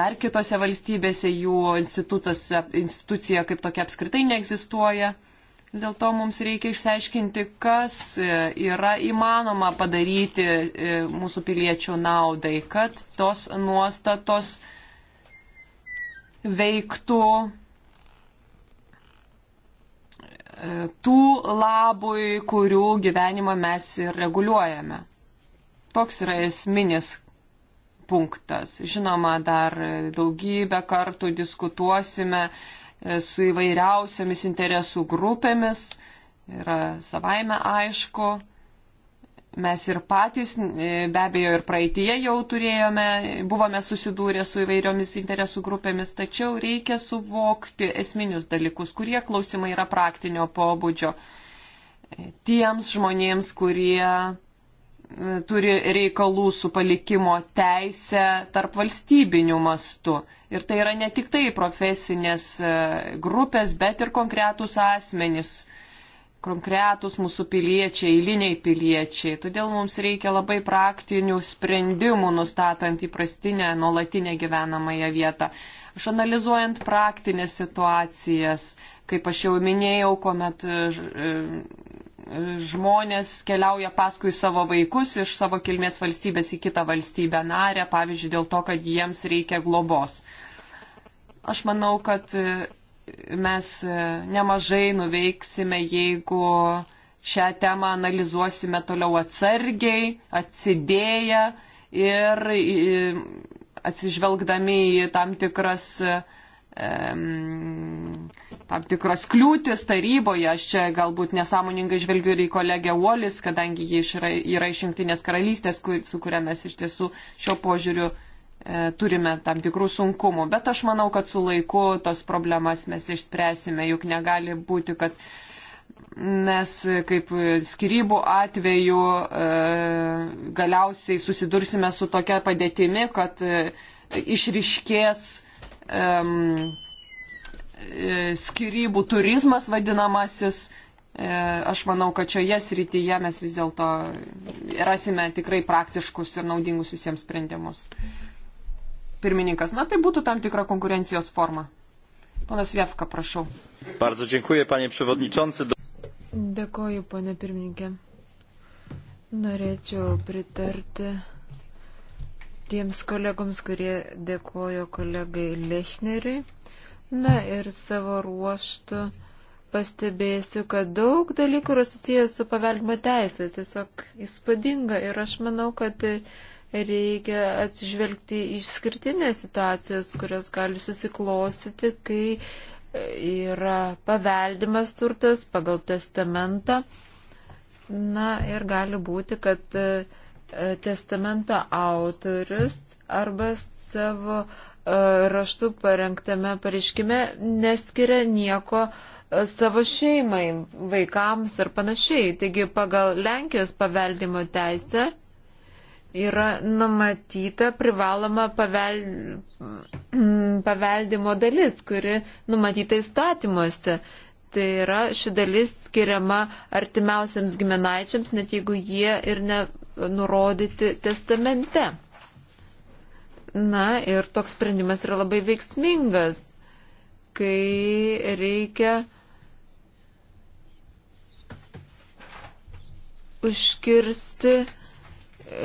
Dar kitose valstybėse jų institucija kaip tokia apskritai neegzistuoja. Dėl to mums reikia išsiaiškinti, kas e, yra įmanoma padaryti e, mūsų piliečių naudai, kad tos nuostatos veiktų e, tų labui, kurių gyvenimą mes ir reguliuojame. Toks yra esminis punktas. Žinoma, dar daugybę kartų diskutuosime e, su įvairiausiamis interesų grupėmis. Yra savaime aišku, mes ir patys, e, be abejo, ir praeitie jau turėjome, buvome susidūrę su įvairiomis interesų grupėmis, tačiau reikia suvokti esminius dalykus, kurie klausimai yra praktinio pobūdžio e, tiems žmonėms, kurie e, turi reikalų su palikimo teisė tarp valstybinių mastų. Ir tai yra ne tik tai profesinės grupės, bet ir konkretūs asmenys konkretus mūsų piliečiai, eiliniai piliečiai. Todėl mums reikia labai praktinių sprendimų nustatant įprastinę, nuolatinę gyvenamąją vietą. Aš analizuojant praktinės situacijas, kaip aš jau minėjau, kuomet e, e, žmonės keliauja paskui savo vaikus iš savo kilmės valstybės į kitą valstybę narę, pavyzdžiui, dėl to, kad jiems reikia globos. Aš manau, kad mes e, nemažai nuveiksime, jeigu šią temą analizuosime toliau atsargiai, atsidėję ir e, atsižvelgdami į tam tikras e, tam tikros kliūtis taryboje. Aš čia galbūt nesąmoningai žvelgiu ir į kolegę Uolis, kadangi ji yra, yra iš Junktinės karalystės, kur, su kuria mes iš tiesų šio požiūriu E, turime tam tikrų sunkumų, bet aš manau, kad su laiku tas problemas mes išspręsime, juk negali būti, kad mes kaip skirybų atveju e, galiausiai susidursime su tokia padėtimi, kad e, išriškės skirybų turizmas vadinamasis. Aš manau, kad šioje srityje mes vis dėlto rasime tikrai praktiškus ir naudingus visiems sprendimus. Mhm pirmininkas. Na tai būtų tam tikra konkurencijos forma. Ponas Vievka, prašau. Bardzo dziękuję, panie przewodniczący. Dėkoju, ponė pirmininkė. Norėčiau pritarti tiems kolegoms, kurie dėkojo kolegai Lechneriui. Na ir savo ruoštų pastebėsiu, kad daug dalykų yra susijęs su paveldimo teisė. Tiesiog įspūdinga ir aš manau, kad reikia atsižvelgti išskirtinės situacijas, kurios gali susiklostyti, kai e, yra paveldimas turtas pagal testamentą. Na ir gali būti, kad e, e, testamento autorius arba savo raštų parengtame pareiškime neskiria nieko savo šeimai, vaikams ar panašiai. Taigi pagal Lenkijos paveldimo teisę yra numatyta privaloma pavel... paveldimo dalis, kuri numatyta įstatymuose. Tai yra ši dalis skiriama artimiausiams giminaičiams, net jeigu jie ir nenurodyti testamente. Na ir toks sprendimas yra labai veiksmingas, kai reikia užkirsti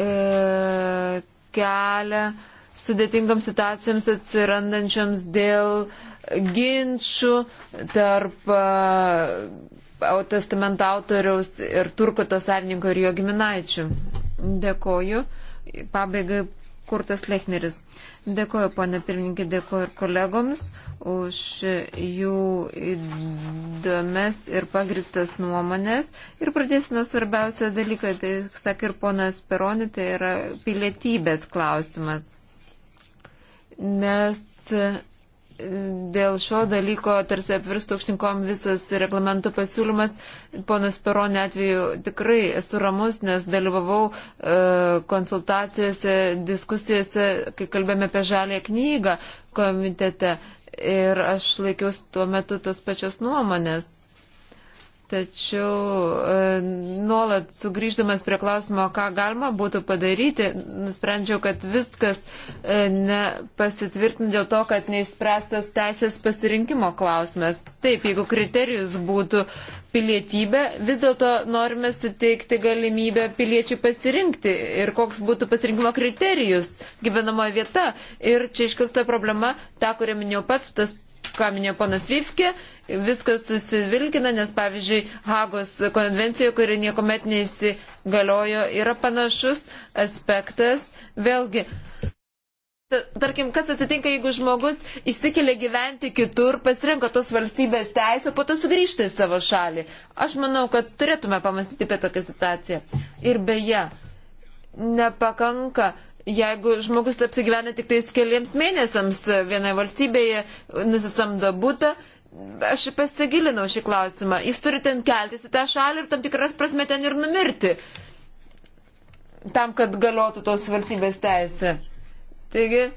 e, kelią sudėtingams situacijams atsirandančiams dėl ginčių tarp e, testamento autoriaus ir turko to savininko ir jo giminaičių. Dėkoju. Pabaigai Kurtas Lechneris. Dėkoju, ponė pirmininkė, dėkoju ir kolegoms už jų įdomias ir pagristas nuomonės. Ir pradėsiu nuo svarbiausio dalyko, tai sakė ir ponas Peroni, tai yra pilietybės klausimas. Nes dėl šio dalyko tarsi apvirstų aukštinkom visas reglamento pasiūlymas. Ponas Peronė atveju tikrai esu ramus, nes dalyvavau e, konsultacijose, diskusijose, kai kalbėjome apie žalę knygą komitete. Ir aš laikiausi tuo metu tos pačios nuomonės. Tačiau e, nuolat sugrįždamas prie klausimo, ką galima būtų padaryti, nusprendžiau, kad viskas e, nepasitvirtina dėl to, kad neišspręstas teisės pasirinkimo klausimas. Taip, jeigu kriterijus būtų pilietybė, vis dėlto norime suteikti galimybę piliečiai pasirinkti ir koks būtų pasirinkimo kriterijus gyvenamoje vieta. Ir čia iškilsta problema, ta, kurią minėjau pats, tas ką minėjo ponas Vifke, viskas susivilkina, nes pavyzdžiui, Hagos konvencija, kuri niekuomet neįsigaliojo, yra panašus aspektas. Vėlgi, tarkim, kas atsitinka, jeigu žmogus išsikelia gyventi kitur, pasirinko tos valstybės teisę, po to sugrįžta į savo šalį. Aš manau, kad turėtume pamastyti apie tokią situaciją. Ir beje, nepakanka Jeigu žmogus apsigyvena tik tais keliems mėnesiams vienoje valstybėje, nusisamdo būtą, aš pasigilinau šį klausimą. Jis turi ten keltis į tą šalį ir tam tikras prasme ten ir numirti, tam, kad galiotų tos valstybės teisė. Taigi,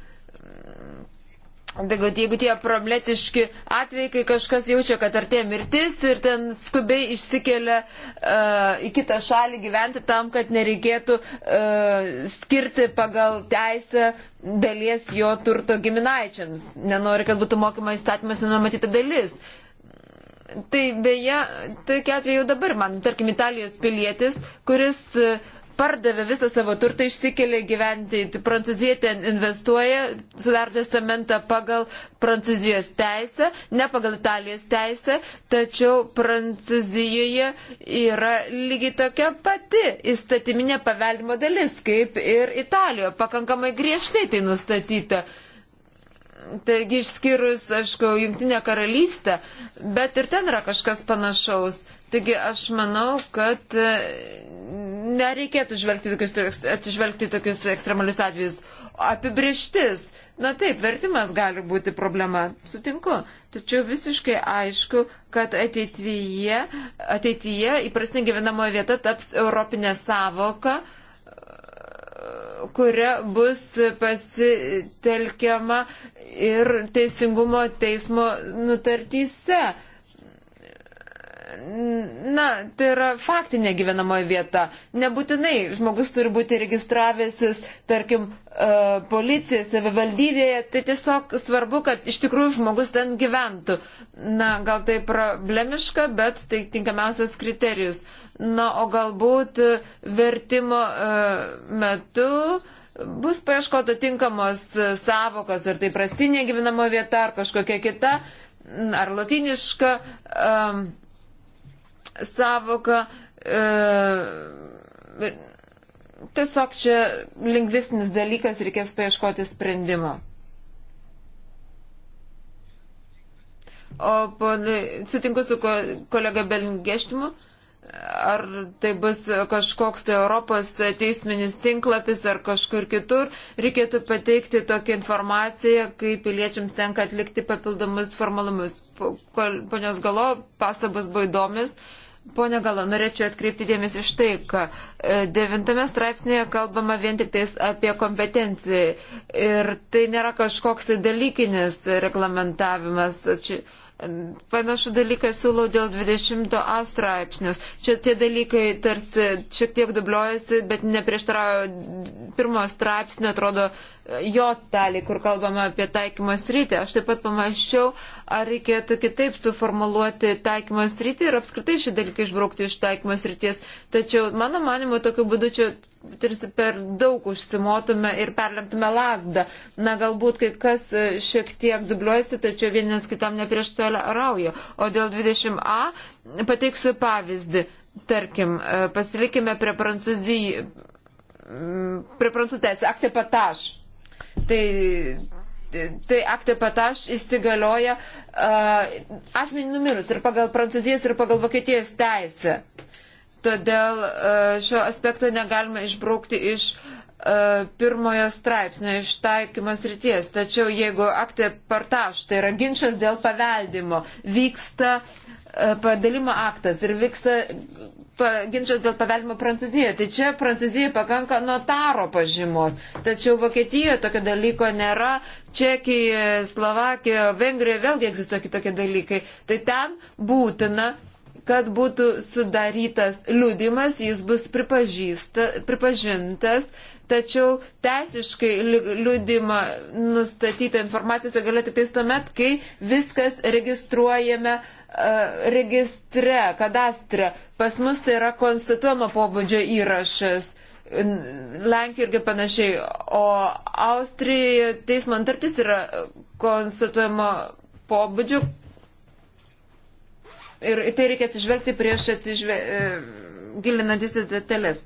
Tai jeigu tie problematiški atvejai, kai kažkas jaučia, kad artėja mirtis ir ten skubiai išsikelia uh, į kitą šalį gyventi tam, kad nereikėtų uh, skirti pagal teisę dalies jo turto giminaičiams. Nenori, kad būtų mokama įstatymas nenumatyta dalis. Tai beje, tokie atvejai jau dabar man, tarkim, Italijos pilietis, kuris. Uh, pardavė visą savo turtą, išsikėlė gyventi į tai Prancūziją, ten investuoja, sudaro testamentą pagal Prancūzijos teisę, ne pagal Italijos teisę, tačiau Prancūzijoje yra lygiai tokia pati įstatyminė paveldimo dalis, kaip ir Italijoje, pakankamai griežtai tai nustatyta. Taigi išskyrus, aišku, Junktinę karalystę, bet ir ten yra kažkas panašaus. Taigi aš manau, kad e, nereikėtų tokius, atsižvelgti tokius ekstremalius atvejus. Apibrieštis. Na taip, vertimas gali būti problema, sutinku. Tačiau visiškai aišku, kad ateityje, ateityje įprastinė gyvenamoji vieta taps europinė savoka, kuria bus pasitelkiama ir teisingumo teismo nutartyse Na, tai yra faktinė gyvenamoji vieta. Nebūtinai žmogus turi būti registravęsis, tarkim, e, policijai, savivaldybėje. Tai tiesiog svarbu, kad iš tikrųjų žmogus ten gyventų. Na, gal tai problemiška, bet tai tinkamiausias kriterijus. Na, o galbūt vertimo e, metu bus paieškota tinkamos savokos, ar tai prastinė gyvenamo vieta, ar kažkokia kita, ar latiniška. Um, savoka. E, tiesiog čia lingvistinis dalykas, reikės paieškoti sprendimo. O ponai, sutinku su ko, kolega Belingeštimu, ar tai bus kažkoks tai Europos teisminis tinklapis ar kažkur kitur, reikėtų pateikti tokią informaciją, kai piliečiams tenka atlikti papildomus formalumus. Ponios galo pastabas buvo įdomis. Uh, Pone Galo, norėčiau atkreipti dėmesį iš tai, kad e, devintame straipsnėje kalbama vien tik tais apie kompetenciją ir tai nėra kažkoks tai dalykinis reglamentavimas. Čia Panašu dalyką siūlau dėl 20a straipsnius. Čia tie dalykai tarsi šiek tiek dubliuojasi, bet neprieštarauja pirmo straipsnio, atrodo, jo dalį, kur kalbama apie taikymas rytį. Aš taip pat pamaščiau, ar reikėtų kitaip suformuluoti taikymas rytį ir apskritai šį dalyką išbraukti iš taikymas ryties. Tačiau, mano manimo, tokiu būdu čia tarsi per daug užsimotume ir perlemtume lasdą. Na, galbūt kai kas e, šiek tiek dubliuojasi, tačiau vienas kitam neprieštarauja. O dėl 20A pateiksiu pavyzdį. Tarkim, e, pasilikime prie prancūzijų, prie prancūzų teisės, akte pataš. Tai, tai akte pataš įsigalioja uh, asmenį numirus ir pagal prancūzijos ir pagal vokietijos teisę. Uh, Todėl e, šio aspekto negalima išbraukti iš e, pirmojo straipsnio iš taikymos ryties. Tačiau jeigu akte partaš, tai yra ginčas dėl paveldimo, vyksta e, padalimo aktas ir vyksta ginčas dėl paveldimo Prancūzijoje. Tai čia Prancūzijoje pakanka notaro pažymos. Tačiau Vokietijoje tokio dalyko nėra, Čekijoje, Slovakijoje, Vengrijoje vėlgi egzistuoja kitokie dalykai. Tai ten būtina kad būtų sudarytas liudimas, jis bus pripažintas, tačiau teisiškai liudimą nustatytą informaciją galioja tik tais tuomet, kai viskas registruojame e, registre, kadastre. Pas mus tai yra konstatuojama pobūdžio įrašas. Lenkija irgi panašiai, o Austrijoje teismo antartis yra konstatuojama pobūdžio, Ir tai reikia atsižvelgti prieš atsižve... E, gilinantis į detalės.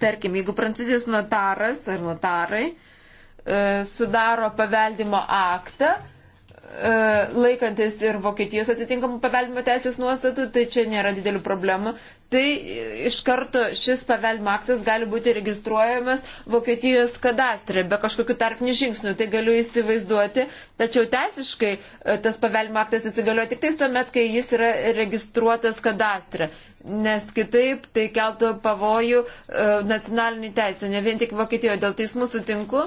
Tarkim, jeigu prancūzijos notaras ar notarai e, sudaro paveldimo aktą, E, laikantis ir Vokietijos atitinkamų paveldimo teisės nuostatų, tai čia nėra didelių problemų. Tai iš karto šis paveldimo aktas gali būti registruojamas Vokietijos kadastre be kažkokių tarpinių žingsnių, tai galiu įsivaizduoti. Tačiau teisiškai e, tas paveldimo aktas įsigalioja tik tais tuomet, kai jis yra registruotas kadastre. Nes kitaip tai keltų pavojų e, nacionalinį teisę, ne vien tik Vokietijoje. Dėl teismų sutinku,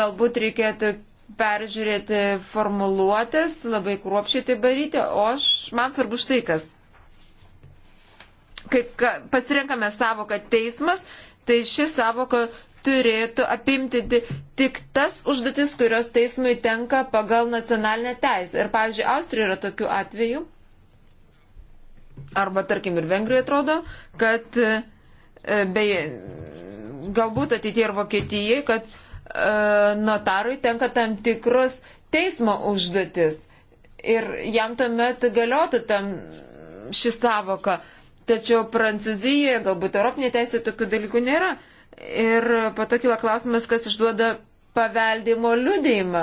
galbūt reikėtų peržiūrėti formuluotės, labai kruopšiai tai daryti, o aš, man svarbu štai kas. Kai ka, pasirenkame savoką teismas, tai ši savoka turėtų apimti tik tas užduotis, kurios teismui tenka pagal nacionalinę teisę. Ir, pavyzdžiui, Austrija yra tokių atvejų, arba, tarkim, ir Vengrija atrodo, kad, e, beje, galbūt ateitie ir Vokietijai, kad E, notarui tenka tam tikros teismo užduotis ir jam tuomet galiotų tam ši savoka. Tačiau Prancūzijoje, galbūt Europinė teisė tokių dalykų nėra. Ir po to kila klausimas, kas išduoda paveldimo liudėjimą.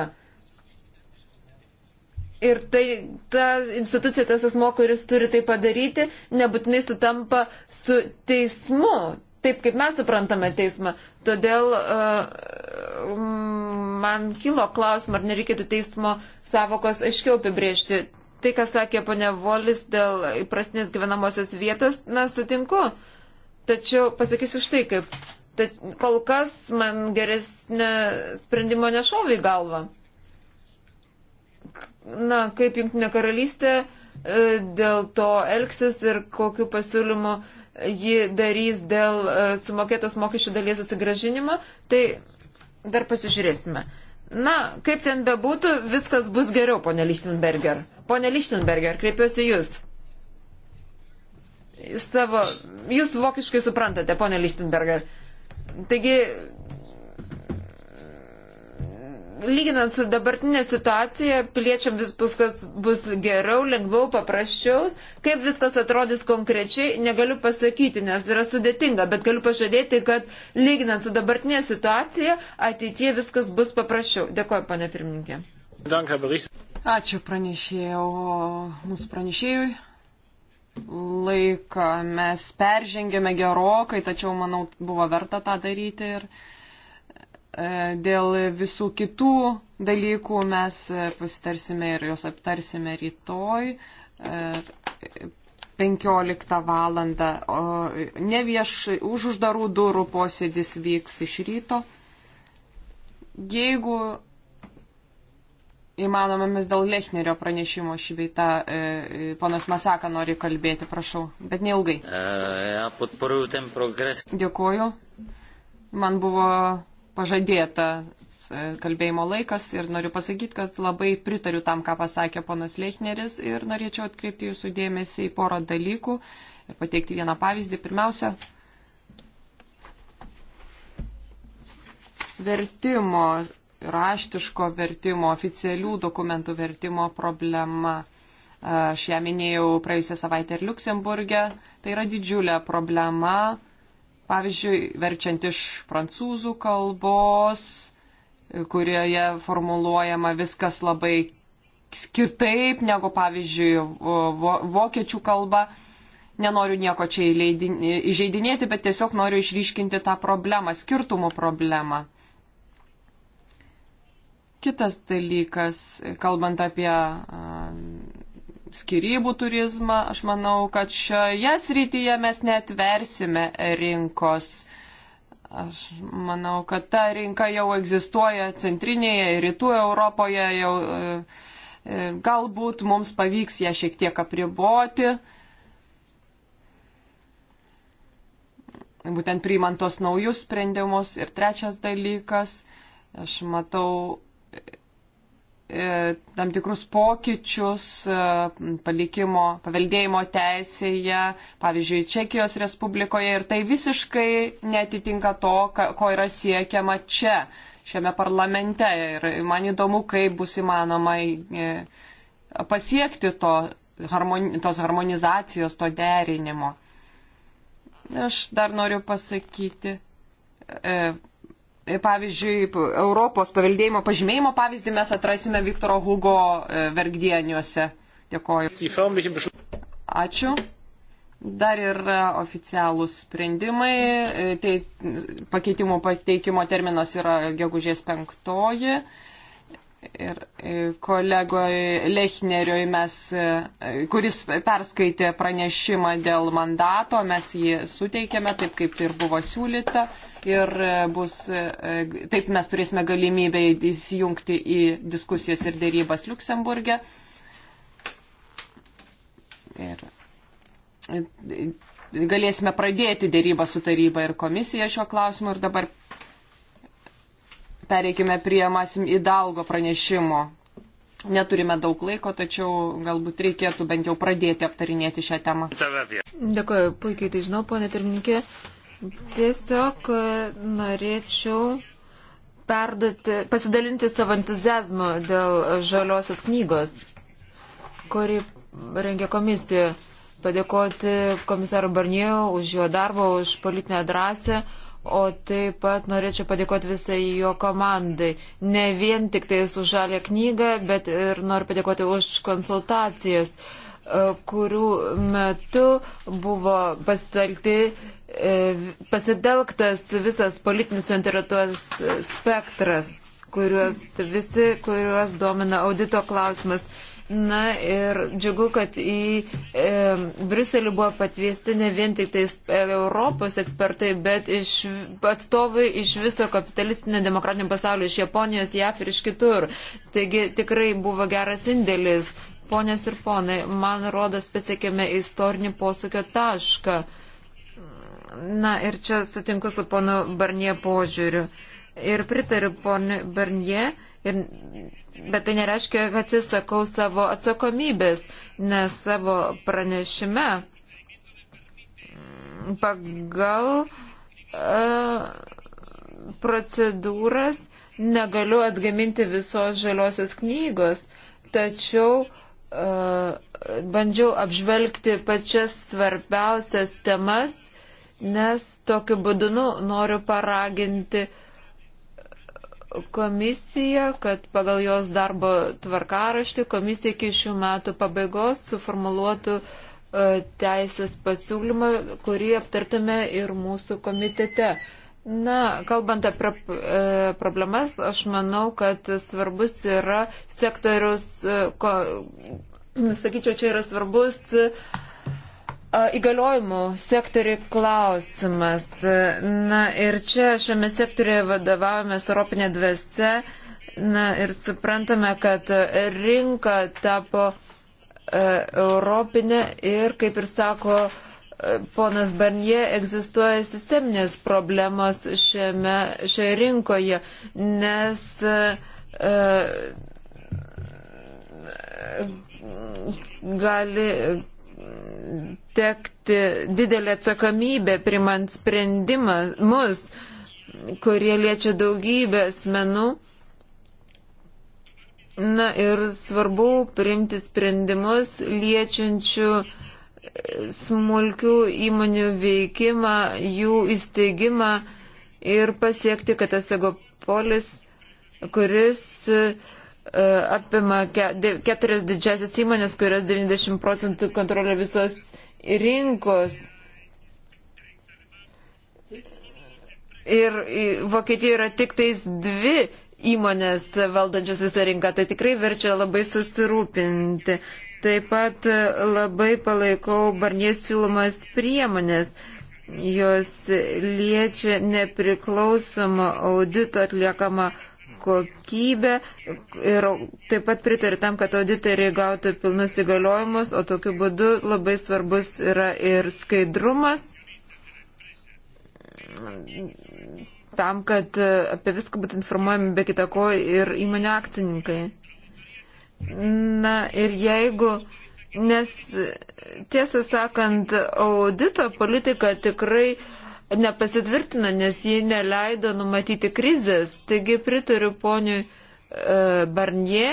Ir tai ta institucija, tas asmo, kuris turi tai padaryti, nebūtinai sutampa su teismu, taip kaip mes suprantame teismą. Todėl e, man kilo klausimą, ar nereikėtų teismo savokos aiškiau apibriežti. Tai, ką sakė ponia Volis dėl įprastinės gyvenamosios vietos, na, sutinku. Tačiau pasakysiu štai kaip. Tad kol kas man geresnė sprendimo nešovė į galvą. Na, kaip Junktinė karalystė e, dėl to elgsis ir kokiu pasiūlymu uh, ji darys dėl e, sumokėtos mokesčių dalies susigražinimo, tai dar pasižiūrėsime. Na, kaip ten bebūtų, viskas bus geriau, ponė Lichtenberger. Pone Lichtenberger, kreipiuosi jūs. Savo, jūs vokiškai suprantate, ponė Lichtenberger. Taigi, lyginant su dabartinė situacija, piliečiam viskas bus geriau, lengviau, paprasčiaus Kaip viskas atrodys konkrečiai, negaliu pasakyti, nes yra sudėtinga, bet galiu pažadėti, kad lyginant su dabartinė situacija, ateitie viskas bus paprasčiau. Dėkuoju, pane pirmininkė. Ačiū pranešėjau, mūsų pranešėjui laiką mes peržengėme gerokai, tačiau manau buvo verta tą daryti ir e, dėl visų kitų dalykų mes e, pasitarsime ir jos aptarsime rytoj. Ir 15 val. Ne viešai, už uždarų durų posėdis vyks iš ryto. Jeigu įmanoma, mes dėl Lechnerio pranešimo šį veitą, e, e, ponas Masaka nori kalbėti, prašau, bet neilgai. E, Dėkuoju. Man buvo pažadėta E, kalbėjimo laikas ir noriu pasakyti, kad labai pritariu tam, ką pasakė ponas Leichneris ir norėčiau atkreipti jūsų dėmesį į porą dalykų ir pateikti vieną pavyzdį. Pirmiausia, vertimo, raštiško vertimo, oficialių dokumentų vertimo problema. E, aš ją minėjau praėjusią savaitę ir Luksemburgė. Tai yra didžiulė problema pavyzdžiui, verčiant iš prancūzų kalbos kurioje formuluojama viskas labai skirtaip negu, pavyzdžiui, vokiečių kalba. Nenoriu nieko čia įžeidinėti, bet tiesiog noriu išryškinti tą problemą, skirtumų problemą. Kitas dalykas, kalbant apie skirybų turizmą, aš manau, kad šioje srityje mes netversime rinkos uh, Aš manau, kad ta rinka jau egzistuoja centrinėje ir rytų Europoje, jau e, e, galbūt mums pavyks ją šiek tiek apriboti. Būtent priimant tos naujus sprendimus. Ir trečias dalykas, aš matau E, tam tikrus pokyčius e, palikimo, paveldėjimo teisėje, pavyzdžiui, Čekijos Respublikoje ir tai visiškai netitinka to, ko yra siekiama čia, šiame parlamente. Ir man įdomu, kaip bus įmanoma e, pasiekti to, tos harmonizacijos, to derinimo. Aš dar noriu pasakyti Pavyzdžiui, Europos paveldėjimo pažymėjimo pavyzdį mes atrasime Viktoro Hugo e, vergdieniuose. Dėkoju. Ačiū. Dar yra oficialūs sprendimai. E, tai pakeitimo pateikimo terminas yra gegužės penktoji ir e, kolegoj Lechnerioj mes, e, kuris perskaitė pranešimą dėl mandato, mes jį suteikėme taip, kaip tai ir buvo siūlyta. Ir e, bus, taip mes turėsime galimybę įsijungti į diskusijas ir dėrybas Luksemburgė. Ir galėsime pradėti dėrybą su taryba ir komisija šio klausimu ir dabar pereikime prie Masim Idalgo pranešimo. Neturime daug laiko, tačiau galbūt reikėtų bent jau pradėti aptarinėti šią temą. Dėkuoju, puikiai tai žinau, ponė pirmininkė. Tiesiog e, norėčiau perduoti, pasidalinti savo entuzijazmą dėl žaliosios knygos, kuri rengė komisija. Padėkoti komisaro Barnėjo už jo darbą, už politinę drąsę. O taip pat norėčiau padėkoti visai jo komandai. Ne vien tik tai už žalę knygą, bet ir noriu padėkoti už konsultacijas, e, kurių metu buvo pasitelkti, e, pasitelktas visas politinis interatuos spektras, kuriuos, visi, kuriuos domina audito klausimas. Na ir džiugu, kad į e, Briuselį buvo patviesti ne vien tik tais Europos ekspertai, bet iš, atstovai iš viso kapitalistinio demokratinio pasaulio, iš Japonijos, JAF ir iš kitur. Taigi tikrai buvo geras indėlis. Ponės ir ponai, man rodas pasiekėme istorinį posūkio tašką. Na ir čia sutinku su ponu Barnie požiūriu. Ir pritariu ponu Barnie. Ir Bet tai nereiškia, kad atsisakau savo atsakomybės, nes savo pranešime mm, pagal uh, procedūras negaliu atgaminti visos žaliosios knygos, tačiau uh, bandžiau apžvelgti pačias svarbiausias temas, nes tokiu būdu nu, noriu paraginti uh, komisiją, kad pagal jos darbo tvarkaraštį komisija iki šių metų pabaigos suformuluotų e, teisės pasiūlymą, kurį aptartume ir mūsų komitete. Na, kalbant apie e, problemas, aš manau, kad svarbus yra sektorius, e, ko, sakyčiau, čia yra svarbus uh, Įgaliojimų sektoriai klausimas. Na ir čia šiame sektorėje vadovavomės Europinė dvasia. Na ir suprantame, kad rinka tapo e, Europinė ir, kaip ir sako e, ponas Barnie, egzistuoja sisteminės problemos šiame, šioje rinkoje, nes e, e gali tekti didelė atsakomybė primant sprendimą mus, kurie liečia daugybę asmenų. Na ir svarbu priimti sprendimus liečiančių e, smulkių įmonių veikimą, jų įsteigimą ir pasiekti, kad tas egopolis, kuris uh, E, apima keturias didžiasias įmonės, kurios 90 procentų kontrolė visos rinkos. Ir Vokietijoje yra tik tais dvi įmonės valdančios visą rinką, tai tikrai verčia labai susirūpinti. Taip pat labai palaikau Barnės siūlomas priemonės. Jos liečia nepriklausomą audito atliekamą kokybę ir taip pat pritariu tam, kad auditoriai gautų pilnus įgaliojimus, o tokiu būdu labai svarbus yra ir skaidrumas tam, kad apie viską būtų informuojami be kitako ir įmonių akcininkai. Na ir jeigu Nes tiesą sakant, audito politika tikrai uh, nepasitvirtino, nes ji neleido numatyti krizės. Taigi pritariu poniui e, Barnie,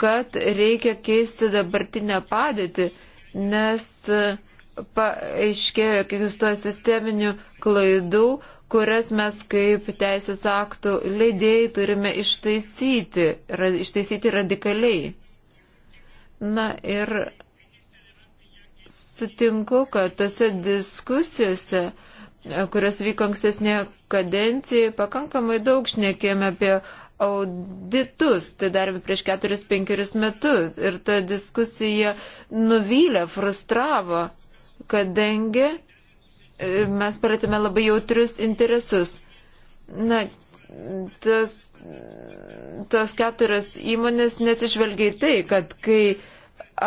kad reikia keisti dabartinę padėtį, nes e, paaiškėjo, kad egzistuoja sisteminių klaidų, kurias mes kaip teisės aktų leidėjai turime ištaisyti, ra, ištaisyti radikaliai. Na ir sutinku, kad tose diskusijose, kurios vyko ankstesnė kadencija, pakankamai daug šnekėjome apie auditus, tai darėme prieš 4-5 metus ir ta diskusija nuvylė, frustravo, kadangi e, mes palėtėme labai jautrius interesus. Na, tas, tas keturias įmonės nesižvelgia į tai, kad kai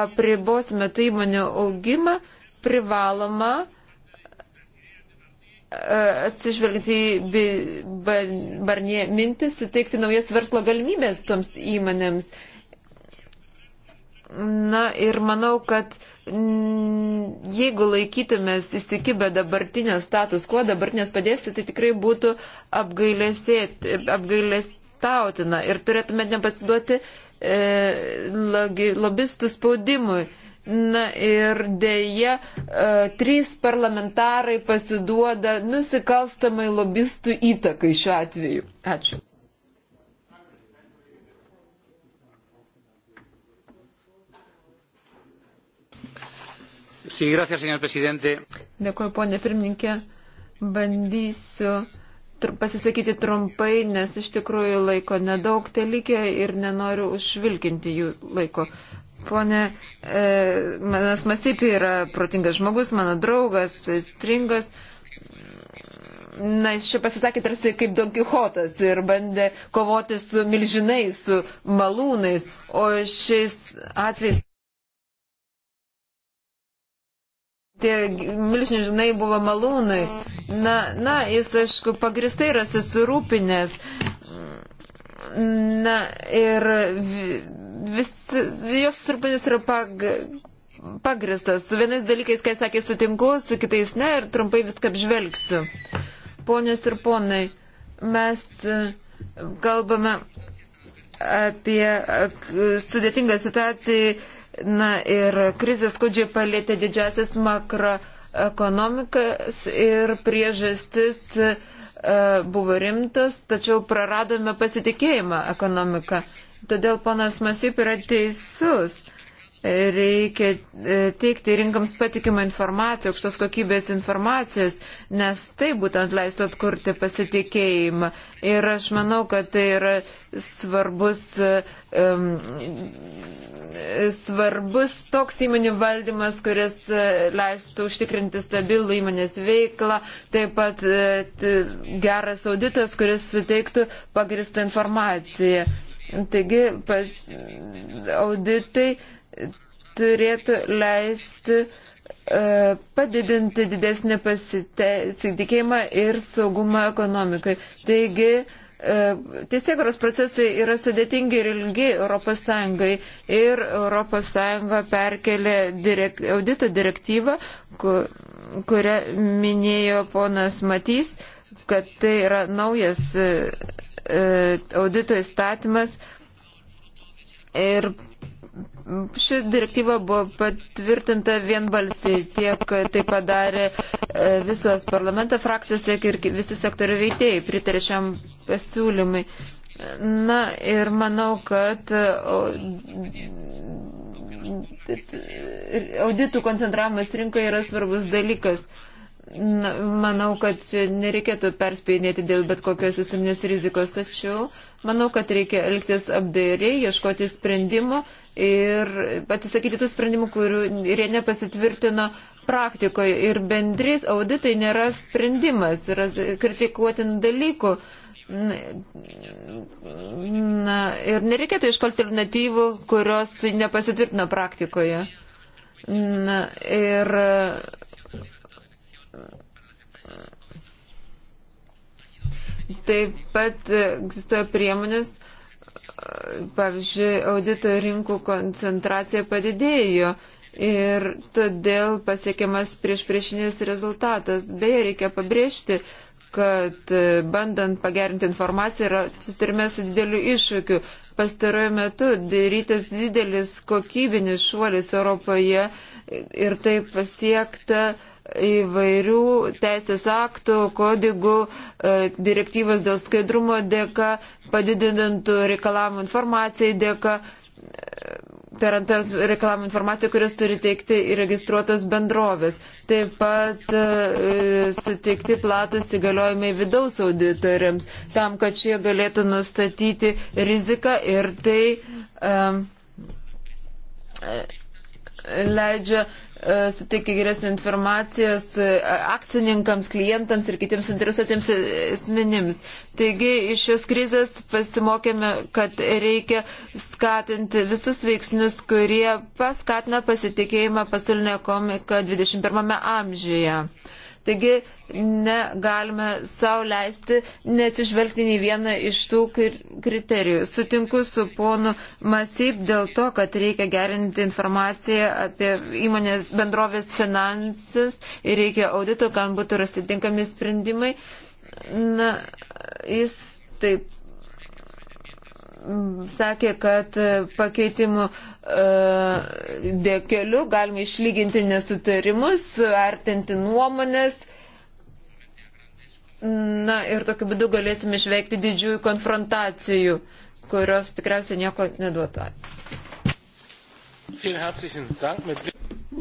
apribosime tų įmonių augimą, privaloma uh, atsižvelgiant į Barnie mintis, suteikti naujas verslo galimybės toms įmonėms. Na ir manau, kad mm, jeigu laikytumės įsikibę dabartinio status quo, dabartinės padėsti, tai tikrai būtų apgailestautina ir turėtume nepasiduoti e, lobistų spaudimui. E, Na ir dėje e, trys parlamentarai pasiduoda nusikalstamai lobistų įtakai šiuo atveju. Ačiū. Sí, gracias, señor presidente. Dėkuoju, ponė pirmininkė. Bandysiu tr pasisakyti trumpai, nes iš tikrųjų laiko nedaug telikė ir nenoriu užvilkinti jų laiko. Pone e, Manas Masipi yra protingas žmogus, mano draugas, stringas. Na, jis čia pasisakė tarsi kaip Don Kichotas ir bandė kovoti su milžinais, su malūnais, o šiais atvejais. tie milžinai buvo malūnai. Na, na, jis, aišku, pagristai yra susirūpinęs, Na ir vis, jos surpinis yra pag, pagristas. Su vienais dalykais, kai sakė, sutinku, su kitais ne ir trumpai viską apžvelgsiu. Ponios ir ponai, mes e, kalbame apie e, sudėtingą situaciją. Na ir krizė skudžiai palėtė didžiasis makroekonomikas ir priežastis uh, E, buvo rimtos, tačiau praradome pasitikėjimą ekonomiką. Todėl ponas Masip yra teisus reikia e, teikti rinkams patikimą informaciją, aukštos kokybės informacijos, nes tai būtent leistų atkurti pasitikėjimą. Ir aš manau, kad tai yra svarbus, um, svarbus toks įmonių valdymas, kuris e, leistų užtikrinti stabilų įmonės veiklą, taip pat uh, geras auditas, kuris suteiktų pagristą informaciją. Taigi, pas, auditai turėtų leisti uh, padidinti didesnį pasitikėjimą ir saugumą ekonomikai. Taigi, uh, e, tiesiogros procesai yra sudėtingi ir ilgi ES ir ES perkelė direkt, audito direktyvą, kur, kurią minėjo ponas Matys, kad tai yra naujas uh, audito įstatymas ir Ši direktyva buvo patvirtinta vienbalsiai, tiek tai padarė e, visos parlamento frakcijos, tiek ir visi sektorių veikėjai pritarė šiam pasiūlymui. Na ir manau, kad e, auditų koncentravimas rinkoje yra svarbus dalykas na, manau, kad nereikėtų perspėjinėti dėl bet kokios sisteminės rizikos, tačiau manau, kad reikia elgtis apdairiai, ieškoti sprendimų ir atsisakyti tų sprendimų, kurių ir jie nepasitvirtino praktikoje. Ir bendrys auditai nėra sprendimas, yra kritikuotinų dalykų. Na, ir nereikėtų iškalti alternatyvų, kurios nepasitvirtino praktikoje. Na, ir Taip pat egzistuoja priemonės, pavyzdžiui, audito rinkų koncentracija padidėjo ir todėl pasiekiamas prieš priešinės rezultatas. Beje, reikia pabrėžti, kad bandant pagerinti informaciją, susitarime su dideliu iššūkiu. Pastaruoju metu darytas didelis kokybinis šuolis Europoje ir tai pasiekta uh, įvairių teisės aktų, kodigų, e, direktyvas dėl skaidrumo dėka, padidintų reikalavimų informacijai dėka, e, tai yra reikalavimų informacija, kurias turi teikti įregistruotas bendrovės. Taip pat e, suteikti platus įgaliojimai vidaus auditoriams, tam, kad šie galėtų nustatyti riziką ir tai. Um, leidžia E, suteikia geresnį informacijos e, akcininkams, klientams ir kitiems interesuotiems e, asmenims. Taigi iš šios krizės pasimokėme, kad reikia skatinti visus veiksnius, kurie paskatina pasitikėjimą pasaulinė komika 21 amžiuje. Taigi negalime savo leisti neatsižvelgti nei vieną iš tų kriterijų. Sutinku su ponu Masyp dėl to, kad reikia gerinti informaciją apie įmonės bendrovės finansus ir reikia audito, kad būtų rasti tinkami sprendimai. Na, jis taip sakė, kad e, pakeitimų e, dėkeliu galima išlyginti nesutarimus, artinti nuomonės. Na ir tokiu būdu galėsime išveikti didžiųjų konfrontacijų, kurios tikriausiai nieko neduotų.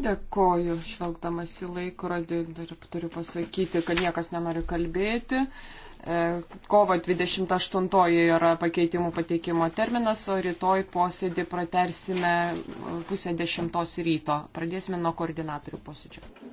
Dėkoju, švelgdamas į laikrodį, dar turiu pasakyti, kad niekas nenori kalbėti. Uh, E, kovo 28 yra pakeitimų pateikimo terminas, o rytoj posėdį pratersime pusę dešimtos ryto. Pradėsime nuo koordinatorių posėdžio.